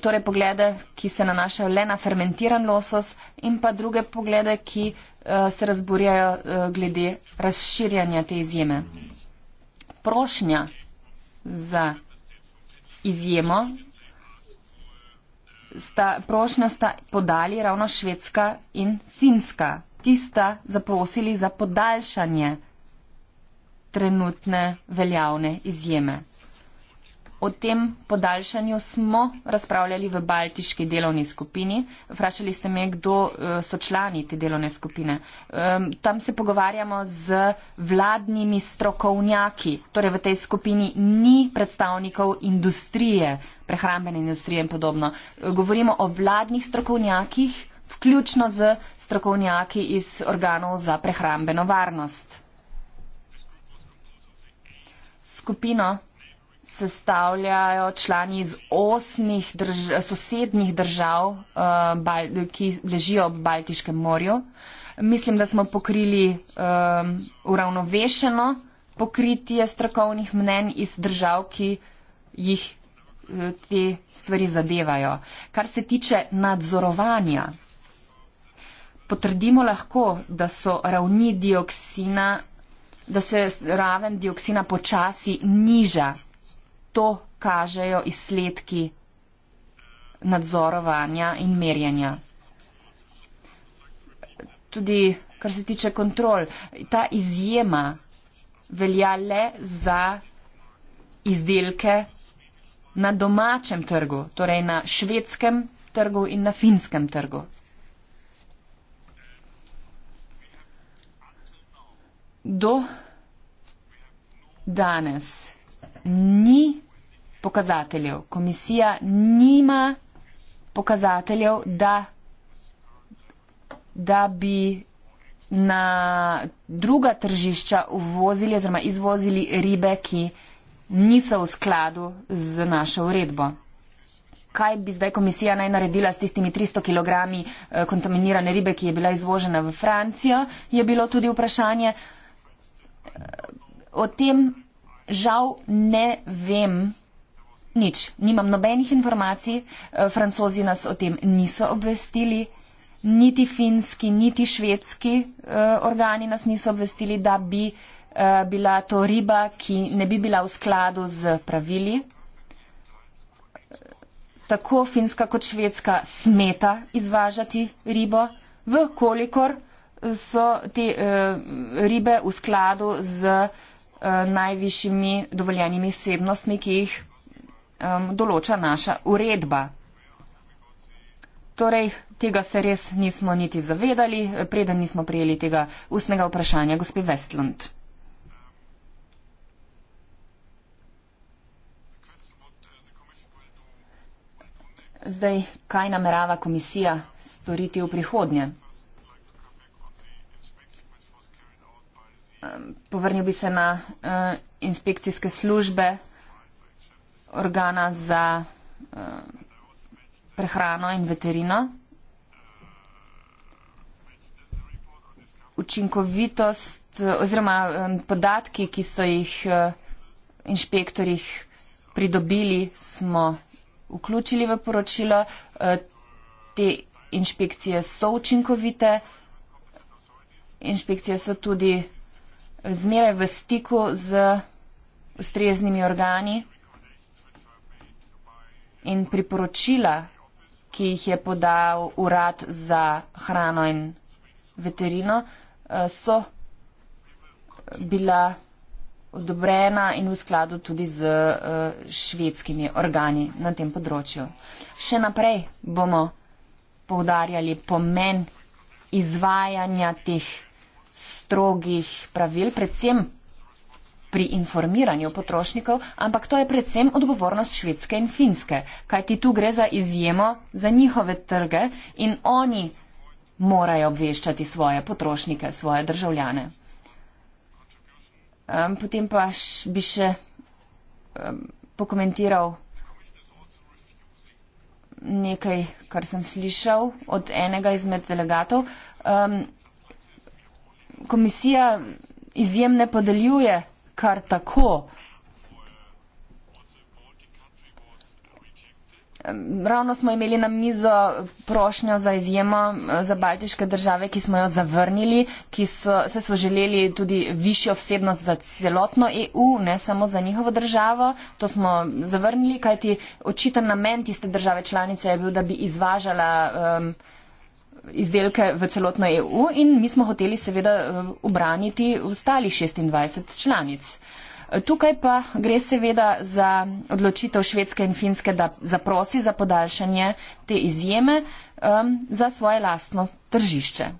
torej poglede, ki se nanašajo le na fermentiran losos in pa druge poglede, ki uh, se razburjajo uh, glede razširjanja te izjeme. Prošnja za izjemo sta, prošnja sta podali ravno Švedska in Finska tista zaprosili za podaljšanje trenutne veljavne izjeme. O tem podaljšanju smo razpravljali v baltiški delovni skupini. Vprašali ste me, kdo eh, so člani te delovne skupine. Tam se pogovarjamo z vladnimi strokovnjaki. Torej v tej skupini ni predstavnikov industrije, prehrambene industrije in podobno. Govorimo o vladnih strokovnjakih, vključno z strokovnjaki iz organov za prehrambeno varnost. Skupino sestavljajo člani iz osmih drž sosednjih držav, uh, ki ležijo ob Baltiškem morju. Mislim, da smo pokrili um, uravnovešeno pokritje strokovnih mnen iz držav, ki jih eh, te stvari zadevajo. Kar se tiče nadzorovanja, potrdimo lahko, da so ravni dioksina, da se raven dioksina počasi niža. To kažejo izsledki nadzorovanja in merjanja. Tudi kar se tiče kontrol, ta izjema velja le za izdelke na domačem trgu, torej na švedskem trgu in na finskem trgu. do danes ni pokazateljev. Komisija nima pokazateljev, da, da bi na druga tržišča uvozili oziroma izvozili ribe, ki niso v skladu z našo uredbo. Kaj bi zdaj komisija naj naredila s tistimi 300 kg eh, kontaminirane ribe, ki je bila izvožena v Francijo, je bilo tudi vprašanje o tem žal ne vem nič. Nimam nobenih informacij, eh, francozi nas o tem niso obvestili, niti finski, niti švedski eh, organi nas niso obvestili, da bi eh, bila to riba, ki ne bi bila v skladu z pravili. Tako finska kot švedska smeta izvažati ribo, v kolikor so te uh, ribe v skladu z uh, najvišjimi dovoljenimi sebnostmi, ki jih um, določa naša uredba. Torej, tega se res nismo niti zavedali, preden nismo prijeli tega ustnega vprašanja gospe Vestlund. Zdaj, kaj namerava komisija storiti v prihodnje? Povrnil bi se na uh, eh, inspekcijske službe, organa za uh, prehrano in veterino. Učinkovitost eh, oziroma um, podatki, ki so jih uh, inšpektorjih pridobili, smo vključili v poročilo. Uh, te inšpekcije so učinkovite. Inšpekcije so tudi zmeraj v stiku z ustreznimi organi in priporočila, ki jih je podal Urad za hrano in veterino, eh, so bila odobrena in v skladu tudi z eh, švedskimi organi na tem področju. Še naprej bomo poudarjali pomen izvajanja teh strogih pravil, predvsem pri informiranju potrošnikov, ampak to je predvsem odgovornost Švedske in Finske, kajti tu gre za izjemo za njihove trge in oni morajo obveščati svoje potrošnike, svoje državljane. Potem pa bi še pokomentiral nekaj, kar sem slišal od enega izmed delegatov komisija izjem ne podeljuje kar tako. Ravno smo imeli na mizo prošnjo za izjemo eh, za baltiške države, ki smo jo zavrnili, ki so, se so želeli tudi višjo vsebnost za celotno EU, ne samo za njihovo državo. To smo zavrnili, kajti očiten namen tiste države članice je bil, da bi izvažala um, izdelke v celotno EU in mi smo hoteli seveda obraniti eh, ostali 26 članic. Eh, tukaj pa gre seveda za odločitev Švedske in Finske, da zaprosi za podaljšanje te izjeme um, za svoje lastno tržišče.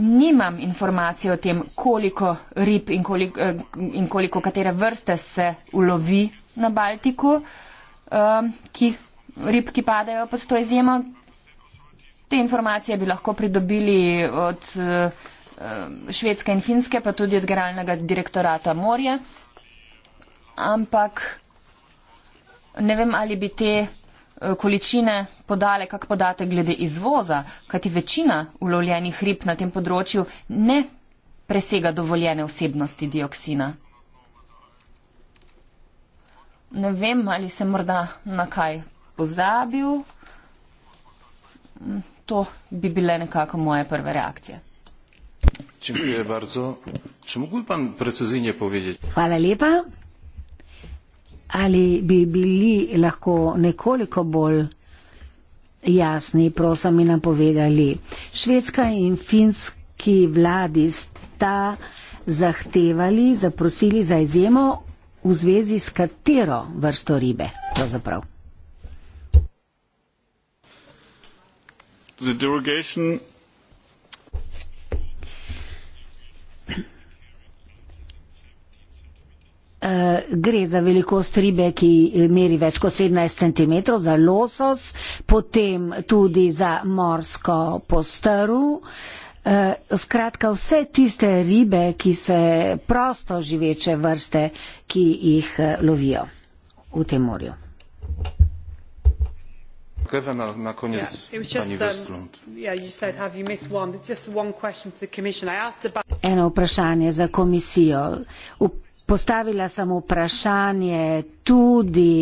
Nimam informacije o tem, koliko rib in koliko, eh, in koliko katere vrste se ulovi na Baltiku. Uh, Um, ki, rib, ki padajo pod to izjemo. Te informacije bi lahko pridobili od uh, um, Švedske in Finske, pa tudi od generalnega direktorata morja. Ampak ne vem, ali bi te uh, količine podale kak podatek glede izvoza, kajti večina ulovljenih rib na tem področju ne presega dovoljene vsebnosti dioksina. Ne vem, ali se morda na kaj pozabil. Mm, to bi bile nekako moje prve reakcije. Čemuje bardzo. Če mogoče pa precizinje povedati. Hvala lepa. Ali bi bili lahko nekoliko bolj jasni, prosim, mi nam povedali. Švedska in finski vladi sta zahtevali, zaprosili za izjemo v zvezi s katero vrsto ribe pravzaprav? Uh, gre za velikost ribe, ki meri več kot 17 cm, za losos, potem tudi za morsko postrv. Uh, Eh, skratka, vse tiste ribe, ki se prosto živeče vrste, ki jih eh, lovijo v tem morju. Um, Eno vprašanje za komisijo. Postavila sem vprašanje tudi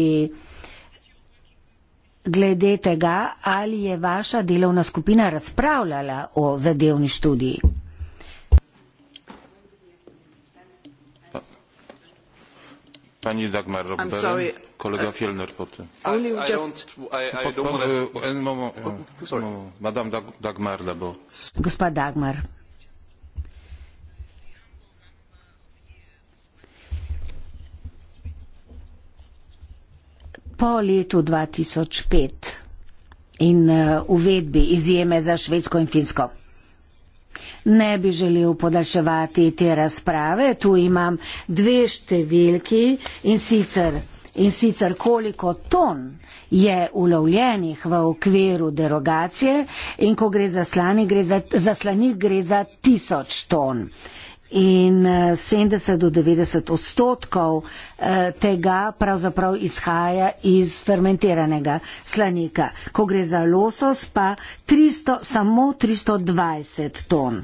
glede tega, ali je vaša delovna skupina razpravljala o zadevni študiji. Pani Dagmar Robert, kolega uh, Fjellner potem. I, I don't, I, I don't wanna... E, moment, ja. oh, moment. Madame Dagmar, da bo. Gospa Dagmar. po letu 2005 in eh, uvedbi izjeme za Švedsko in Finsko. Ne bi želel podaljševati te razprave, tu imam dve številki in sicer, in sicer koliko ton je ulovljenih v okviru derogacije in ko gre za slanik, gre za, za, slanik, gre za tisoč ton. Uh, in 70 eh, do 90 odstotkov eh, tega pravzaprav izhaja iz fermentiranega slanika. Ko gre za losos, pa 300, samo 320 ton.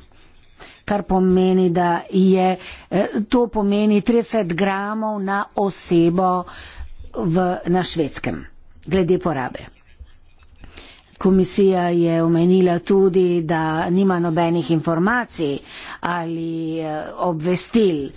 Kar pomeni, da je eh, to pomeni 30 gramov na osebo v, na švedskem, glede porabe. Komisija je omenila tudi, da nima nobenih informacij ali eh, obvestil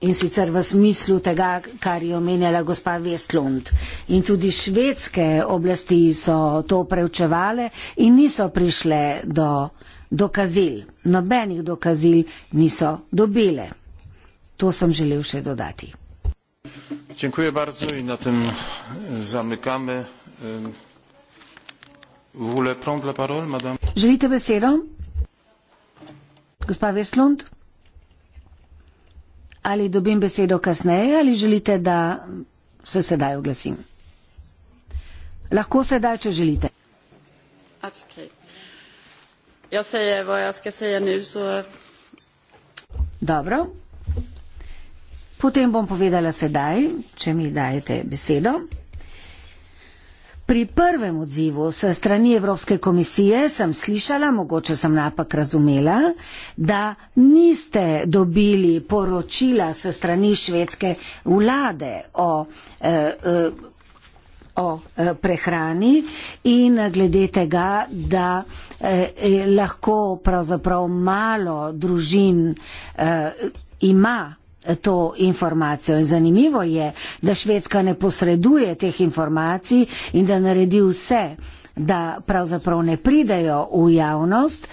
in sicer v smislu tega, kar je omenjala gospa Vestlund. In tudi švedske oblasti so to preučevale in niso prišle do dokazil. Nobenih dokazil niso dobile. To sem želel še dodati. Dziękuję bardzo i na tym zamykamy. Želite besedo? Gospa Veslund? Ali dobim besedo kasneje ali želite, da se sedaj oglasim? Lahko sedaj, če želite. Øh. Dobro. Potem bom povedala sedaj, če mi dajete besedo. Pri prvem odzivu se strani Evropske komisije sem slišala, mogoče sem napak razumela, da niste dobili poročila se strani švedske vlade o, eh, eh, o eh, prehrani in glede tega, da eh, eh lahko pravzaprav malo družin eh, ima to informacijo. In zanimivo je, da Švedska ne posreduje teh informacij in da naredi vse, da pravzaprav ne pridejo v javnost.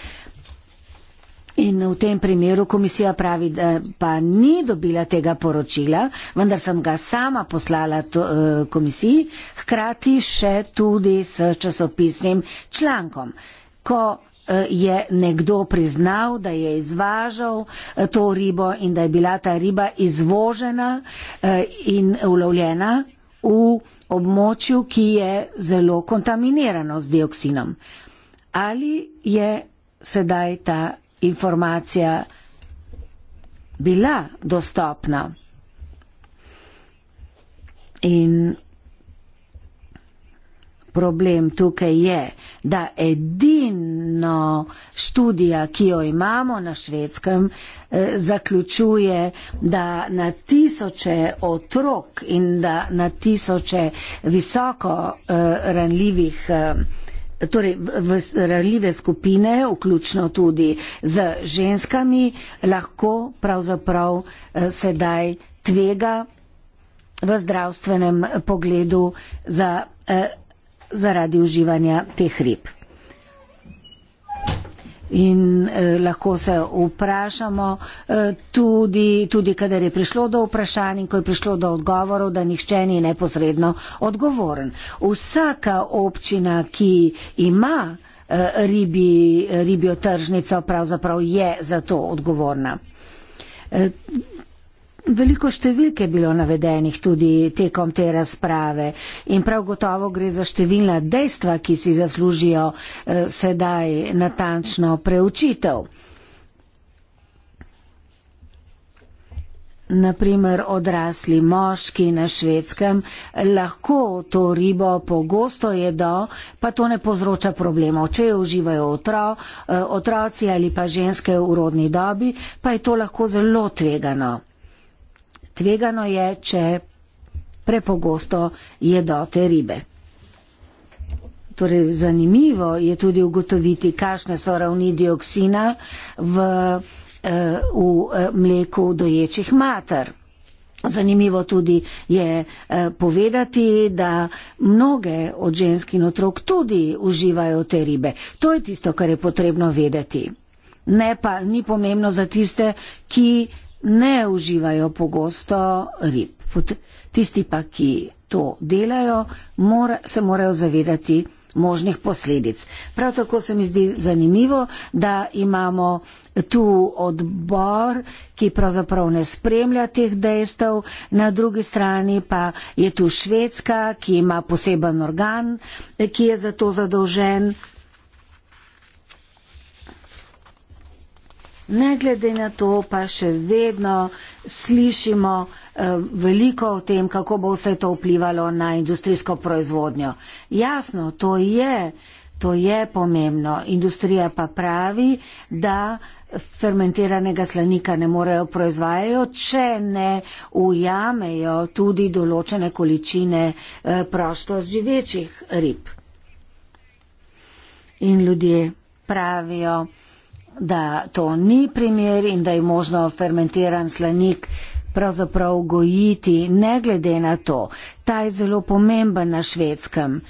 In v tem primeru komisija pravi, da pa ni dobila tega poročila, vendar sem ga sama poslala to, eh, komisiji, hkrati še tudi s časopisnim člankom. Ko Eh, je nekdo priznal, da je izvažal eh, to ribo in da je bila ta riba izvožena eh, in ulovljena v območju, ki je zelo kontaminirano z dioksinom. Ali je sedaj ta informacija bila dostopna? In problem tukaj je, da edino študija, ki jo imamo na švedskem, eh, zaključuje, da na tisoče otrok in da na tisoče visoko eh, ranljivih eh, Torej, v ranljive skupine, vključno tudi z ženskami, lahko pravzaprav sedaj tvega v zdravstvenem pogledu za zaradi uživanja teh rib. In eh, lahko se vprašamo eh, tudi, tudi kadar je prišlo do vprašanj in ko je prišlo do odgovorov, da nihče ni neposredno odgovoren. Vsaka občina, ki ima eh, ribi, ribjo tržnico, pravzaprav je za to odgovorna. Eh, Veliko številke je bilo navedenih tudi tekom te razprave in prav gotovo gre za številna dejstva, ki si zaslužijo eh, sedaj natančno preučitev. Naprimer, odrasli moški na švedskem lahko to ribo pogosto jedo, pa to ne povzroča problemov. Če jo uživajo otro, eh, otroci ali pa ženske v rodni dobi, pa je to lahko zelo tvegano tvegano je, če prepogosto jedo te ribe. Torej, zanimivo je tudi ugotoviti, kakšne so ravni dioksina v, eh, v eh, mleku doječih mater. Zanimivo tudi je eh, povedati, da mnoge od žensk in otrok tudi uživajo te ribe. To je tisto, kar je potrebno vedeti. Ne pa ni pomembno za tiste, ki ne uživajo pogosto rib. Tisti pa, ki to delajo, mora, se morajo zavedati možnih posledic. Prav tako se mi zdi zanimivo, da imamo tu odbor, ki pravzaprav ne spremlja teh dejstev, na drugi strani pa je tu Švedska, ki ima poseben organ, ki je za to zadolžen. ne glede na to pa še vedno slišimo eh, veliko o tem, kako bo vse to vplivalo na industrijsko proizvodnjo. Jasno, to je, to je pomembno. Industrija pa pravi, da fermentiranega slanika ne morejo proizvajajo, če ne ujamejo tudi določene količine eh, prosto živečih rib. In ljudje pravijo, da to ni primer in da je možno fermentiran slanik pravzaprav gojiti, ne glede na to. Ta je zelo pomemben na švedskem.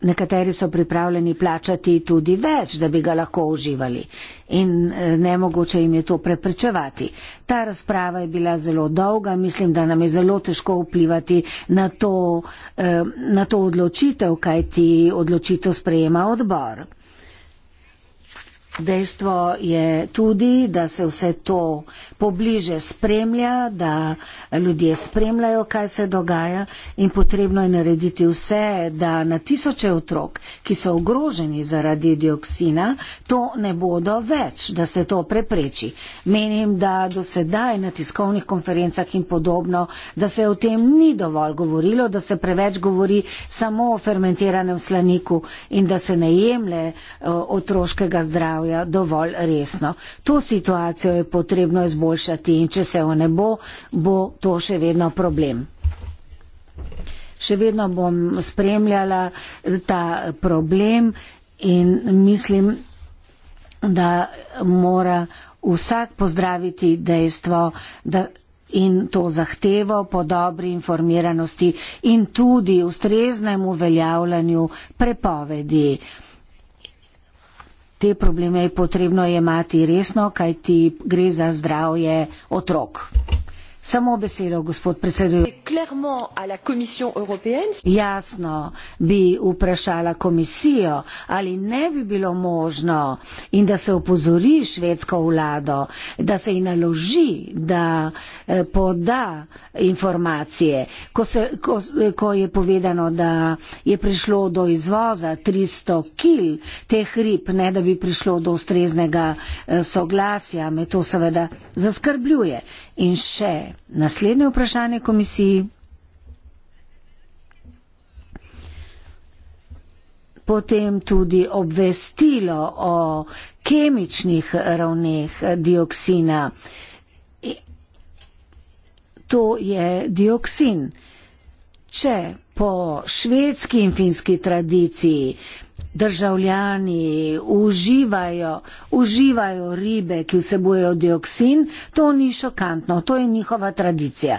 Nekateri so pripravljeni plačati tudi več, da bi ga lahko uživali in eh, nemogoče jim je to preprečevati. Ta razprava je bila zelo dolga, mislim, da nam je zelo težko vplivati na to, eh, na to odločitev, kaj ti odločitev sprejema odbor. Dejstvo je tudi, da se vse to pobliže spremlja, da ljudje spremljajo, kaj se dogaja in potrebno je narediti vse, da na tisoče otrok, ki so ogroženi zaradi dioksina, to ne bodo več, da se to prepreči. Menim, da do sedaj na tiskovnih konferencah in podobno, da se o tem ni dovolj govorilo, da se preveč govori samo o fermentiranem slaniku in da se ne jemlje eh, otroškega zdravja zdravja dovolj resno. To situacijo je potrebno izboljšati in če se jo ne bo, bo to še vedno problem. Še vedno bom spremljala ta problem in mislim, da mora vsak pozdraviti dejstvo da in to zahtevo po dobri informiranosti in tudi ustreznemu uveljavljanju prepovedi te probleme je potrebno jemati resno, kajti gre za zdravje otrok. Samo besedo, gospod predsedujoči. Jasno bi vprašala komisijo, ali ne bi bilo možno in da se opozori švedsko vlado, da se ji naloži, da eh, poda informacije, ko, se, ko, ko je povedano, da je prišlo do izvoza 300 kil teh rib, ne da bi prišlo do ustreznega eh, soglasja, me to seveda zaskrbljuje. In še naslednje vprašanje komisiji. Potem tudi obvestilo o kemičnih ravneh dioksina. To je dioksin. Če po švedski in finski tradiciji državljani uživajo, uživajo ribe, ki vsebujejo dioksin, to ni šokantno, to je njihova tradicija.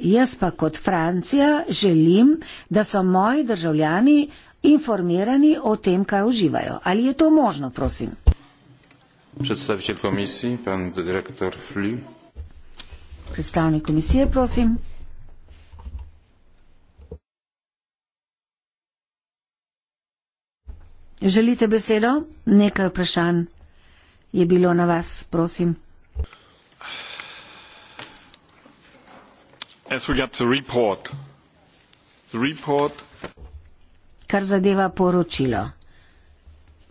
Jaz pa kot Francija želim, da so moji državljani informirani o tem, kaj uživajo. Ali je to možno, prosim? Predstavitelj komisije, pan direktor Fli. Predstavnik komisije, prosim. Želite besedo? Nekaj vprašanj je bilo na vas, prosim. Report, report... Kar zadeva poročilo.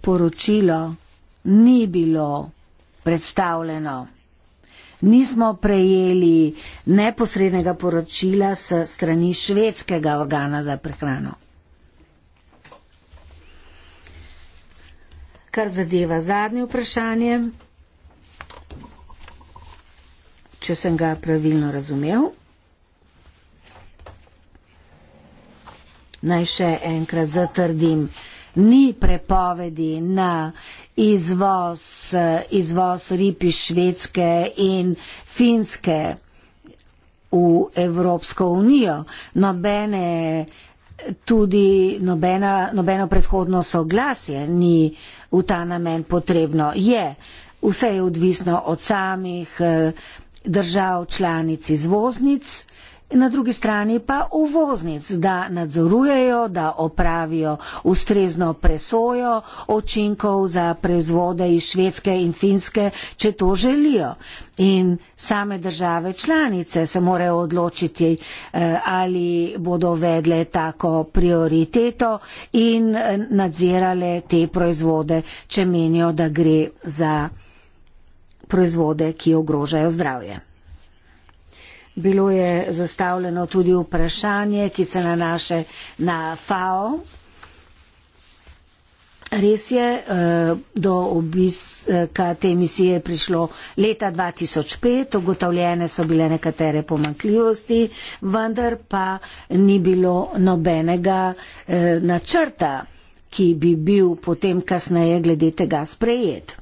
Poročilo ni bilo predstavljeno. Nismo prejeli neposrednega poročila s strani švedskega organa za prehrano. kar zadeva zadnje vprašanje, če sem ga pravilno razumel. Naj še enkrat zatrdim, ni prepovedi na izvoz, izvoz ripi švedske in finske v Evropsko unijo. Nobene uh, tudi nobena, nobeno predhodno soglasje ni v ta namen potrebno. Je. Vse je odvisno od samih eh, držav članic izvoznic. Na drugi strani pa uvoznic, da nadzorujejo, da opravijo ustrezno presojo očinkov za prezvode iz Švedske in Finske, če to želijo. In same države članice se morajo odločiti, eh, ali bodo vedle tako prioriteto in eh, nadzirale te proizvode, če menijo, da gre za proizvode, ki ogrožajo zdravje. Bilo je zastavljeno tudi vprašanje, ki se nanaše na FAO. Res je, eh, do obiska te misije je prišlo leta 2005, ugotovljene so bile nekatere pomankljivosti, vendar pa ni bilo nobenega eh, načrta, ki bi bil potem kasneje glede tega sprejet.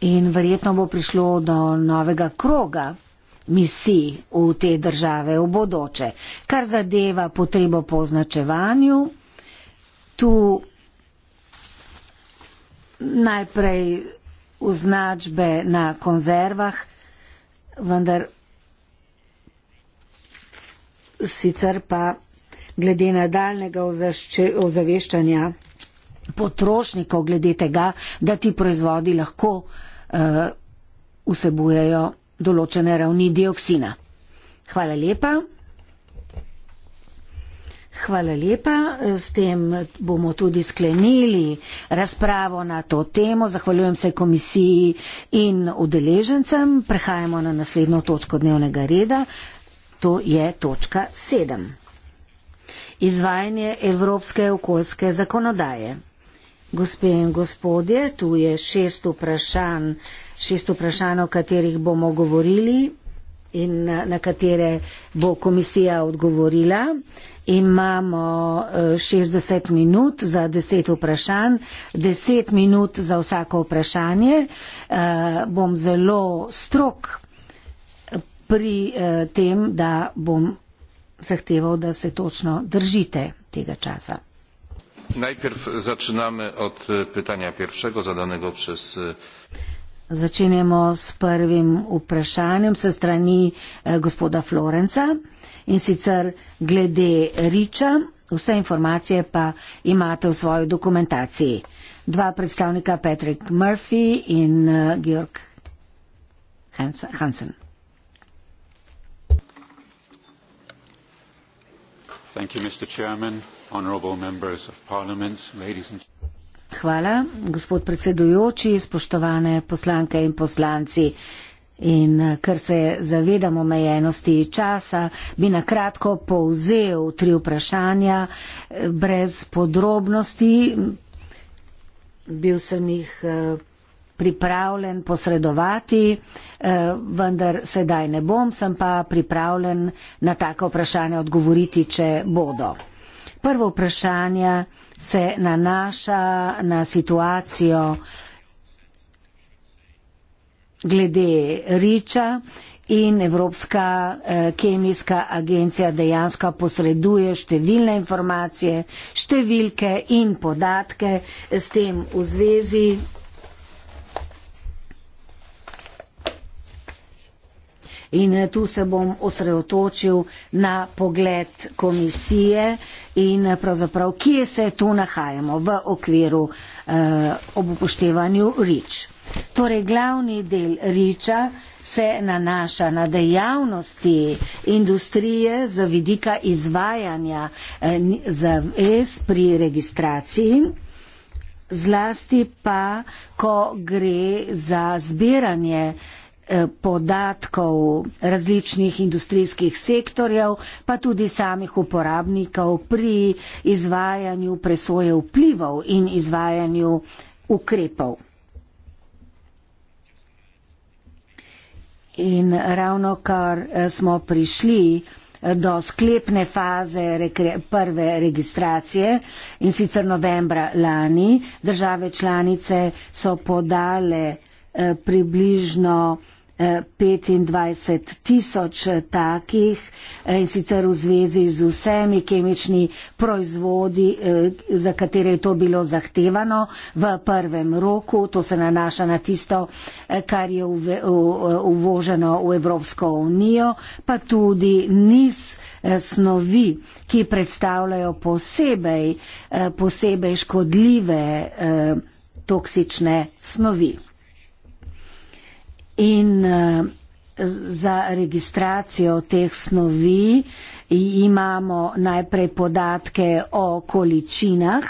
In verjetno bo prišlo do novega kroga misij v te države v bodoče. Kar zadeva potrebo po označevanju, tu najprej označbe na konzervah, vendar sicer pa glede nadaljnega ozaveščanja potrošnikov glede tega, da ti proizvodi lahko uh, vsebujejo določene ravni dioksina. Hvala lepa. Hvala lepa. S tem bomo tudi sklenili razpravo na to temo. Zahvaljujem se komisiji in udeležencem. Prehajamo na naslednjo točko dnevnega reda. To je točka sedem. Izvajanje evropske okoljske zakonodaje. Gospe in gospodje, tu je šest vprašanj šest vprašanj, o katerih bomo govorili in na katere bo komisija odgovorila. Imamo 60 e, minut za 10 vprašanj, 10 minut za vsako vprašanje. E, bom zelo strok pri e, tem, da bom zahteval, da se točno držite tega časa. Najprej začnemo od vprašanja prvega, zadanega od Začenjamo s prvim vprašanjem se strani eh, gospoda Florenca in sicer glede Riča. Vse informacije pa imate v svoji dokumentaciji. Dva predstavnika, Patrick Murphy in eh, Georg Hansen. Thank you, Mr. Chairman, honorable members of parliament, ladies and gentlemen. Hvala, gospod predsedujoči, spoštovane poslanke in poslanci. In eh, ker se zavedamo omejenosti časa, bi na kratko povzel tri vprašanja eh, brez podrobnosti. Bil sem jih eh, pripravljen posredovati, vendar sedaj ne bom, sem pa pripravljen na take vprašanja odgovoriti, če bodo. Prvo vprašanje se nanaša na situacijo glede riča in Evropska eh, kemijska agencija dejansko posreduje številne informacije, številke in podatke s tem v zvezi. In eh, tu se bom osredotočil na pogled komisije, in pravzaprav, kje se tu nahajamo v okviru eh, ob upoštevanju rič. Torej, glavni del riča se nanaša na dejavnosti industrije za vidika izvajanja eh, zavez pri registraciji. Zlasti pa, ko gre za zbiranje eh, Eh, podatkov različnih industrijskih sektorjev, pa tudi samih uporabnikov pri izvajanju presoje vplivov in izvajanju ukrepov. In ravno kar eh, smo prišli eh, do sklepne faze prve registracije in sicer novembra lani, države članice so podale približno 25 tisoč eh, takih eh, in sicer v zvezi z vsemi kemični proizvodi, eh, za katere je to bilo zahtevano v prvem roku. To se nanaša na tisto, kar je uvoženo v Evropsko unijo, pa tudi niz snovi, ki predstavljajo posebej, posebej škodljive toksične snovi in eh, za registracijo teh snovi imamo najprej podatke o količinah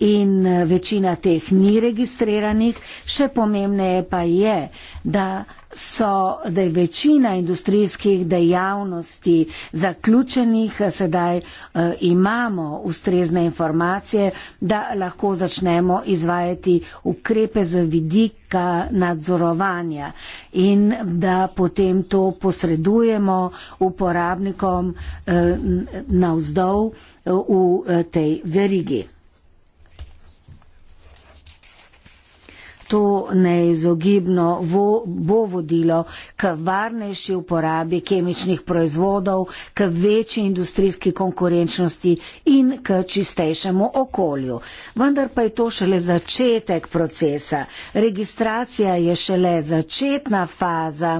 in eh, večina teh ni registriranih, še pomembneje pa je, da so, da je večina industrijskih dejavnosti zaključenih, sedaj uh, imamo ustrezne informacije, da lahko začnemo izvajati ukrepe za vidika nadzorovanja in da potem to posredujemo uporabnikom uh, navzdol uh, v uh, tej verigi. to neizogibno vo, bo vodilo k varnejši uporabi kemičnih proizvodov, k večji industrijski konkurenčnosti in k čistejšemu okolju. Vendar pa je to šele začetek procesa. Registracija je šele začetna faza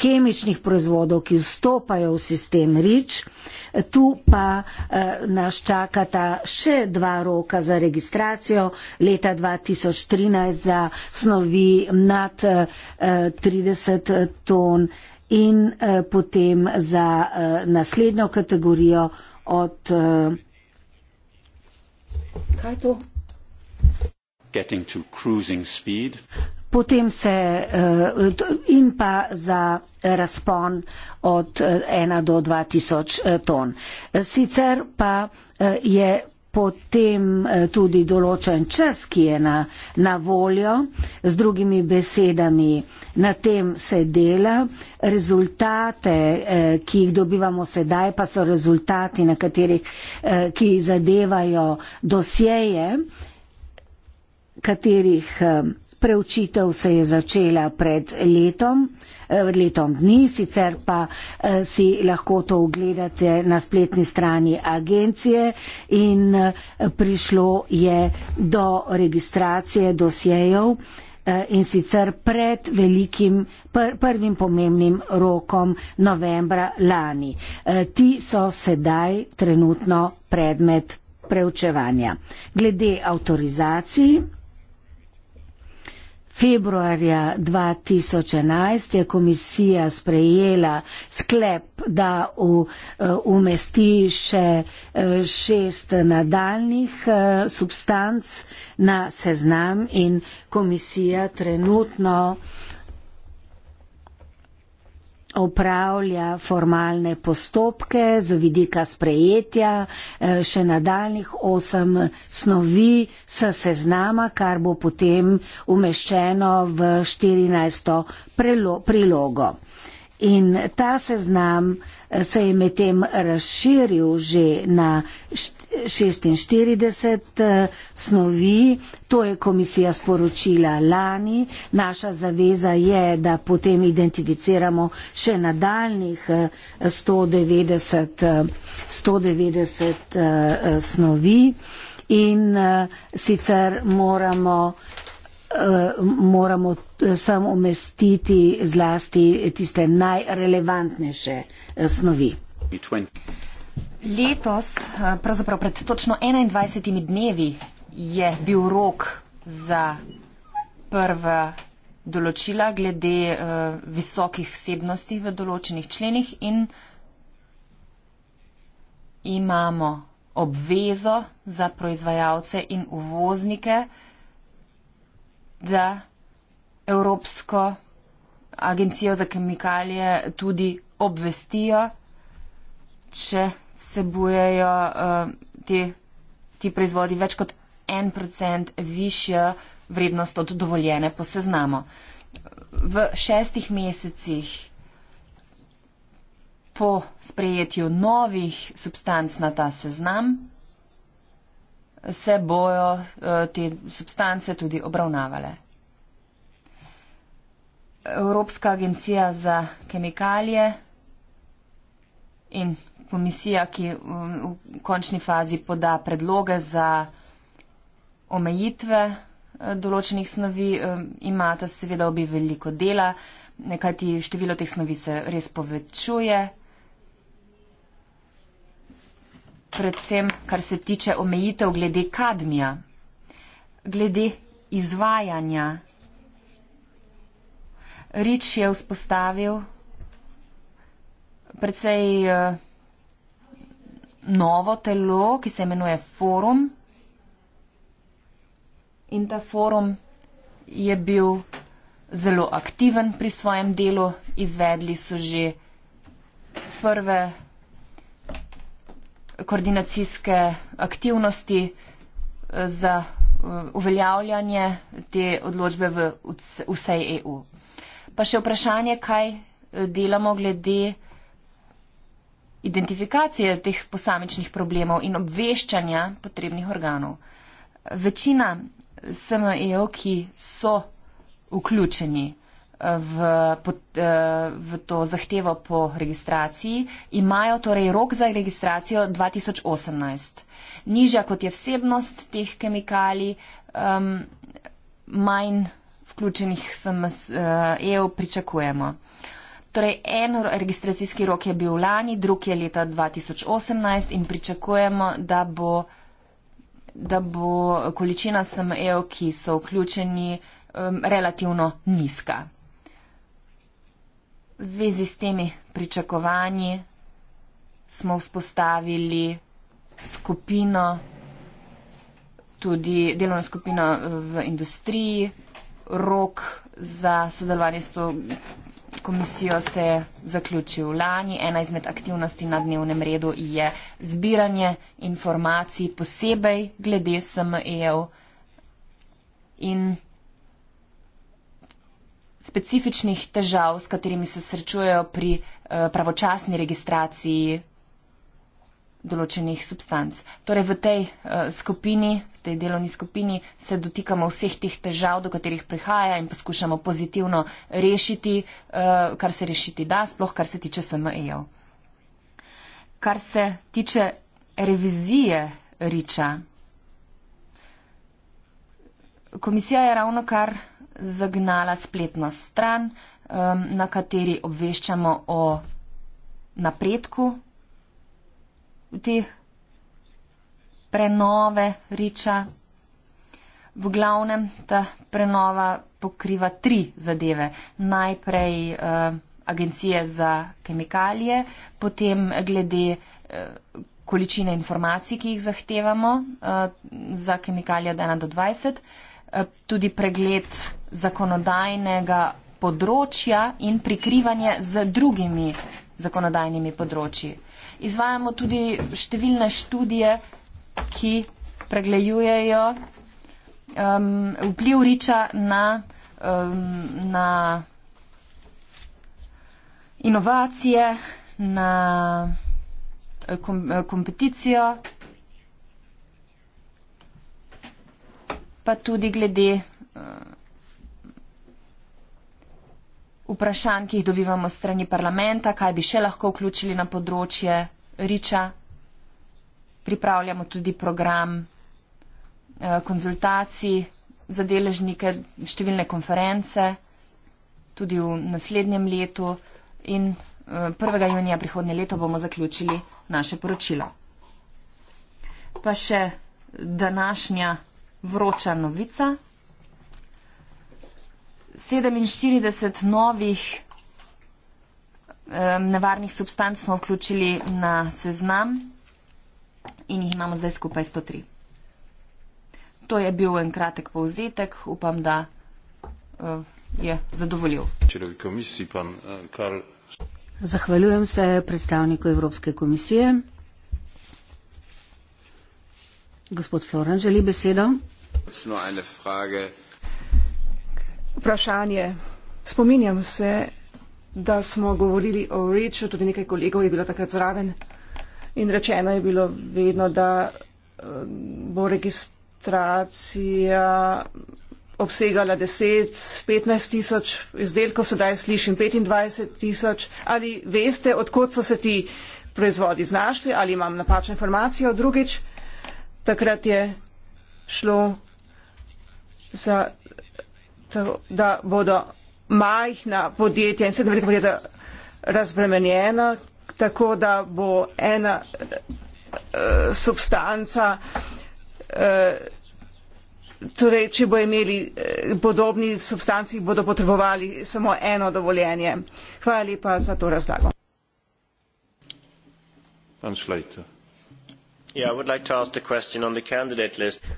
kemičnih proizvodov, ki vstopajo v sistem REACH. Tu pa eh, nas čakata še dva roka za registracijo, leta 2013 za snovi nad eh, 30 eh, ton in eh, potem za eh, naslednjo kategorijo od. Eh, kaj to? Getting to cruising speed. Potem se eh, in pa za razpon od 1 eh, do 2000 ton. Sicer pa je potem eh, tudi določen čas, ki je na, na voljo, z drugimi besedami, na tem se dela, rezultate, eh, ki jih dobivamo sedaj, pa so rezultati, na katerih, eh, ki zadevajo dosjeje, katerih preučitev se je začela pred letom pred eh, letom dni, sicer pa eh, si lahko to ogledate na spletni strani agencije in eh, prišlo je do registracije dosjejev in sicer pred velikim, pr, prvim pomembnim rokom novembra lani. Ti so sedaj trenutno predmet preučevanja. Glede avtorizaciji. Februarja 2011 je komisija sprejela sklep, da v, uh, eh, umesti še uh, šest nadaljnih uh, eh, substanc na seznam in komisija trenutno uh, opravlja formalne postopke z vidika sprejetja eh, še nadaljnih osem snovi s seznama, kar bo potem umeščeno v 14. prilogo. In ta seznam eh, se je medtem razširil že na 46 eh, snovi. To je komisija sporočila lani. Naša zaveza je, da potem identificiramo še nadaljnih 190, eh, 190 snovi. In sicer moramo Eh, moramo eh, samo umestiti zlasti tiste najrelevantnejše eh, snovi. Letos, pravzaprav pred točno 21 dnevi, je bil rok za prva določila glede uh, visokih vsebnosti v določenih členih in imamo obvezo za proizvajalce in uvoznike uh, da Evropsko agencijo za kemikalije tudi obvestijo, če vsebujejo uh, ti proizvodi več kot en procent višjo vrednost od dovoljene po seznamu. V šestih mesecih po sprejetju novih substanc na ta seznam se bojo eh, te substance tudi obravnavale. Evropska agencija za kemikalije in komisija, ki v končni fazi poda predloge za omejitve eh, določenih snovi, eh, imata seveda obi veliko dela, kajti število teh snovi se res povečuje, predvsem kar se tiče omejitev glede kadmija, glede izvajanja. Rič je vzpostavil predvsej eh, novo telo, ki se imenuje forum. In ta forum je bil zelo aktiven pri svojem delu, izvedli so že prve koordinacijske aktivnosti eh, za eh, uveljavljanje te odločbe v vsej EU. Pa še vprašanje, kaj eh, delamo glede identifikacije teh posamičnih problemov in obveščanja potrebnih organov. Večina SME-ev, ki so vključeni v, eh, v to zahtevo po registraciji, imajo torej rok za registracijo 2018. Nižja kot je vsebnost teh kemikalij, um, manj vključenih SMS, uh, eh, EU pričakujemo. Torej, en registracijski rok je bil lani, drug je leta 2018 in pričakujemo, da bo, da bo količina SMEO, ki so vključeni, um, relativno nizka v zvezi s temi pričakovanji smo vzpostavili skupino, tudi delovno skupino eh, v industriji. Rok za sodelovanje s to komisijo se je zaključil lani. Ena izmed aktivnosti na dnevnem redu je zbiranje informacij posebej glede SMEJ-ev in specifičnih težav, s katerimi se srečujejo pri eh, pravočasni registraciji določenih substanc. Torej v tej eh, skupini, v tej delovni skupini se dotikamo vseh teh težav, do katerih prihaja in poskušamo pozitivno rešiti, eh, kar se rešiti da, sploh kar se tiče SME-jev. Kar se tiče revizije Riča, komisija je ravno kar zagnala spletno stran, um, na kateri obveščamo o napredku te prenove riča. V glavnem ta prenova pokriva tri zadeve. Najprej uh, agencije za kemikalije, potem glede uh, količine informacij, ki jih zahtevamo uh, za kemikalije od 1 do 20. Eh, tudi pregled zakonodajnega področja in prikrivanje z drugimi zakonodajnimi področji. Izvajamo tudi številne študije, ki pregledujejo um, vpliv riča na, um, na inovacije, na eh, eh, kompeticijo. pa tudi glede uh, vprašanj, ki jih dobivamo strani parlamenta, kaj bi še lahko vključili na področje riča. Pripravljamo tudi program uh, konzultacij za deležnike, številne konference, tudi v naslednjem letu in 1. Eh, junija prihodnje leto bomo zaključili naše poročilo. Pa še današnja vroča novica. 47 novih um, nevarnih substanc smo vključili na seznam in jih imamo zdaj skupaj 103. To je bil en kratek povzetek, upam, da uh, je zadovoljiv. Eh, Zahvaljujem se predstavniku Evropske komisije. Gospod Floren želi besedo. Vprašanje. Spominjam se, da smo govorili o Richu, tudi nekaj kolegov je bilo takrat zraven in rečeno je bilo vedno, da eh, bo registracija obsegala 10, 15 tisoč izdelkov, sedaj slišim 25 tisoč. Ali veste, odkot so se ti proizvodi znašli, ali imam napačno informacijo drugič? takrat je šlo za to, da bodo majhna podjetja in srednja velika podjetja razbremenjena, tako da bo ena uh, substanca, uh, torej, če bo imeli uh, podobni substanci, bodo potrebovali samo eno dovoljenje. Hvala lepa za to razlago. Pan Šlejte.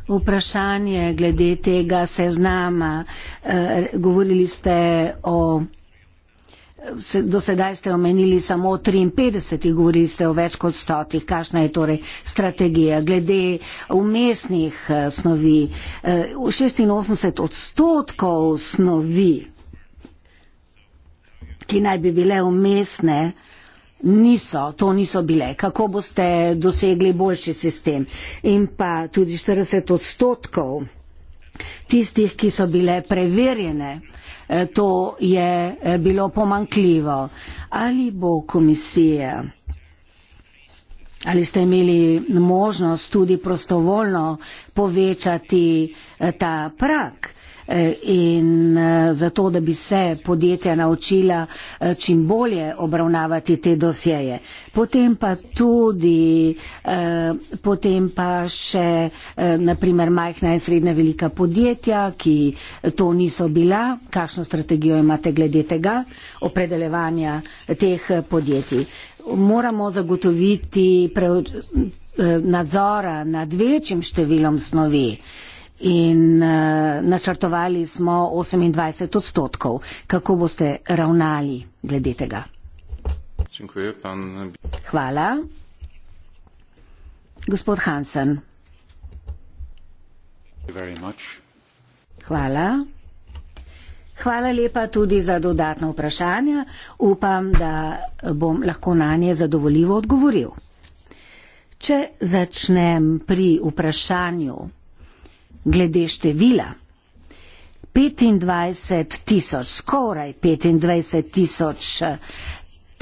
Vprašanje glede tega seznama. Eh, govorili ste o. Do sedaj ste omenili samo 53, govorili ste o več kot stotih. Kakšna je torej strategija glede umestnih eh, snovi? 86 eh, odstotkov snovi, ki naj bi bile umestne, Niso, to niso bile. Kako boste dosegli boljši sistem? In pa tudi 40 odstotkov tistih, ki so bile preverjene, eh, to je eh, bilo pomankljivo. Ali bo komisija? Ali ste imeli možnost tudi prostovoljno povečati eh, ta prak? Eh, in eh, zato, da bi se podjetja naučila eh, čim bolje obravnavati te dosjeje. Potem pa tudi, potem pa še naprimer majhna in srednja velika podjetja, ki to niso bila, kakšno strategijo imate glede tega, opredeljevanja teh podjetij. Moramo zagotoviti nadzora nad večjim številom snovi in uh, načrtovali smo 28 odstotkov. Kako boste ravnali glede tega? Hvala. Gospod Hansen. Hvala. Hvala lepa tudi za dodatna vprašanja. Upam, da bom lahko na nje zadovoljivo odgovoril. Če začnem pri vprašanju glede števila. 25 tisoč, skoraj 25 tisoč eh,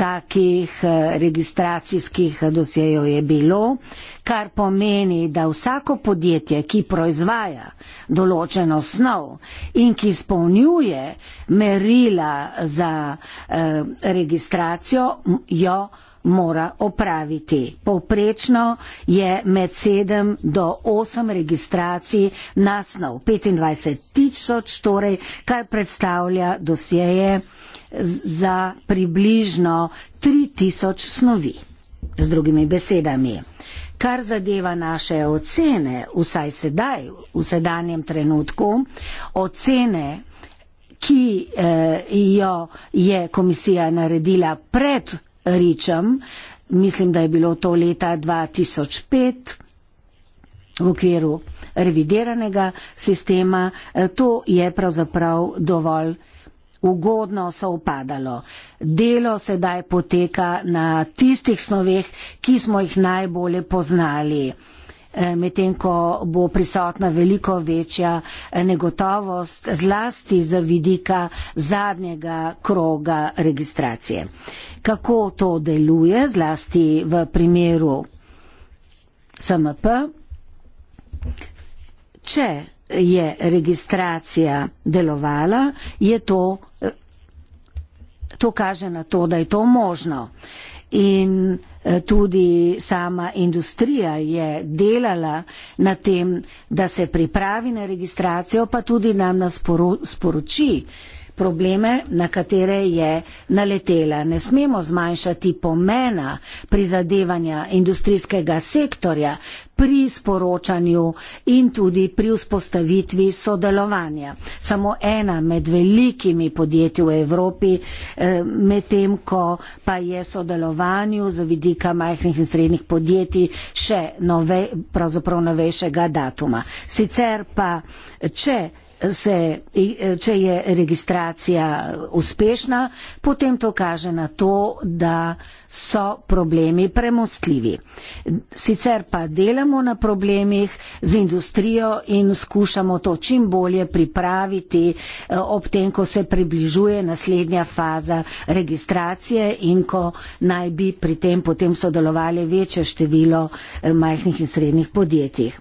takih eh, registracijskih eh, dosjejev je bilo, kar pomeni, da vsako podjetje, ki proizvaja določeno snov in ki izpolnjuje merila za eh, registracijo, jo mora opraviti. Povprečno je med 7 do 8 registracij nasnov, 25 tisoč torej, kar predstavlja dosjeje za približno 3 tisoč snovi. Z drugimi besedami. Kar zadeva naše ocene, vsaj sedaj, v sedanjem trenutku, ocene, ki eh, jo je komisija naredila pred Ričem, mislim, da je bilo to leta 2005 v okviru revideranega sistema, e, to je pravzaprav dovolj ugodno so upadalo. Delo sedaj poteka na tistih snoveh, ki smo jih najbolje poznali. E, medtem, ko bo prisotna veliko večja e, negotovost, zlasti za vidika zadnjega kroga registracije kako to deluje, zlasti v primeru SMP. Če je registracija delovala, je to, to kaže na to, da je to možno. In eh, tudi sama industrija je delala na tem, da se pripravi na registracijo, pa tudi nam nas sporoči. Sporu, probleme, na katere je naletela. Ne smemo zmanjšati pomena prizadevanja industrijskega sektorja pri sporočanju in tudi pri vzpostavitvi sodelovanja. Samo ena med velikimi podjetji v Evropi, eh, medtem ko pa je sodelovanju za vidika majhnih in srednjih podjetij še nove, pravzaprav novejšega datuma. Sicer pa, če se, če je registracija uspešna, potem to kaže na to, da so problemi premostljivi. Sicer pa delamo na problemih z industrijo in skušamo to čim bolje pripraviti eh, ob tem, ko se približuje naslednja faza registracije in ko naj bi pri tem potem sodelovali večje število eh, majhnih in srednjih podjetij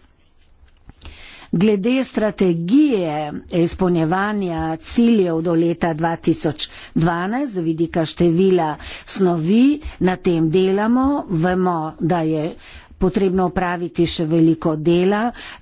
glede strategije izpolnjevanja ciljev do leta 2012 z vidika števila snovi, na tem delamo, vemo, da je potrebno opraviti še veliko dela,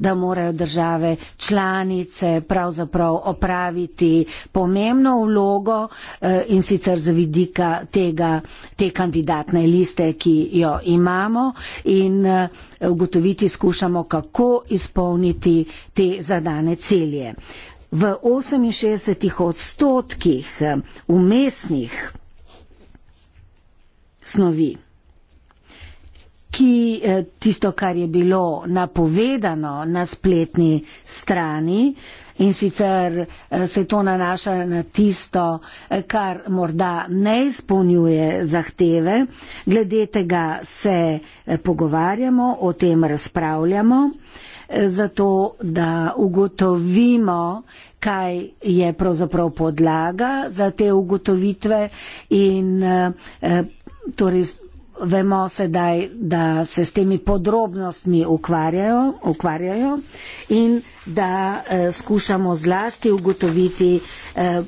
da morajo države članice pravzaprav opraviti pomembno vlogo eh, in sicer z vidika tega, te kandidatne liste, ki jo imamo in eh, ugotoviti skušamo, kako izpolniti te zadane celje. V 68 odstotkih umestnih eh, snovi ki eh, tisto, kar je bilo napovedano na spletni strani in sicer eh, se to nanaša na tisto, eh, kar morda ne izpolnjuje zahteve, glede tega se pogovarjamo, o tem razpravljamo, zato da ugotovimo, kaj je pravzaprav podlaga za te ugotovitve in torej vemo sedaj, da se s temi podrobnostmi ukvarjajo, ukvarjajo in da eh, skušamo zlasti ugotoviti, eh,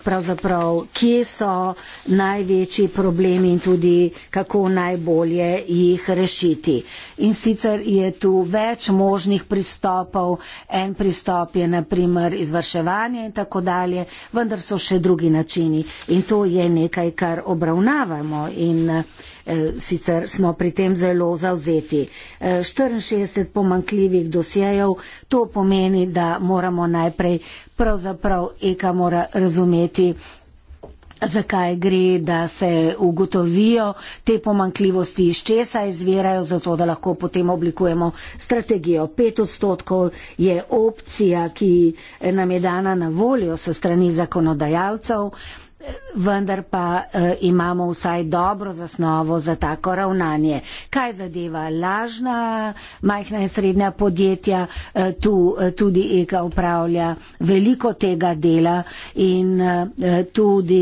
kje so največji problemi in tudi kako najbolje jih rešiti. In sicer je tu več možnih pristopov, en pristop je naprimer izvrševanje in tako dalje, vendar so še drugi načini in to je nekaj, kar obravnavamo in eh, sicer smo pri tem zelo zauzeti. Eh, 64 pomankljivih dosjejev, to pomeni, da moramo najprej pravzaprav ECA mora razumeti zakaj gre, da se ugotovijo te pomankljivosti, iz česa izvirajo, zato da lahko potem oblikujemo strategijo. Pet odstotkov je opcija, ki nam je dana na voljo se strani zakonodajalcev vendar pa uh, imamo vsaj dobro zasnovo za tako ravnanje. Kaj zadeva lažna majhna in srednja podjetja, uh, tu uh, tudi EKA upravlja veliko tega dela in uh, tudi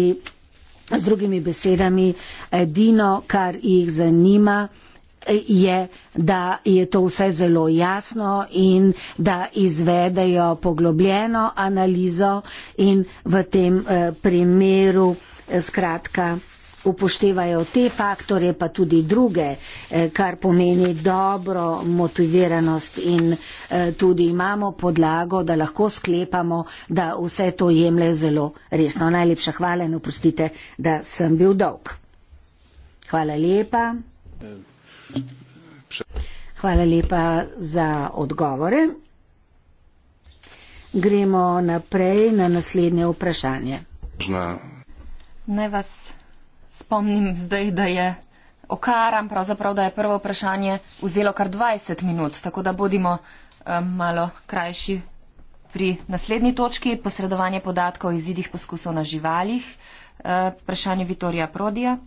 z drugimi besedami, edino, kar jih zanima, je, da je to vse zelo jasno in da izvedejo poglobljeno analizo in v tem eh, primeru eh, skratka upoštevajo te faktore, pa tudi druge, eh, kar pomeni dobro motiviranost in tudi imamo podlago, da lahko sklepamo, da vse to jemlje zelo resno. Najlepša hvala in oprostite, da sem bil dolg. Hvala lepa. Yeah. Hvala lepa za odgovore. Gremo naprej na naslednje vprašanje. Zna. Naj vas spomnim zdaj, da je okaram, pravzaprav, da je prvo vprašanje vzelo kar 20 minut, tako da bodimo um, malo krajši pri naslednji točki, posredovanje podatkov o izidih poskusov na živalih. Uh, vprašanje Vitorija Prodija.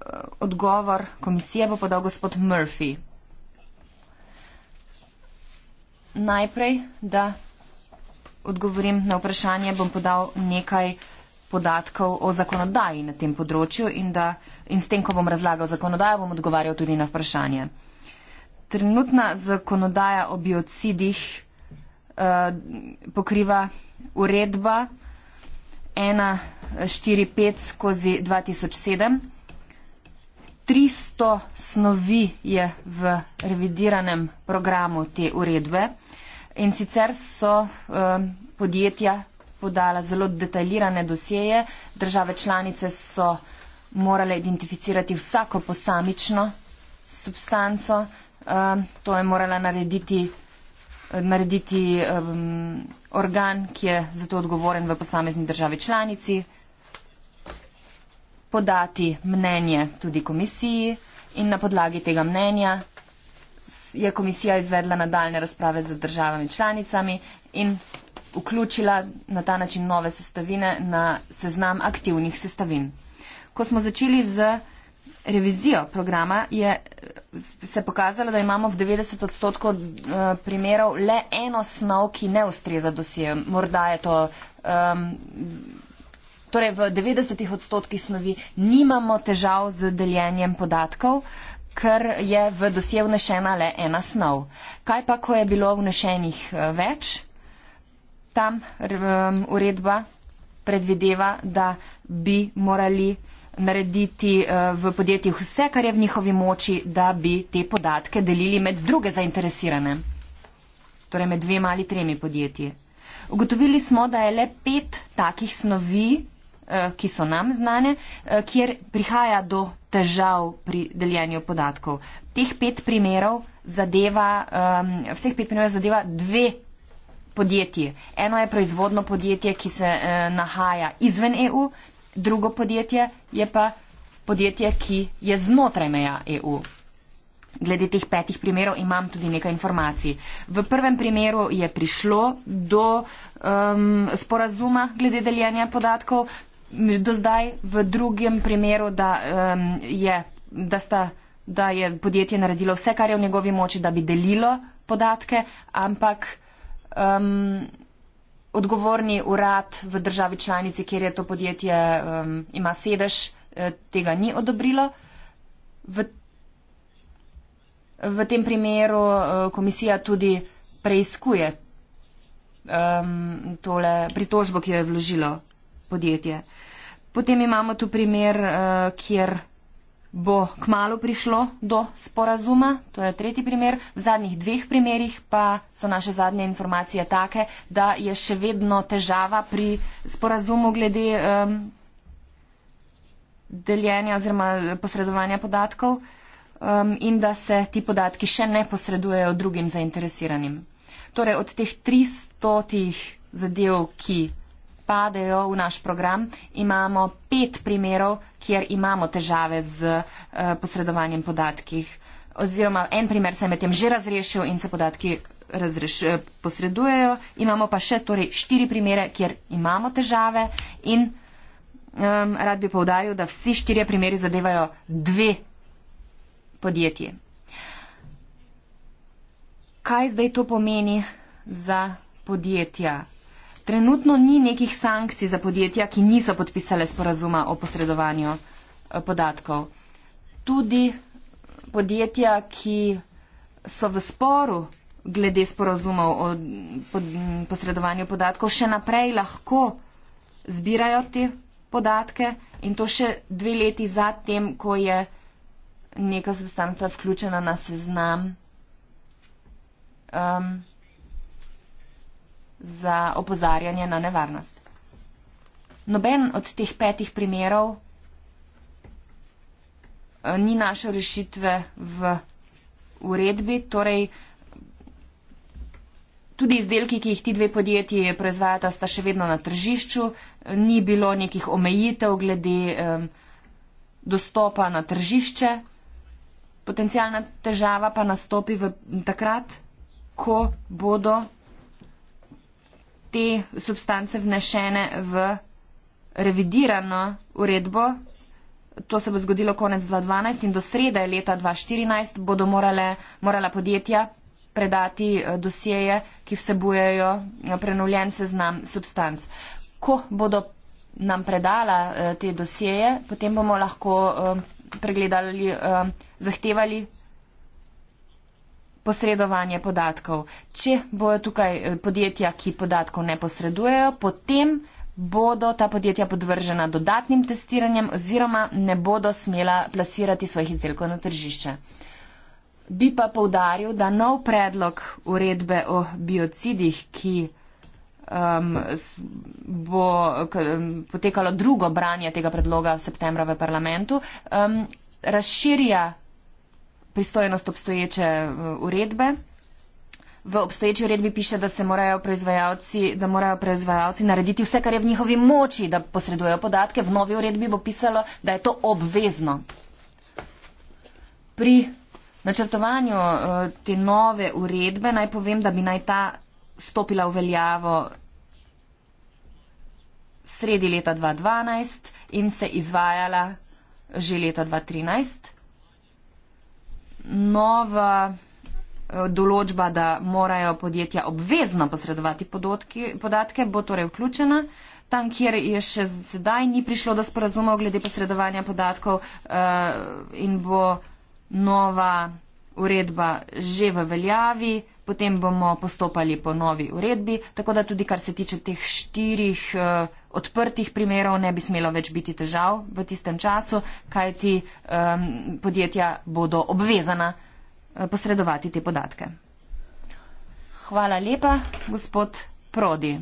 Eh, odgovor komisije bo podal gospod Murphy. Najprej, da odgovorim na vprašanje, bom podal nekaj podatkov o zakonodaji na tem področju in, da, in s tem, ko bom razlagal zakonodajo, bom odgovarjal tudi na vprašanje. Trenutna zakonodaja o biocidih uh, pokriva uredba 145 skozi 2007. 300 snovi je v revidiranem programu te uredbe in sicer so um, podjetja podala zelo detaljirane dosjeje, države članice so morale identificirati vsako posamično substanco, um, to je morala narediti, narediti um, organ, ki je za to odgovoren v posamezni državi članici, podati mnenje tudi komisiji in na podlagi tega mnenja je komisija izvedla nadaljne razprave z državami članicami in vključila na ta način nove sestavine na seznam aktivnih sestavin. Ko smo začeli z revizijo programa, je se pokazalo, da imamo v 90 odstotkov eh, primerov le eno snov, ki ne ustreza dosije. Morda je to um, torej v 90 odstotkih snovi nimamo težav z deljenjem podatkov, ker je v dosje vnešena le ena snov. Kaj pa, ko je bilo vnešenih eh, več, tam um, uredba predvideva, da bi morali narediti eh, v podjetjih vse, kar je v njihovi moči, da bi te podatke delili med druge zainteresirane, torej med dvema ali tremi podjetji. Ugotovili smo, da je le pet takih snovi Eh, ki so nam znane, eh, kjer prihaja do težav pri deljenju podatkov. Teh pet primerov zadeva, vseh pet primerov zadeva dve podjetji. Eno je proizvodno podjetje, ki se eh, nahaja izven EU, drugo podjetje je pa podjetje, ki je znotraj meja EU. Glede teh petih primerov imam tudi nekaj informacij. V prvem primeru je prišlo do um, sporazuma glede deljenja podatkov, do zdaj v drugem primeru, da, um, je, da, sta, da je podjetje naredilo vse, kar je v njegovi moči, da bi delilo podatke, ampak um, odgovorni urad v državi članici, kjer je to podjetje, um, ima sedež, eh, tega ni odobrilo. V, v tem primeru eh, komisija tudi preizkuje um, tole pritožbo, ki jo je vložilo podjetje. Potem imamo tu primer, eh, kjer bo kmalo prišlo do sporazuma, to je tretji primer. V zadnjih dveh primerih pa so naše zadnje informacije take, da je še vedno težava pri sporazumu glede um, deljenja oziroma posredovanja podatkov um, in da se ti podatki še ne posredujejo drugim zainteresiranim. Torej od teh 300 zadev, ki padejo v naš program, imamo pet primerov, kjer imamo težave z eh, posredovanjem podatkih. Oziroma, en primer se je medtem že razrešil in se podatki razreš, eh, posredujejo. Imamo pa še torej, štiri primere, kjer imamo težave in um, rad bi povdaril, da vsi štirje primeri zadevajo dve podjetji. Kaj zdaj to pomeni za podjetja? trenutno ni nekih sankcij za podjetja, ki niso podpisale sporazuma o posredovanju eh, podatkov. Tudi podjetja, ki so v sporu glede sporazumov o posredovanju podatkov, še naprej lahko zbirajo te podatke in to še dve leti zatem, ko je neka substanca vključena na seznam. Um, za opozarjanje na nevarnost. Noben od teh petih primerov eh, ni našel rešitve v uredbi, torej tudi izdelki, ki jih ti dve podjetji proizvajata, sta še vedno na tržišču, ni bilo nekih omejitev glede dostopa na tržišče. Potencijalna težava pa nastopi v takrat, ko bodo te substance vnešene v revidirano uredbo. To se bo zgodilo konec 2012 in do srede leta 2014 bodo morale, morala podjetja predati eh, dosjeje, ki vsebujejo eh, prenovljen seznam substanc. Ko bodo nam predala eh, te dosjeje, potem bomo lahko pregledali, zahtevali posredovanje podatkov. Če bojo tukaj eh, podjetja, ki podatkov ne posredujejo, potem bodo ta podjetja podvržena dodatnim testiranjem oziroma ne bodo smela plasirati svojih izdelkov na tržišče. Bi pa povdaril, da nov predlog uredbe o biocidih, ki um, bo k, um, potekalo drugo branje tega predloga septembra v parlamentu, um, razširja pristojnost obstoječe eh, uredbe. V obstoječi uredbi piše, da se morajo proizvajalci, da morajo proizvajalci narediti vse, kar je v njihovi moči, da posredujejo podatke. V novi uredbi bo pisalo, da je to obvezno. Pri načrtovanju eh, te nove uredbe naj povem, da bi naj ta stopila v veljavo sredi leta 2012 in se izvajala že leta 2013 nova eh, določba, da morajo podjetja obvezno posredovati podotki, podatke, bo torej vključena. Tam, kjer je še sedaj ni prišlo do sporazumov glede posredovanja podatkov uh, in bo nova uredba že v veljavi, potem bomo postopali po novi uredbi. Tako da tudi kar se tiče teh štirih uh, odprtih primerov ne bi smelo več biti težav v tistem času, kaj ti um, podjetja bodo obvezana eh, posredovati te podatke. Hvala lepa, gospod Prodi.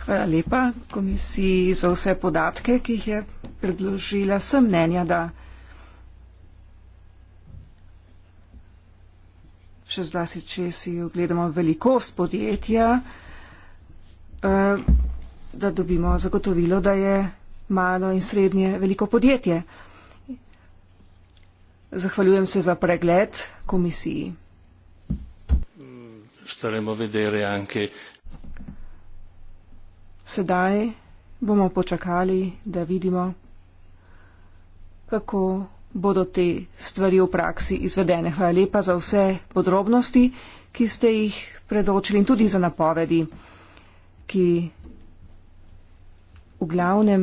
Hvala lepa komisiji za vse podatke, ki jih je predložila. Sem mnenja, da še zlasti, če si ogledamo velikost podjetja, Eh, da dobimo zagotovilo, da je malo in srednje veliko podjetje. Zahvaljujem se za pregled komisiji. Staremo vedere anche. Sedaj bomo počakali, da vidimo, kako bodo te stvari v praksi izvedene. Hvala lepa za vse podrobnosti, ki ste jih predočili in tudi za napovedi ki v glavnem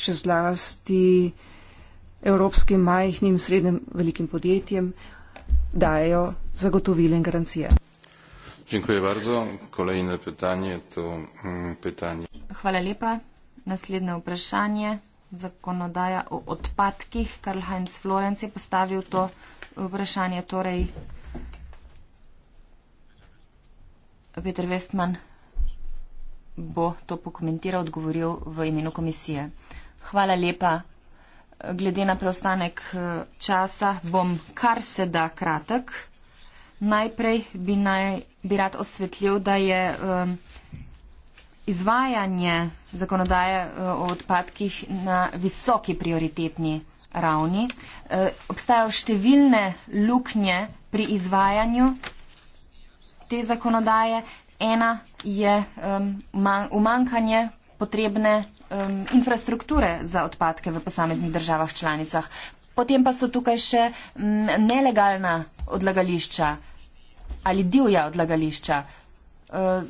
še zlasti evropskim majhnim, srednjim velikim podjetjem dajo zagotovile in garancije. Dziękuję bardzo. Kolejne pytanie to mm, pytanie. Hvala lepa. Naslednje vprašanje. Zakonodaja o odpadkih. Karl Heinz Florenc je postavil to vprašanje. Torej, Peter Westman bo to pokomentiral, odgovoril v imenu komisije. Hvala lepa. Glede na preostanek eh, časa bom kar se da kratek. Najprej bi, naj, bi rad osvetljil, da je um, izvajanje zakonodaje eh, o odpadkih na visoki prioritetni ravni. E, obstajajo številne luknje pri izvajanju te zakonodaje, ena je um, man, umankanje potrebne um, infrastrukture za odpadke v posameznih državah članicah. Potem pa so tukaj še um, nelegalna odlagališča ali divja odlagališča. Uh,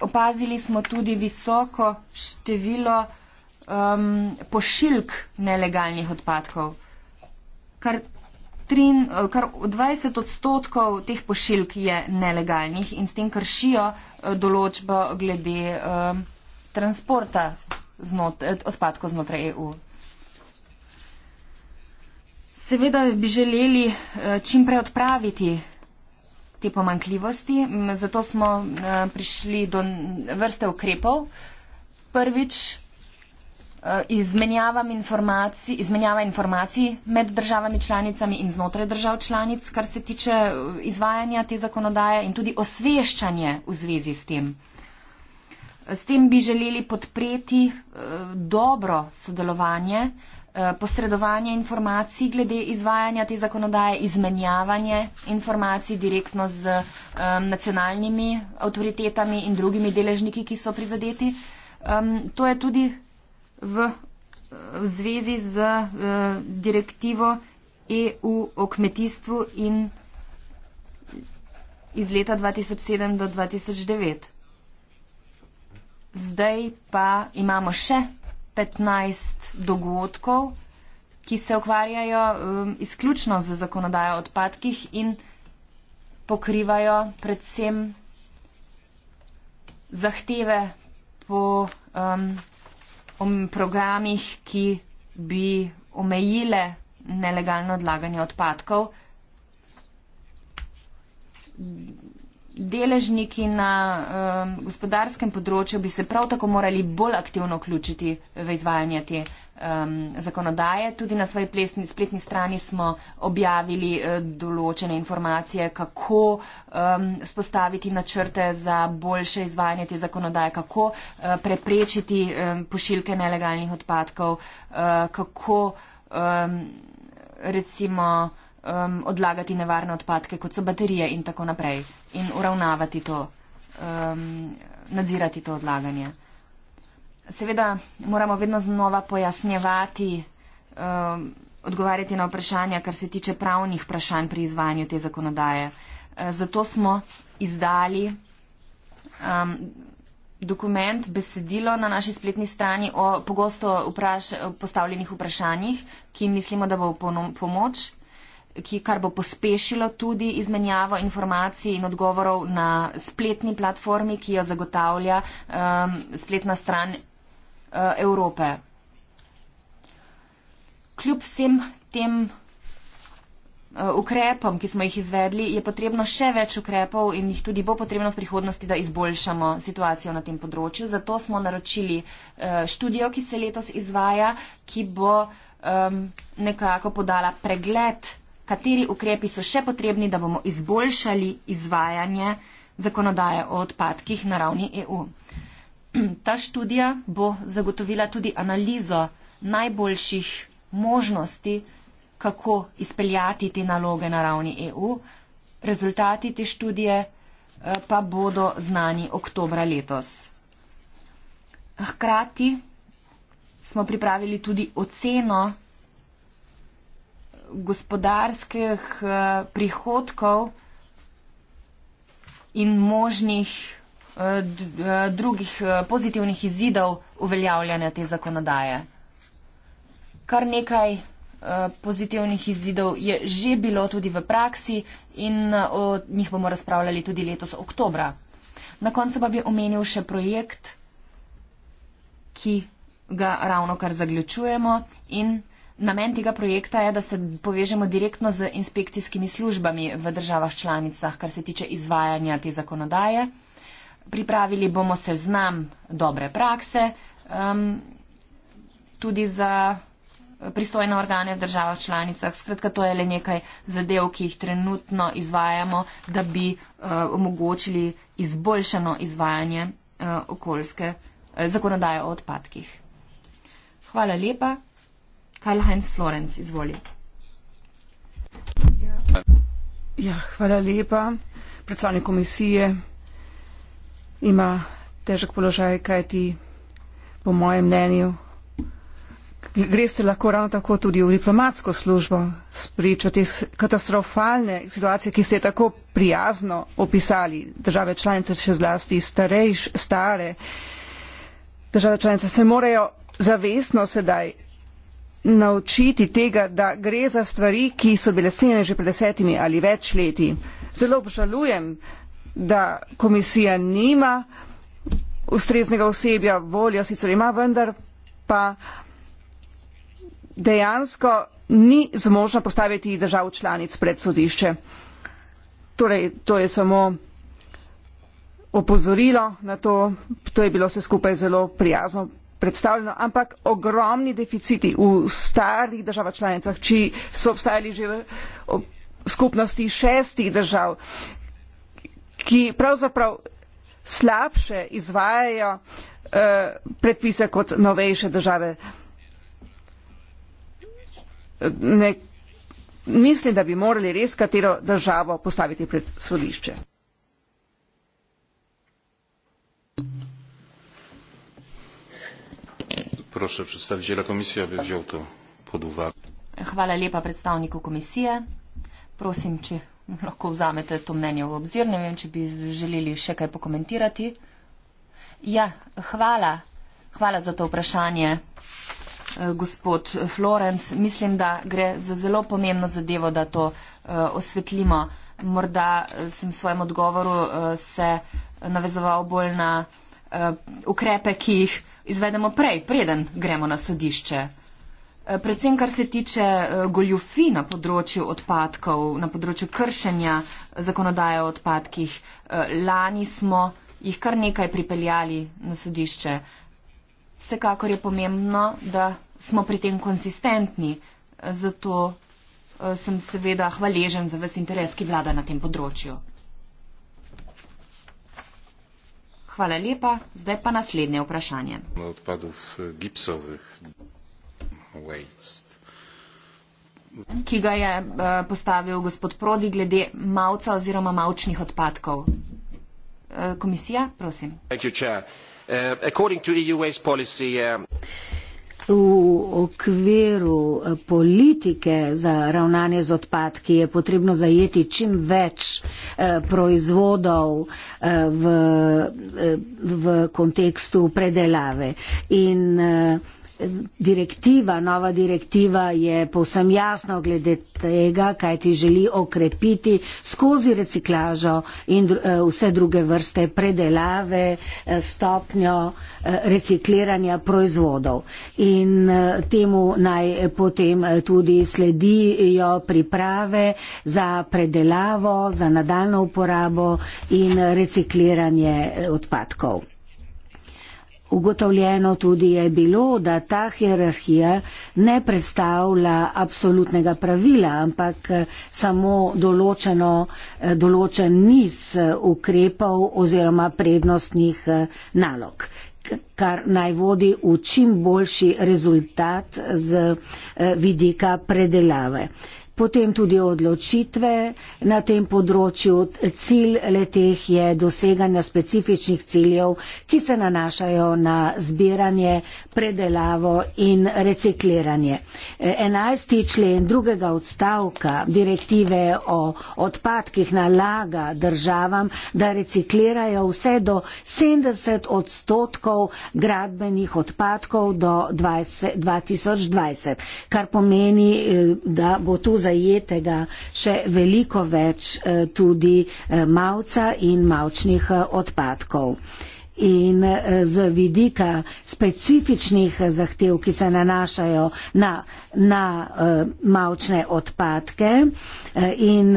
opazili smo tudi visoko število um, pošiljk nelegalnih odpadkov, kar trin, eh, kar 20 odstotkov teh pošiljk je nelegalnih in s tem kršijo eh, določbo glede eh, transporta znot, eh, odpadkov znotraj EU. Seveda bi želeli eh, čim prej odpraviti te pomankljivosti, zato smo eh, prišli do vrste ukrepov. Prvič, Eh, izmenjavam informacij, izmenjava informacij med državami članicami in znotraj držav članic, kar se tiče eh, izvajanja te zakonodaje in tudi osveščanje v zvezi s tem. S tem bi želeli podpreti eh, dobro sodelovanje, posredovanje informacij glede izvajanja te zakonodaje, izmenjavanje informacij direktno z nacionalnimi avtoritetami in drugimi deležniki, ki so prizadeti. To je tudi v, v zvezi z v, eh, direktivo EU o kmetijstvu in iz leta 2007 do 2009. Zdaj pa imamo še 15 dogodkov, ki se ukvarjajo um, izključno z zakonodajo o odpadkih in pokrivajo predvsem zahteve po um, o um, programih, ki bi omejile nelegalno odlaganje odpadkov. Deležniki na um, gospodarskem področju bi se prav tako morali bolj aktivno vključiti v izvajanje te um, zakonodaje. Tudi na svoji plesni, spletni strani smo objavili uh, določene informacije, kako um, spostaviti načrte za boljše izvajanje te zakonodaje, kako uh, preprečiti um, pošiljke nelegalnih odpadkov, uh, kako um, recimo um, odlagati nevarne odpadke, kot so baterije in tako naprej in uravnavati to. Um, nadzirati to odlaganje seveda moramo vedno znova pojasnjevati, um, odgovarjati na vprašanja, kar se tiče pravnih vprašanj pri izvajanju te zakonodaje. Uh, zato smo izdali um, dokument, besedilo na naši spletni strani o pogosto vpraš, postavljenih vprašanjih, ki mislimo, da bo pomoč, ki kar bo pospešilo tudi izmenjavo informacij in odgovorov na spletni platformi, ki jo zagotavlja um, spletna stran Eh, Evrope. Kljub vsem tem eh, ukrepom, ki smo jih izvedli, je potrebno še več ukrepov in jih tudi bo potrebno v prihodnosti, da izboljšamo situacijo na tem področju. Zato smo naročili eh, študijo, ki se letos izvaja, ki bo nekako podala pregled, kateri ukrepi so še potrebni, da bomo izboljšali izvajanje zakonodaje o odpadkih na ravni EU. Ta študija bo zagotovila tudi analizo najboljših možnosti, kako izpeljati te naloge na ravni EU. Rezultati te študije eh, pa bodo znani oktobra letos. Hkrati smo pripravili tudi oceno gospodarskih eh, prihodkov in možnih Eh, eh, drugih eh, pozitivnih izidov uveljavljanja te zakonodaje. Kar nekaj pozitivnih izidov je že bilo tudi v praksi in o njih bomo razpravljali tudi letos oktobra. Na koncu pa bi omenil še projekt, ki ga ravno kar zaključujemo in namen tega projekta je, da se povežemo direktno z inspekcijskimi službami v državah članicah, kar se tiče izvajanja te zakonodaje. Pripravili bomo seznam dobre prakse um, tudi za pristojne organe v državah članicah. Skratka, to je le nekaj zadev, ki jih trenutno izvajamo, da bi uh, omogočili izboljšano izvajanje uh, okoljske uh, zakonodaje o odpadkih. Hvala lepa. Karl-Heinz Florenc, izvoli. Ja, hvala lepa. Predstavnik komisije, ima težek položaj, kaj ti po mojem mnenju. Greste lahko ravno tako tudi v diplomatsko službo s pričo te katastrofalne situacije, ki se je tako prijazno opisali države članice, še zlasti starejš, stare države članice, se morajo zavestno sedaj naučiti tega, da gre za stvari, ki so bile sklenjene že pred desetimi ali več leti. Zelo obžalujem, da komisija nima ustreznega osebja, voljo sicer ima, vendar pa dejansko ni zmožna postaviti držav članic pred sodišče. Torej, to je samo opozorilo na to, to je bilo vse skupaj zelo prijazno predstavljeno, ampak ogromni deficiti v starih državah članicah, ki so obstajali že v skupnosti šestih držav, ki pravzaprav slabše izvajajo eh, predpise kot novejše države. Ne, mislim, da bi morali res katero državo postaviti pred sodišče. Prosim, predstavitelj komisije bi vzel to pod uvago. Hvala lepa predstavniku komisije. Prosim, če lahko vzamete to mnenje v obzir. Ne vem, če bi želeli še kaj pokomentirati. Ja, hvala. Hvala za to vprašanje, eh, gospod Florenc. Mislim, da gre za zelo pomembno zadevo, da to eh, osvetlimo. Morda eh, sem v svojem odgovoru se navezoval bolj na ukrepe, ki jih izvedemo prej, preden gremo na sodišče predvsem kar se tiče eh, goljufi na področju odpadkov, na področju kršenja eh, zakonodaje o odpadkih. Eh, lani smo jih kar nekaj pripeljali na sodišče. Vsekakor je pomembno, da smo pri tem konsistentni, zato sem seveda hvaležen za ves interes, ki vlada na tem področju. Hvala lepa. Zdaj pa naslednje vprašanje. Odpadov gipsovih ki ga je eh, postavil gospod Prodi glede malca oziroma malčnih odpadkov. Eh, komisija, prosim. Eh, e v okviru politike za ravnanje z odpadki je potrebno zajeti čim več proizvodov v, v kontekstu predelave. In, direktiva, nova direktiva je povsem jasna glede tega, kaj ti želi okrepiti skozi reciklažo in eh, vse druge vrste predelave, eh, stopnjo eh, recikliranja proizvodov. In temu naj potem tudi sledijo priprave za predelavo, za nadaljno uporabo in recikliranje odpadkov. Ugotovljeno tudi je bilo, da ta hierarhija ne predstavlja absolutnega pravila, ampak eh, samo določeno, eh, določen niz eh, ukrepov oziroma prednostnih nalog kar naj vodi v čim boljši rezultat z vidika predelave potem tudi odločitve na tem področju. Cilj leteh je doseganje specifičnih ciljev, ki se nanašajo na zbiranje, predelavo in recikliranje. 11. člen drugega odstavka direktive o odpadkih nalaga državam, da reciklirajo vse do 70 odstotkov gradbenih odpadkov do 20, 2020, kar pomeni, eh, da bo tu za zajetega še veliko več eh, tudi eh, malca in malčnih eh, odpadkov. In z vidika specifičnih zahtev, ki se nanašajo na, na malčne odpadke, in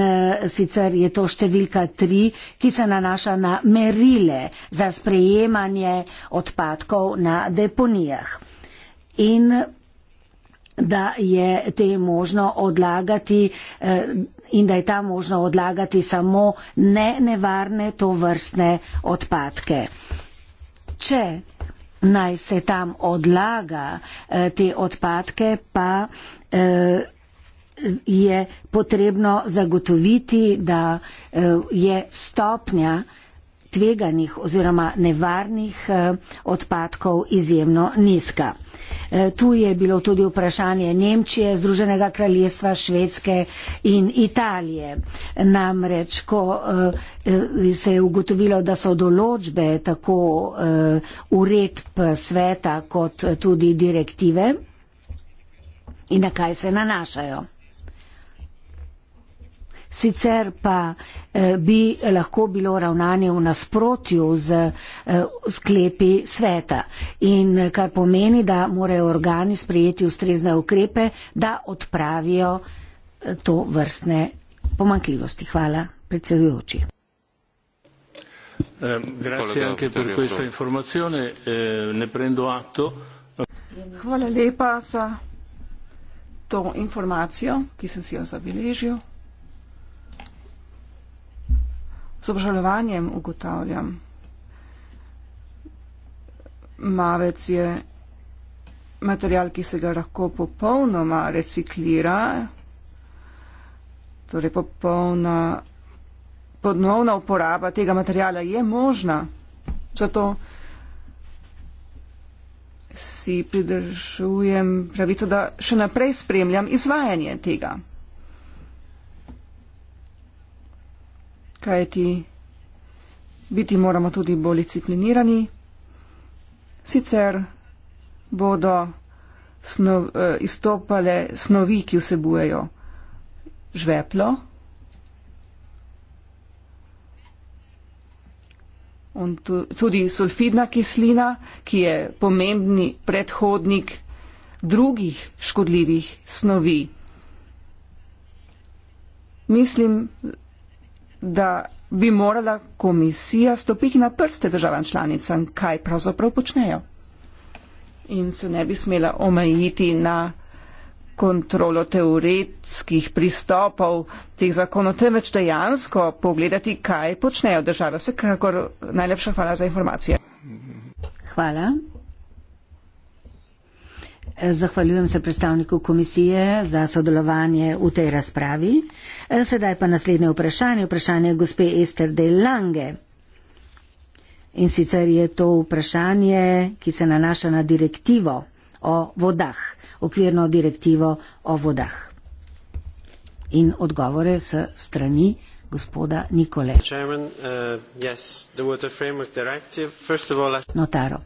sicer je to številka tri, ki se nanaša na merile za sprejemanje odpadkov na deponijah. In da je te možno odlagati eh, in da je ta možno odlagati samo ne nevarne tovrstne odpadke. Če naj se tam odlaga eh, te odpadke, pa eh, je potrebno zagotoviti, da je stopnja tveganih oziroma nevarnih odpadkov izjemno nizka. E, tu je bilo tudi vprašanje Nemčije, Združenega kraljestva, Švedske in Italije. Namreč, ko e, e, se je ugotovilo, da so določbe tako uredb sveta kot tudi direktive, In na kaj se nanašajo? sicer pa eh, bi lahko bilo ravnanje v nasprotju z eh, sklepi sveta. In eh, kar pomeni, da morajo organi sprejeti ustrezne ukrepe, da odpravijo to vrstne pomankljivosti. Hvala, predsedujoči. Hvala lepa za to informacijo, ki sem si jo zabeležil. z obžalovanjem ugotavljam. Mavec je material, ki se ga lahko popolnoma reciklira, torej popolna podnovna uporaba tega materijala je možna. Zato si pridržujem pravico, da še naprej spremljam izvajanje tega materijala. kajti biti moramo tudi bolj disciplinirani, sicer bodo snov, eh, izstopale snovi, ki vsebujejo žveplo. Tudi sulfidna kislina, ki je pomembni predhodnik drugih škodljivih snovi. Mislim, da bi morala komisija stopiti na prste državam članicam, kaj pravzaprav počnejo. In se ne bi smela omejiti na kontrolo teoretskih pristopov teh zakonov, temveč dejansko pogledati, kaj počnejo države. Vsekakor najlepša hvala za informacije. Hvala. Zahvaljujem se predstavniku komisije za sodelovanje v tej razpravi. Eh, sedaj pa naslednje vprašanje, vprašanje gospe Ester de Lange. In sicer je to vprašanje, ki se nanaša na direktivo o vodah, okvirno direktivo o vodah. In odgovore s strani gospoda Nikole. Chairman, uh, yes, Notaro.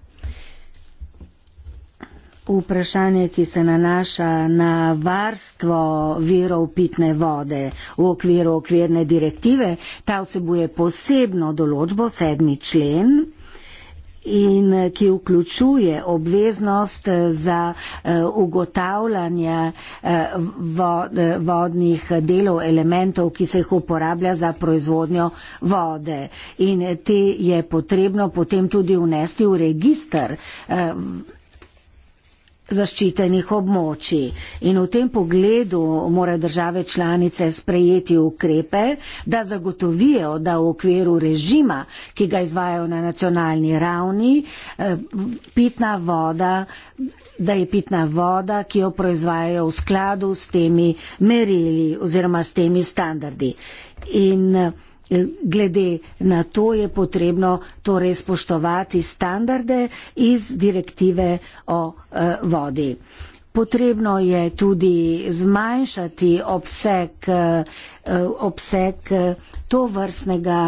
Vprašanje, ki se nanaša na varstvo virov pitne vode v okviru okvirne direktive, ta vsebuje posebno določbo, sedmi člen, in ki vključuje obveznost za eh, ugotavljanje eh, vodnih delov, elementov, ki se jih uporablja za proizvodnjo vode. In te je potrebno potem tudi unesti v registr eh, zaščitenih območij. In v tem pogledu morajo države članice sprejeti ukrepe, da zagotovijo, da v okviru režima, ki ga izvajo na nacionalni ravni, eh, pitna voda, da je pitna voda, ki jo proizvajajo v skladu s temi merili oziroma s temi standardi. In eh, Eh, glede na to je potrebno torej spoštovati standarde iz direktive o eh, vodi. Potrebno je tudi zmanjšati obseg, eh, obseg to, vrstnega,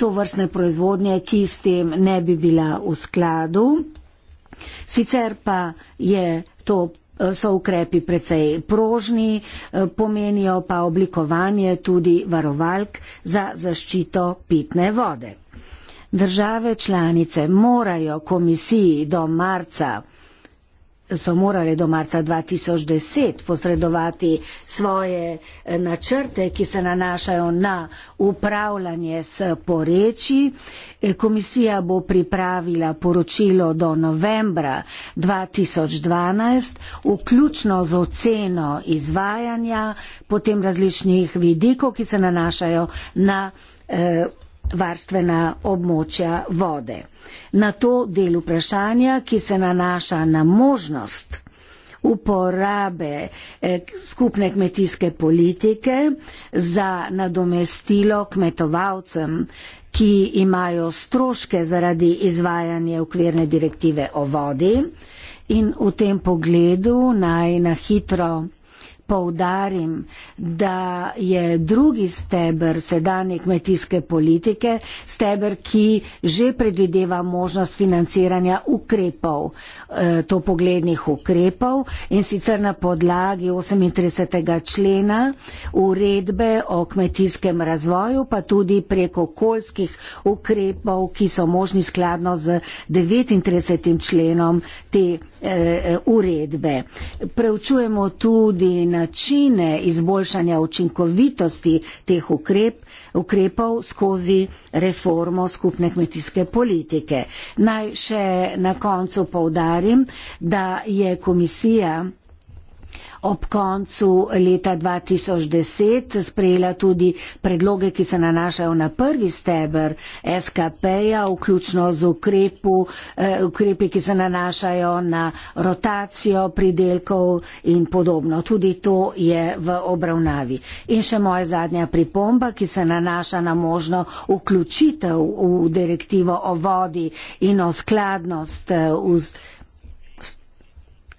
to vrstne proizvodnje, ki s tem ne bi bila v skladu. Sicer pa je to Eh, so ukrepi precej prožni, eh, pomenijo pa oblikovanje tudi varovalk za zaščito pitne vode. Države članice morajo komisiji do marca so morali do marca 2010 posredovati svoje eh, načrte, ki se nanašajo na upravljanje s poreči. Eh, komisija bo pripravila poročilo do novembra 2012, vključno z oceno izvajanja, potem različnih vidikov, ki se nanašajo na eh, varstvena območja vode. Na to del vprašanja, ki se nanaša na možnost uporabe eh, skupne kmetijske politike za nadomestilo kmetovalcem, ki imajo stroške zaradi izvajanja okvirne direktive o vodi. In v tem pogledu naj na hitro poudarim, da je drugi steber sedanje kmetijske politike steber, ki že predvideva možnost financiranja ukrepov. Eh, to poglednih ukrepov in sicer na podlagi 38. člena uredbe o kmetijskem razvoju, pa tudi preko okoljskih ukrepov, ki so možni skladno z 39. členom te eh, eh, uredbe. Preučujemo tudi načine izboljšanja učinkovitosti teh ukrepov, ukrepov skozi reformo skupne kmetijske politike. Naj še na koncu povdarim, da je komisija ob koncu leta 2010 sprejela tudi predloge, ki se nanašajo na prvi steber SKP-ja, vključno z ukrepu, eh, ukrepi, ki se nanašajo na rotacijo pridelkov in podobno. Tudi to je v obravnavi. In še moja zadnja pripomba, ki se nanaša na možno vključitev v direktivo o vodi in o skladnost. Eh,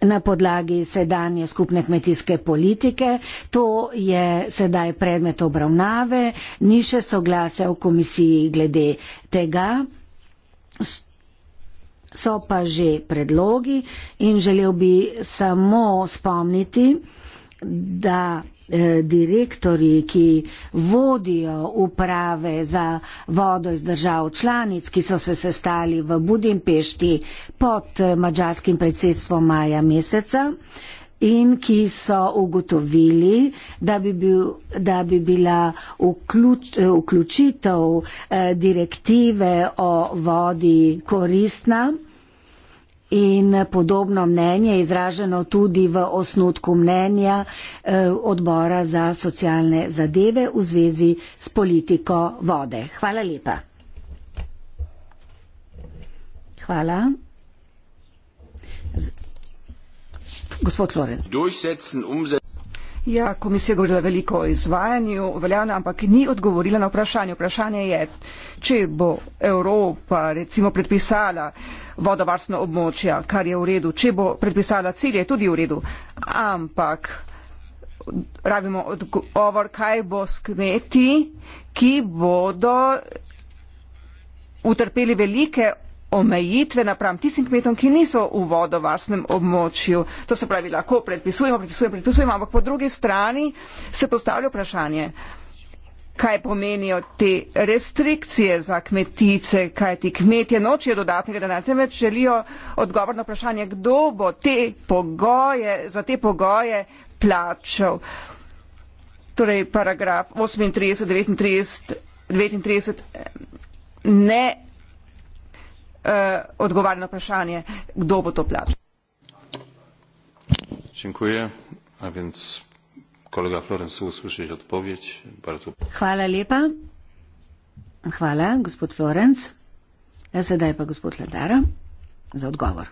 na podlagi sedanje skupne kmetijske politike. To je sedaj predmet obravnave, ni še soglasja v komisiji glede tega. So pa že predlogi in želel bi samo spomniti, da Eh, direktori, ki vodijo uprave za vodo iz držav članic, ki so se sestali v Budimpešti pod eh, mađarskim predsedstvom maja meseca in ki so ugotovili, da bi, bil, da bi bila vključ, eh, vključitev direktive o vodi koristna. In podobno mnenje je izraženo tudi v osnutku mnenja eh, odbora za socialne zadeve v zvezi s politiko vode. Hvala lepa. Hvala. Gospod Lorenz. Ja, komisija je govorila veliko o izvajanju veljavne, ampak ni odgovorila na vprašanje. Vprašanje je, če bo Evropa recimo predpisala vodovarstno območja, kar je v redu, če bo predpisala cilje, tudi v redu, ampak rabimo odgovor, kaj bo s kmeti, ki bodo utrpeli velike omejitve napram tistim kmetom, ki niso v vodovarstvenem območju. To se pravi, lahko predpisujemo, predpisujemo, predpisujemo, ampak po drugi strani se postavlja vprašanje, kaj pomenijo te restrikcije za kmetice, kaj ti kmetje nočijo dodatnega denarja, temveč želijo odgovor na vprašanje, kdo bo te pogoje, za te pogoje plačal. Torej, paragraf 38, 39, 39 ne uh, odgovarja na vprašanje, kdo bo to plačal. Dziękuję. A więc kolega Florence usłyszeć odpowiedź. Bardzo. Chwala lepa. Chwala, gospod Florence. A ja zadaj pa gospod Ladara za odgovor.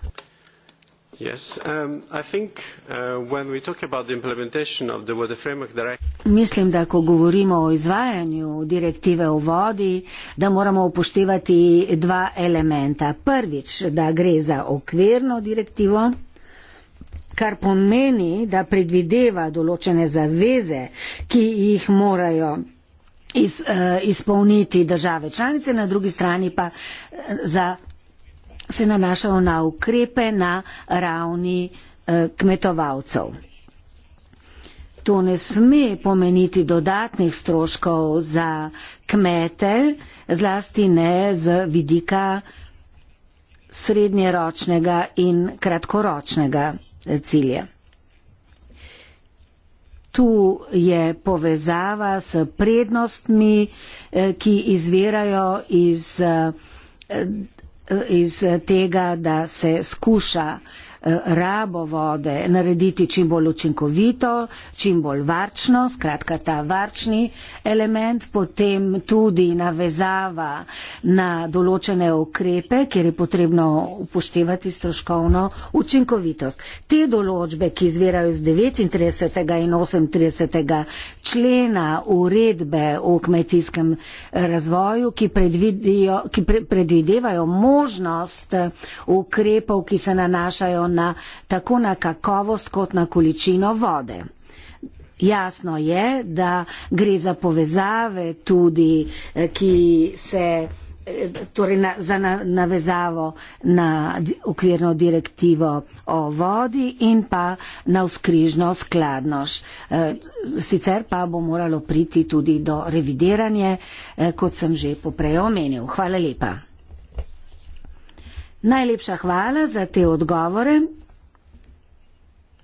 Um, uh, Mislim, da ko govorimo o izvajanju direktive o vodi, da moramo upoštevati dva elementa. Prvič, da gre za okvirno direktivo, kar pomeni, da predvideva določene zaveze, ki jih morajo iz, uh, izpolniti države članice, na drugi strani pa eh, za se nanašal na ukrepe na ravni eh, kmetovalcev. To ne sme pomeniti dodatnih stroškov za kmete, zlasti ne z vidika srednjeročnega in kratkoročnega eh, cilja. Tu je povezava s prednostmi, eh, ki izvirajo iz eh, iz tega, da se skuša rabo vode narediti čim bolj učinkovito, čim bolj varčno, skratka ta varčni element, potem tudi navezava na določene ukrepe, kjer je potrebno upoštevati stroškovno učinkovitost. Te določbe, ki izvirajo iz 39. in 38. člena uredbe o kmetijskem razvoju, ki, ki pre predvidevajo možnost ukrepov, ki se nanašajo na na, tako na kakovost kot na količino vode. Jasno je, da gre za povezave tudi, eh, ki se eh, torej na, za na, navezavo na okvirno direktivo o vodi in pa na vzkrižno skladnost. Eh, sicer pa bo moralo priti tudi do revidiranje, kot sem že poprej omenil. Hvala lepa. Najlepša hvala za te odgovore.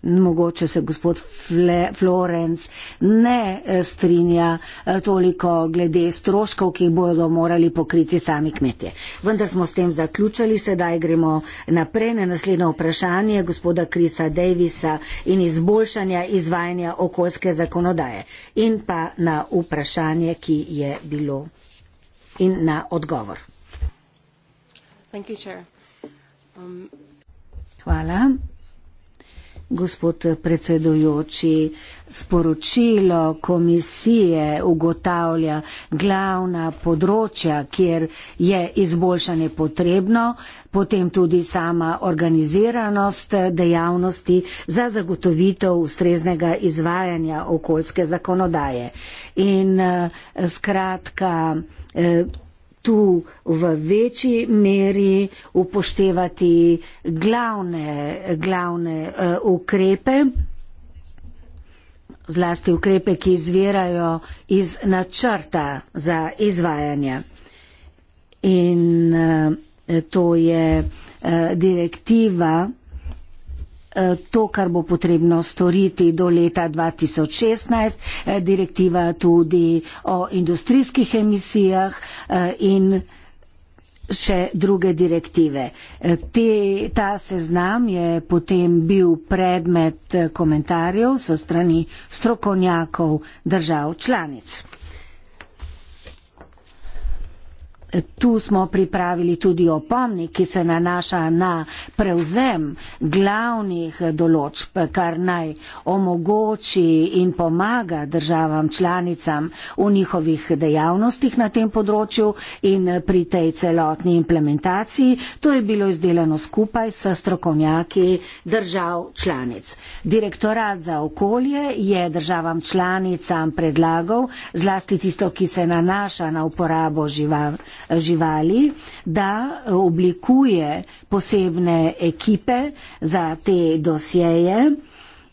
Mogoče se gospod Fle Florenc ne e, strinja e, toliko glede stroškov, ki jih bodo morali pokriti sami kmetje. Vendar smo s tem zaključili, sedaj gremo naprej na naslednjo vprašanje gospoda Krisa Davisa in izboljšanja izvajanja okoljske zakonodaje in pa na vprašanje, ki je bilo in na odgovor. Thank you, Chair. Hvala. Gospod predsedujoči, sporočilo komisije ugotavlja glavna področja, kjer je izboljšanje potrebno, potem tudi sama organiziranost dejavnosti za zagotovitev ustreznega izvajanja okoljske zakonodaje. In eh, skratka, eh, tu v večji meri upoštevati glavne, glavne uh, ukrepe, zlasti ukrepe, ki izvirajo iz načrta za izvajanje. In uh, to je uh, direktiva to, kar bo potrebno storiti do leta 2016, eh, direktiva tudi o industrijskih emisijah eh, in še druge direktive. Eh, te, ta seznam je potem bil predmet komentarjev so strani strokovnjakov držav članic. Tu smo pripravili tudi opomnik, ki se nanaša na prevzem glavnih določb, kar naj omogoči in pomaga državam članicam v njihovih dejavnostih na tem področju in pri tej celotni implementaciji. To je bilo izdelano skupaj s strokovnjaki držav članic. Direktorat za okolje je državam članicam predlagal zlasti tisto, ki se nanaša na uporabo živali živali, da oblikuje posebne ekipe za te dosjeje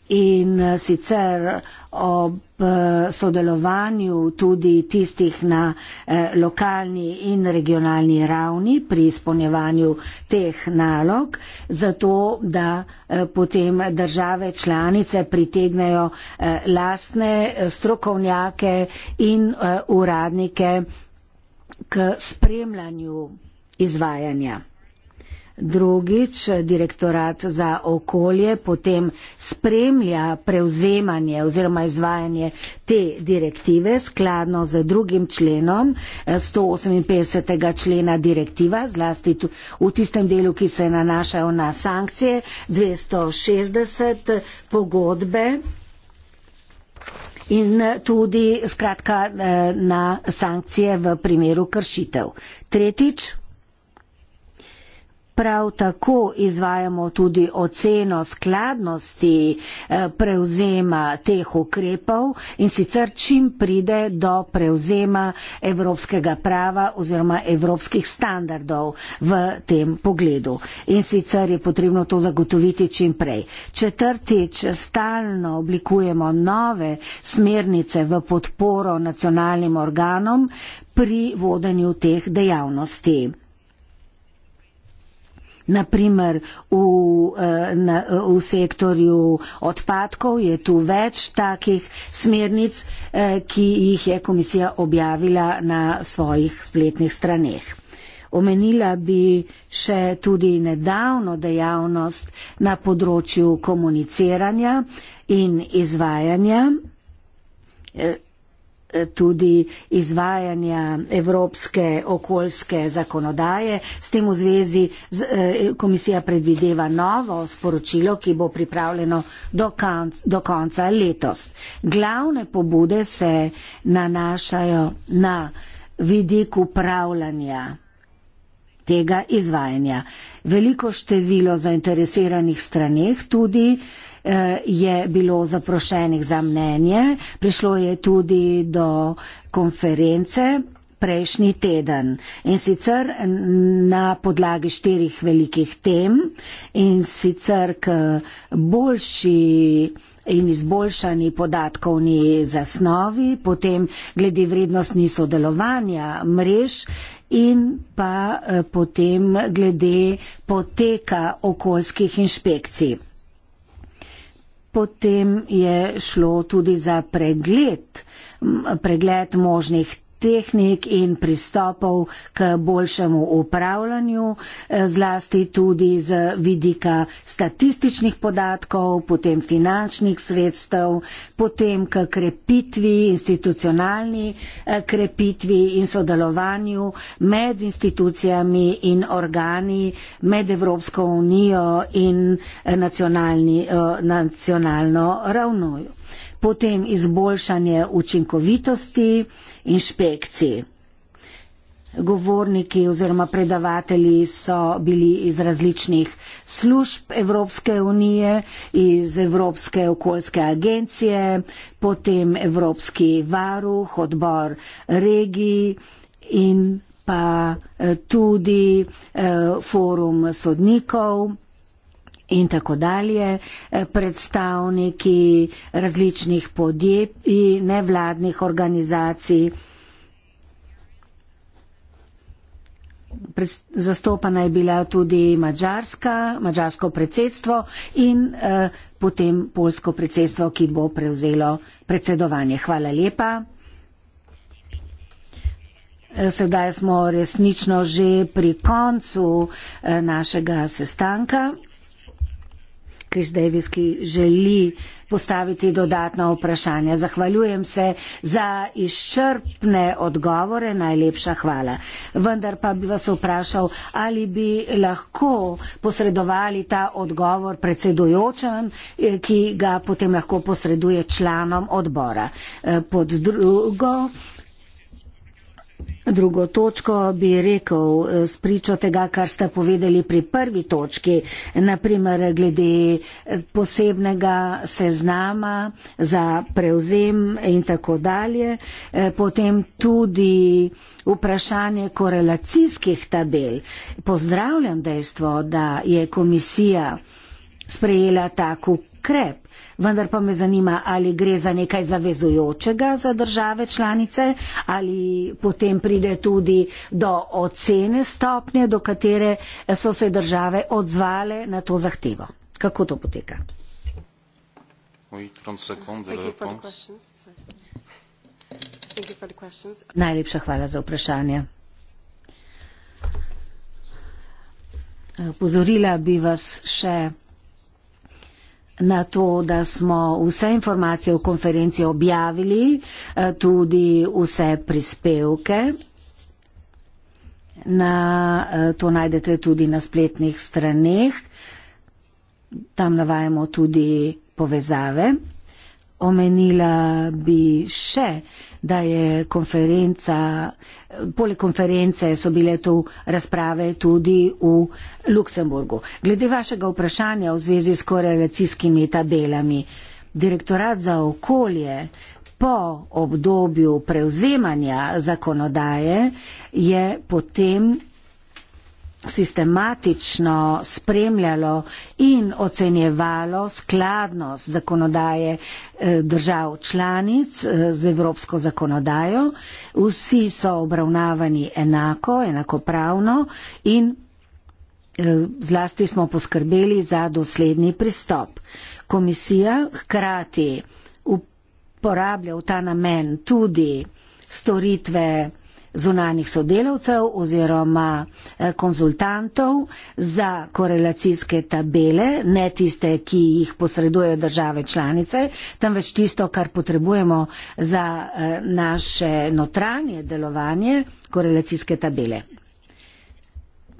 in sicer ob eh, sodelovanju tudi tistih na eh, lokalni in regionalni ravni pri izpolnjevanju teh nalog, zato da eh, potem države članice pritegnejo lastne strokovnjake in uradnike k spremljanju izvajanja. Drugič, direktorat za okolje potem spremlja prevzemanje oziroma izvajanje te direktive skladno z drugim členom 158. Eh, člena direktiva, zlasti v tistem delu, ki se nanašajo na sankcije 260 pogodbe in tudi skratka eh, na sankcije v primeru kršitev. Tretjič, Prav tako izvajamo tudi oceno skladnosti eh, prevzema teh ukrepov in sicer čim pride do prevzema evropskega prava oziroma evropskih standardov v tem pogledu. In sicer je potrebno to zagotoviti čim prej. Četrtič, stalno oblikujemo nove smernice v podporo nacionalnim organom pri vodenju teh dejavnosti. Naprimer, v, eh, na, v sektorju odpadkov je tu več takih smernic, eh, ki jih je komisija objavila na svojih spletnih straneh. Omenila bi še tudi nedavno dejavnost na področju komuniciranja in izvajanja eh, Eh, tudi izvajanja evropske okoljske zakonodaje. S tem v zvezi z, eh, komisija predvideva novo sporočilo, ki bo pripravljeno do, konc, do konca letos. Glavne pobude se nanašajo na vidik upravljanja tega izvajanja. Veliko število zainteresiranih stranih tudi uh, Eh, je bilo zaprošenih za mnenje. Prišlo je tudi do konference prejšnji teden in sicer na podlagi štirih velikih tem in sicer k boljši in izboljšani podatkovni zasnovi, potem glede vrednostni sodelovanja mrež in pa eh, potem glede poteka okoljskih inšpekcij potem je šlo tudi za pregled, pregled možnih tehnik in pristopov k boljšemu upravljanju, eh, zlasti tudi z vidika statističnih podatkov, potem finančnih sredstev, potem k krepitvi, institucionalni eh, krepitvi in sodelovanju med institucijami in organi, med Evropsko unijo in eh, nacionalni, nacionalno ravnojo potem izboljšanje učinkovitosti inšpekcij. Govorniki oziroma predavatelji so bili iz različnih služb Evropske unije, iz Evropske okoljske agencije, potem Evropski varuh, odbor regij in pa eh, tudi eh, forum sodnikov in tako dalje, eh, predstavniki različnih podjetij, nevladnih organizacij. Zastopana je bila tudi Mačarska, Mačarsko predsedstvo in eh, potem Polsko predsedstvo, ki bo prevzelo predsedovanje. Hvala lepa. Eh, sedaj smo resnično že pri koncu eh, našega sestanka. Chris Davis, ki želi postaviti dodatna vprašanja. Zahvaljujem se za izčrpne odgovore, najlepša hvala. Vendar pa bi vas vprašal, ali bi lahko posredovali ta odgovor predsedujočem, eh, ki ga potem lahko posreduje članom odbora. Eh, Pod drugo. Drugo točko bi rekel eh, spričo tega, kar ste povedali pri prvi točki, naprimer glede eh, posebnega seznama za prevzem in tako dalje, eh, potem tudi vprašanje korelacijskih tabel. Pozdravljam dejstvo, da je komisija sprejela tako krep vendar pa me zanima, ali gre za nekaj zavezujočega za države članice, ali potem pride tudi do ocene stopnje, do katere so se države odzvale na to zahtevo. Kako to poteka? Najlepša hvala za vprašanje. Pozorila bi vas še na to, da smo vse informacije o konferenci objavili, eh, tudi vse prispevke. Na, eh, to najdete tudi na spletnih straneh. Tam navajamo tudi povezave. Omenila bi še, da je konferenca Poleg konference so bile tu razprave tudi v Luksemburgu. Glede vašega vprašanja v zvezi s korelacijskimi tabelami, direktorat za okolje po obdobju prevzemanja zakonodaje je potem sistematično spremljalo in ocenjevalo skladnost zakonodaje eh, držav članic eh, z evropsko zakonodajo. Vsi so obravnavani enako, enakopravno in eh, zlasti smo poskrbeli za dosledni pristop. Komisija hkrati uporablja v ta namen tudi storitve zunanih sodelavcev oziroma eh, konzultantov za korelacijske tabele, ne tiste, ki jih posreduje države članice, temveč tisto, kar potrebujemo za eh, naše notranje delovanje, korelacijske tabele.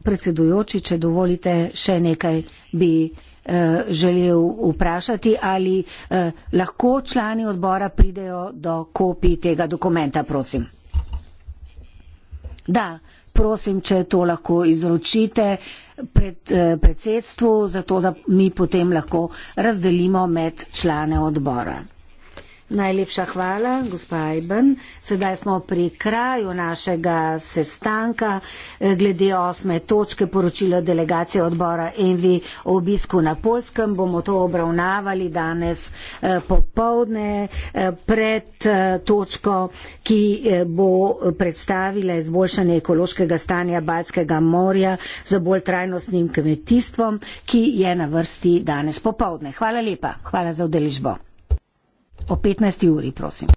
Predsedujoči, če dovolite, še nekaj bi eh, želel vprašati, ali eh, lahko člani odbora pridejo do kopij tega dokumenta, prosim. Da, prosim, če to lahko izročite pred eh, predsedstvu, zato da mi potem lahko razdelimo med člane odbora. Najlepša hvala, gospa Ajben. Sedaj smo pri kraju našega sestanka eh, glede osme točke poročila delegacije odbora Envi o obisku na Polskem. Bomo to obravnavali danes eh, popovdne eh, pred točko, ki bo predstavila izboljšanje ekološkega stanja Balckega morja za bolj trajnostnim kmetijstvom, ki je na vrsti danes popovdne. Hvala lepa. Hvala za udeležbo. Ob 15. uri, prosim.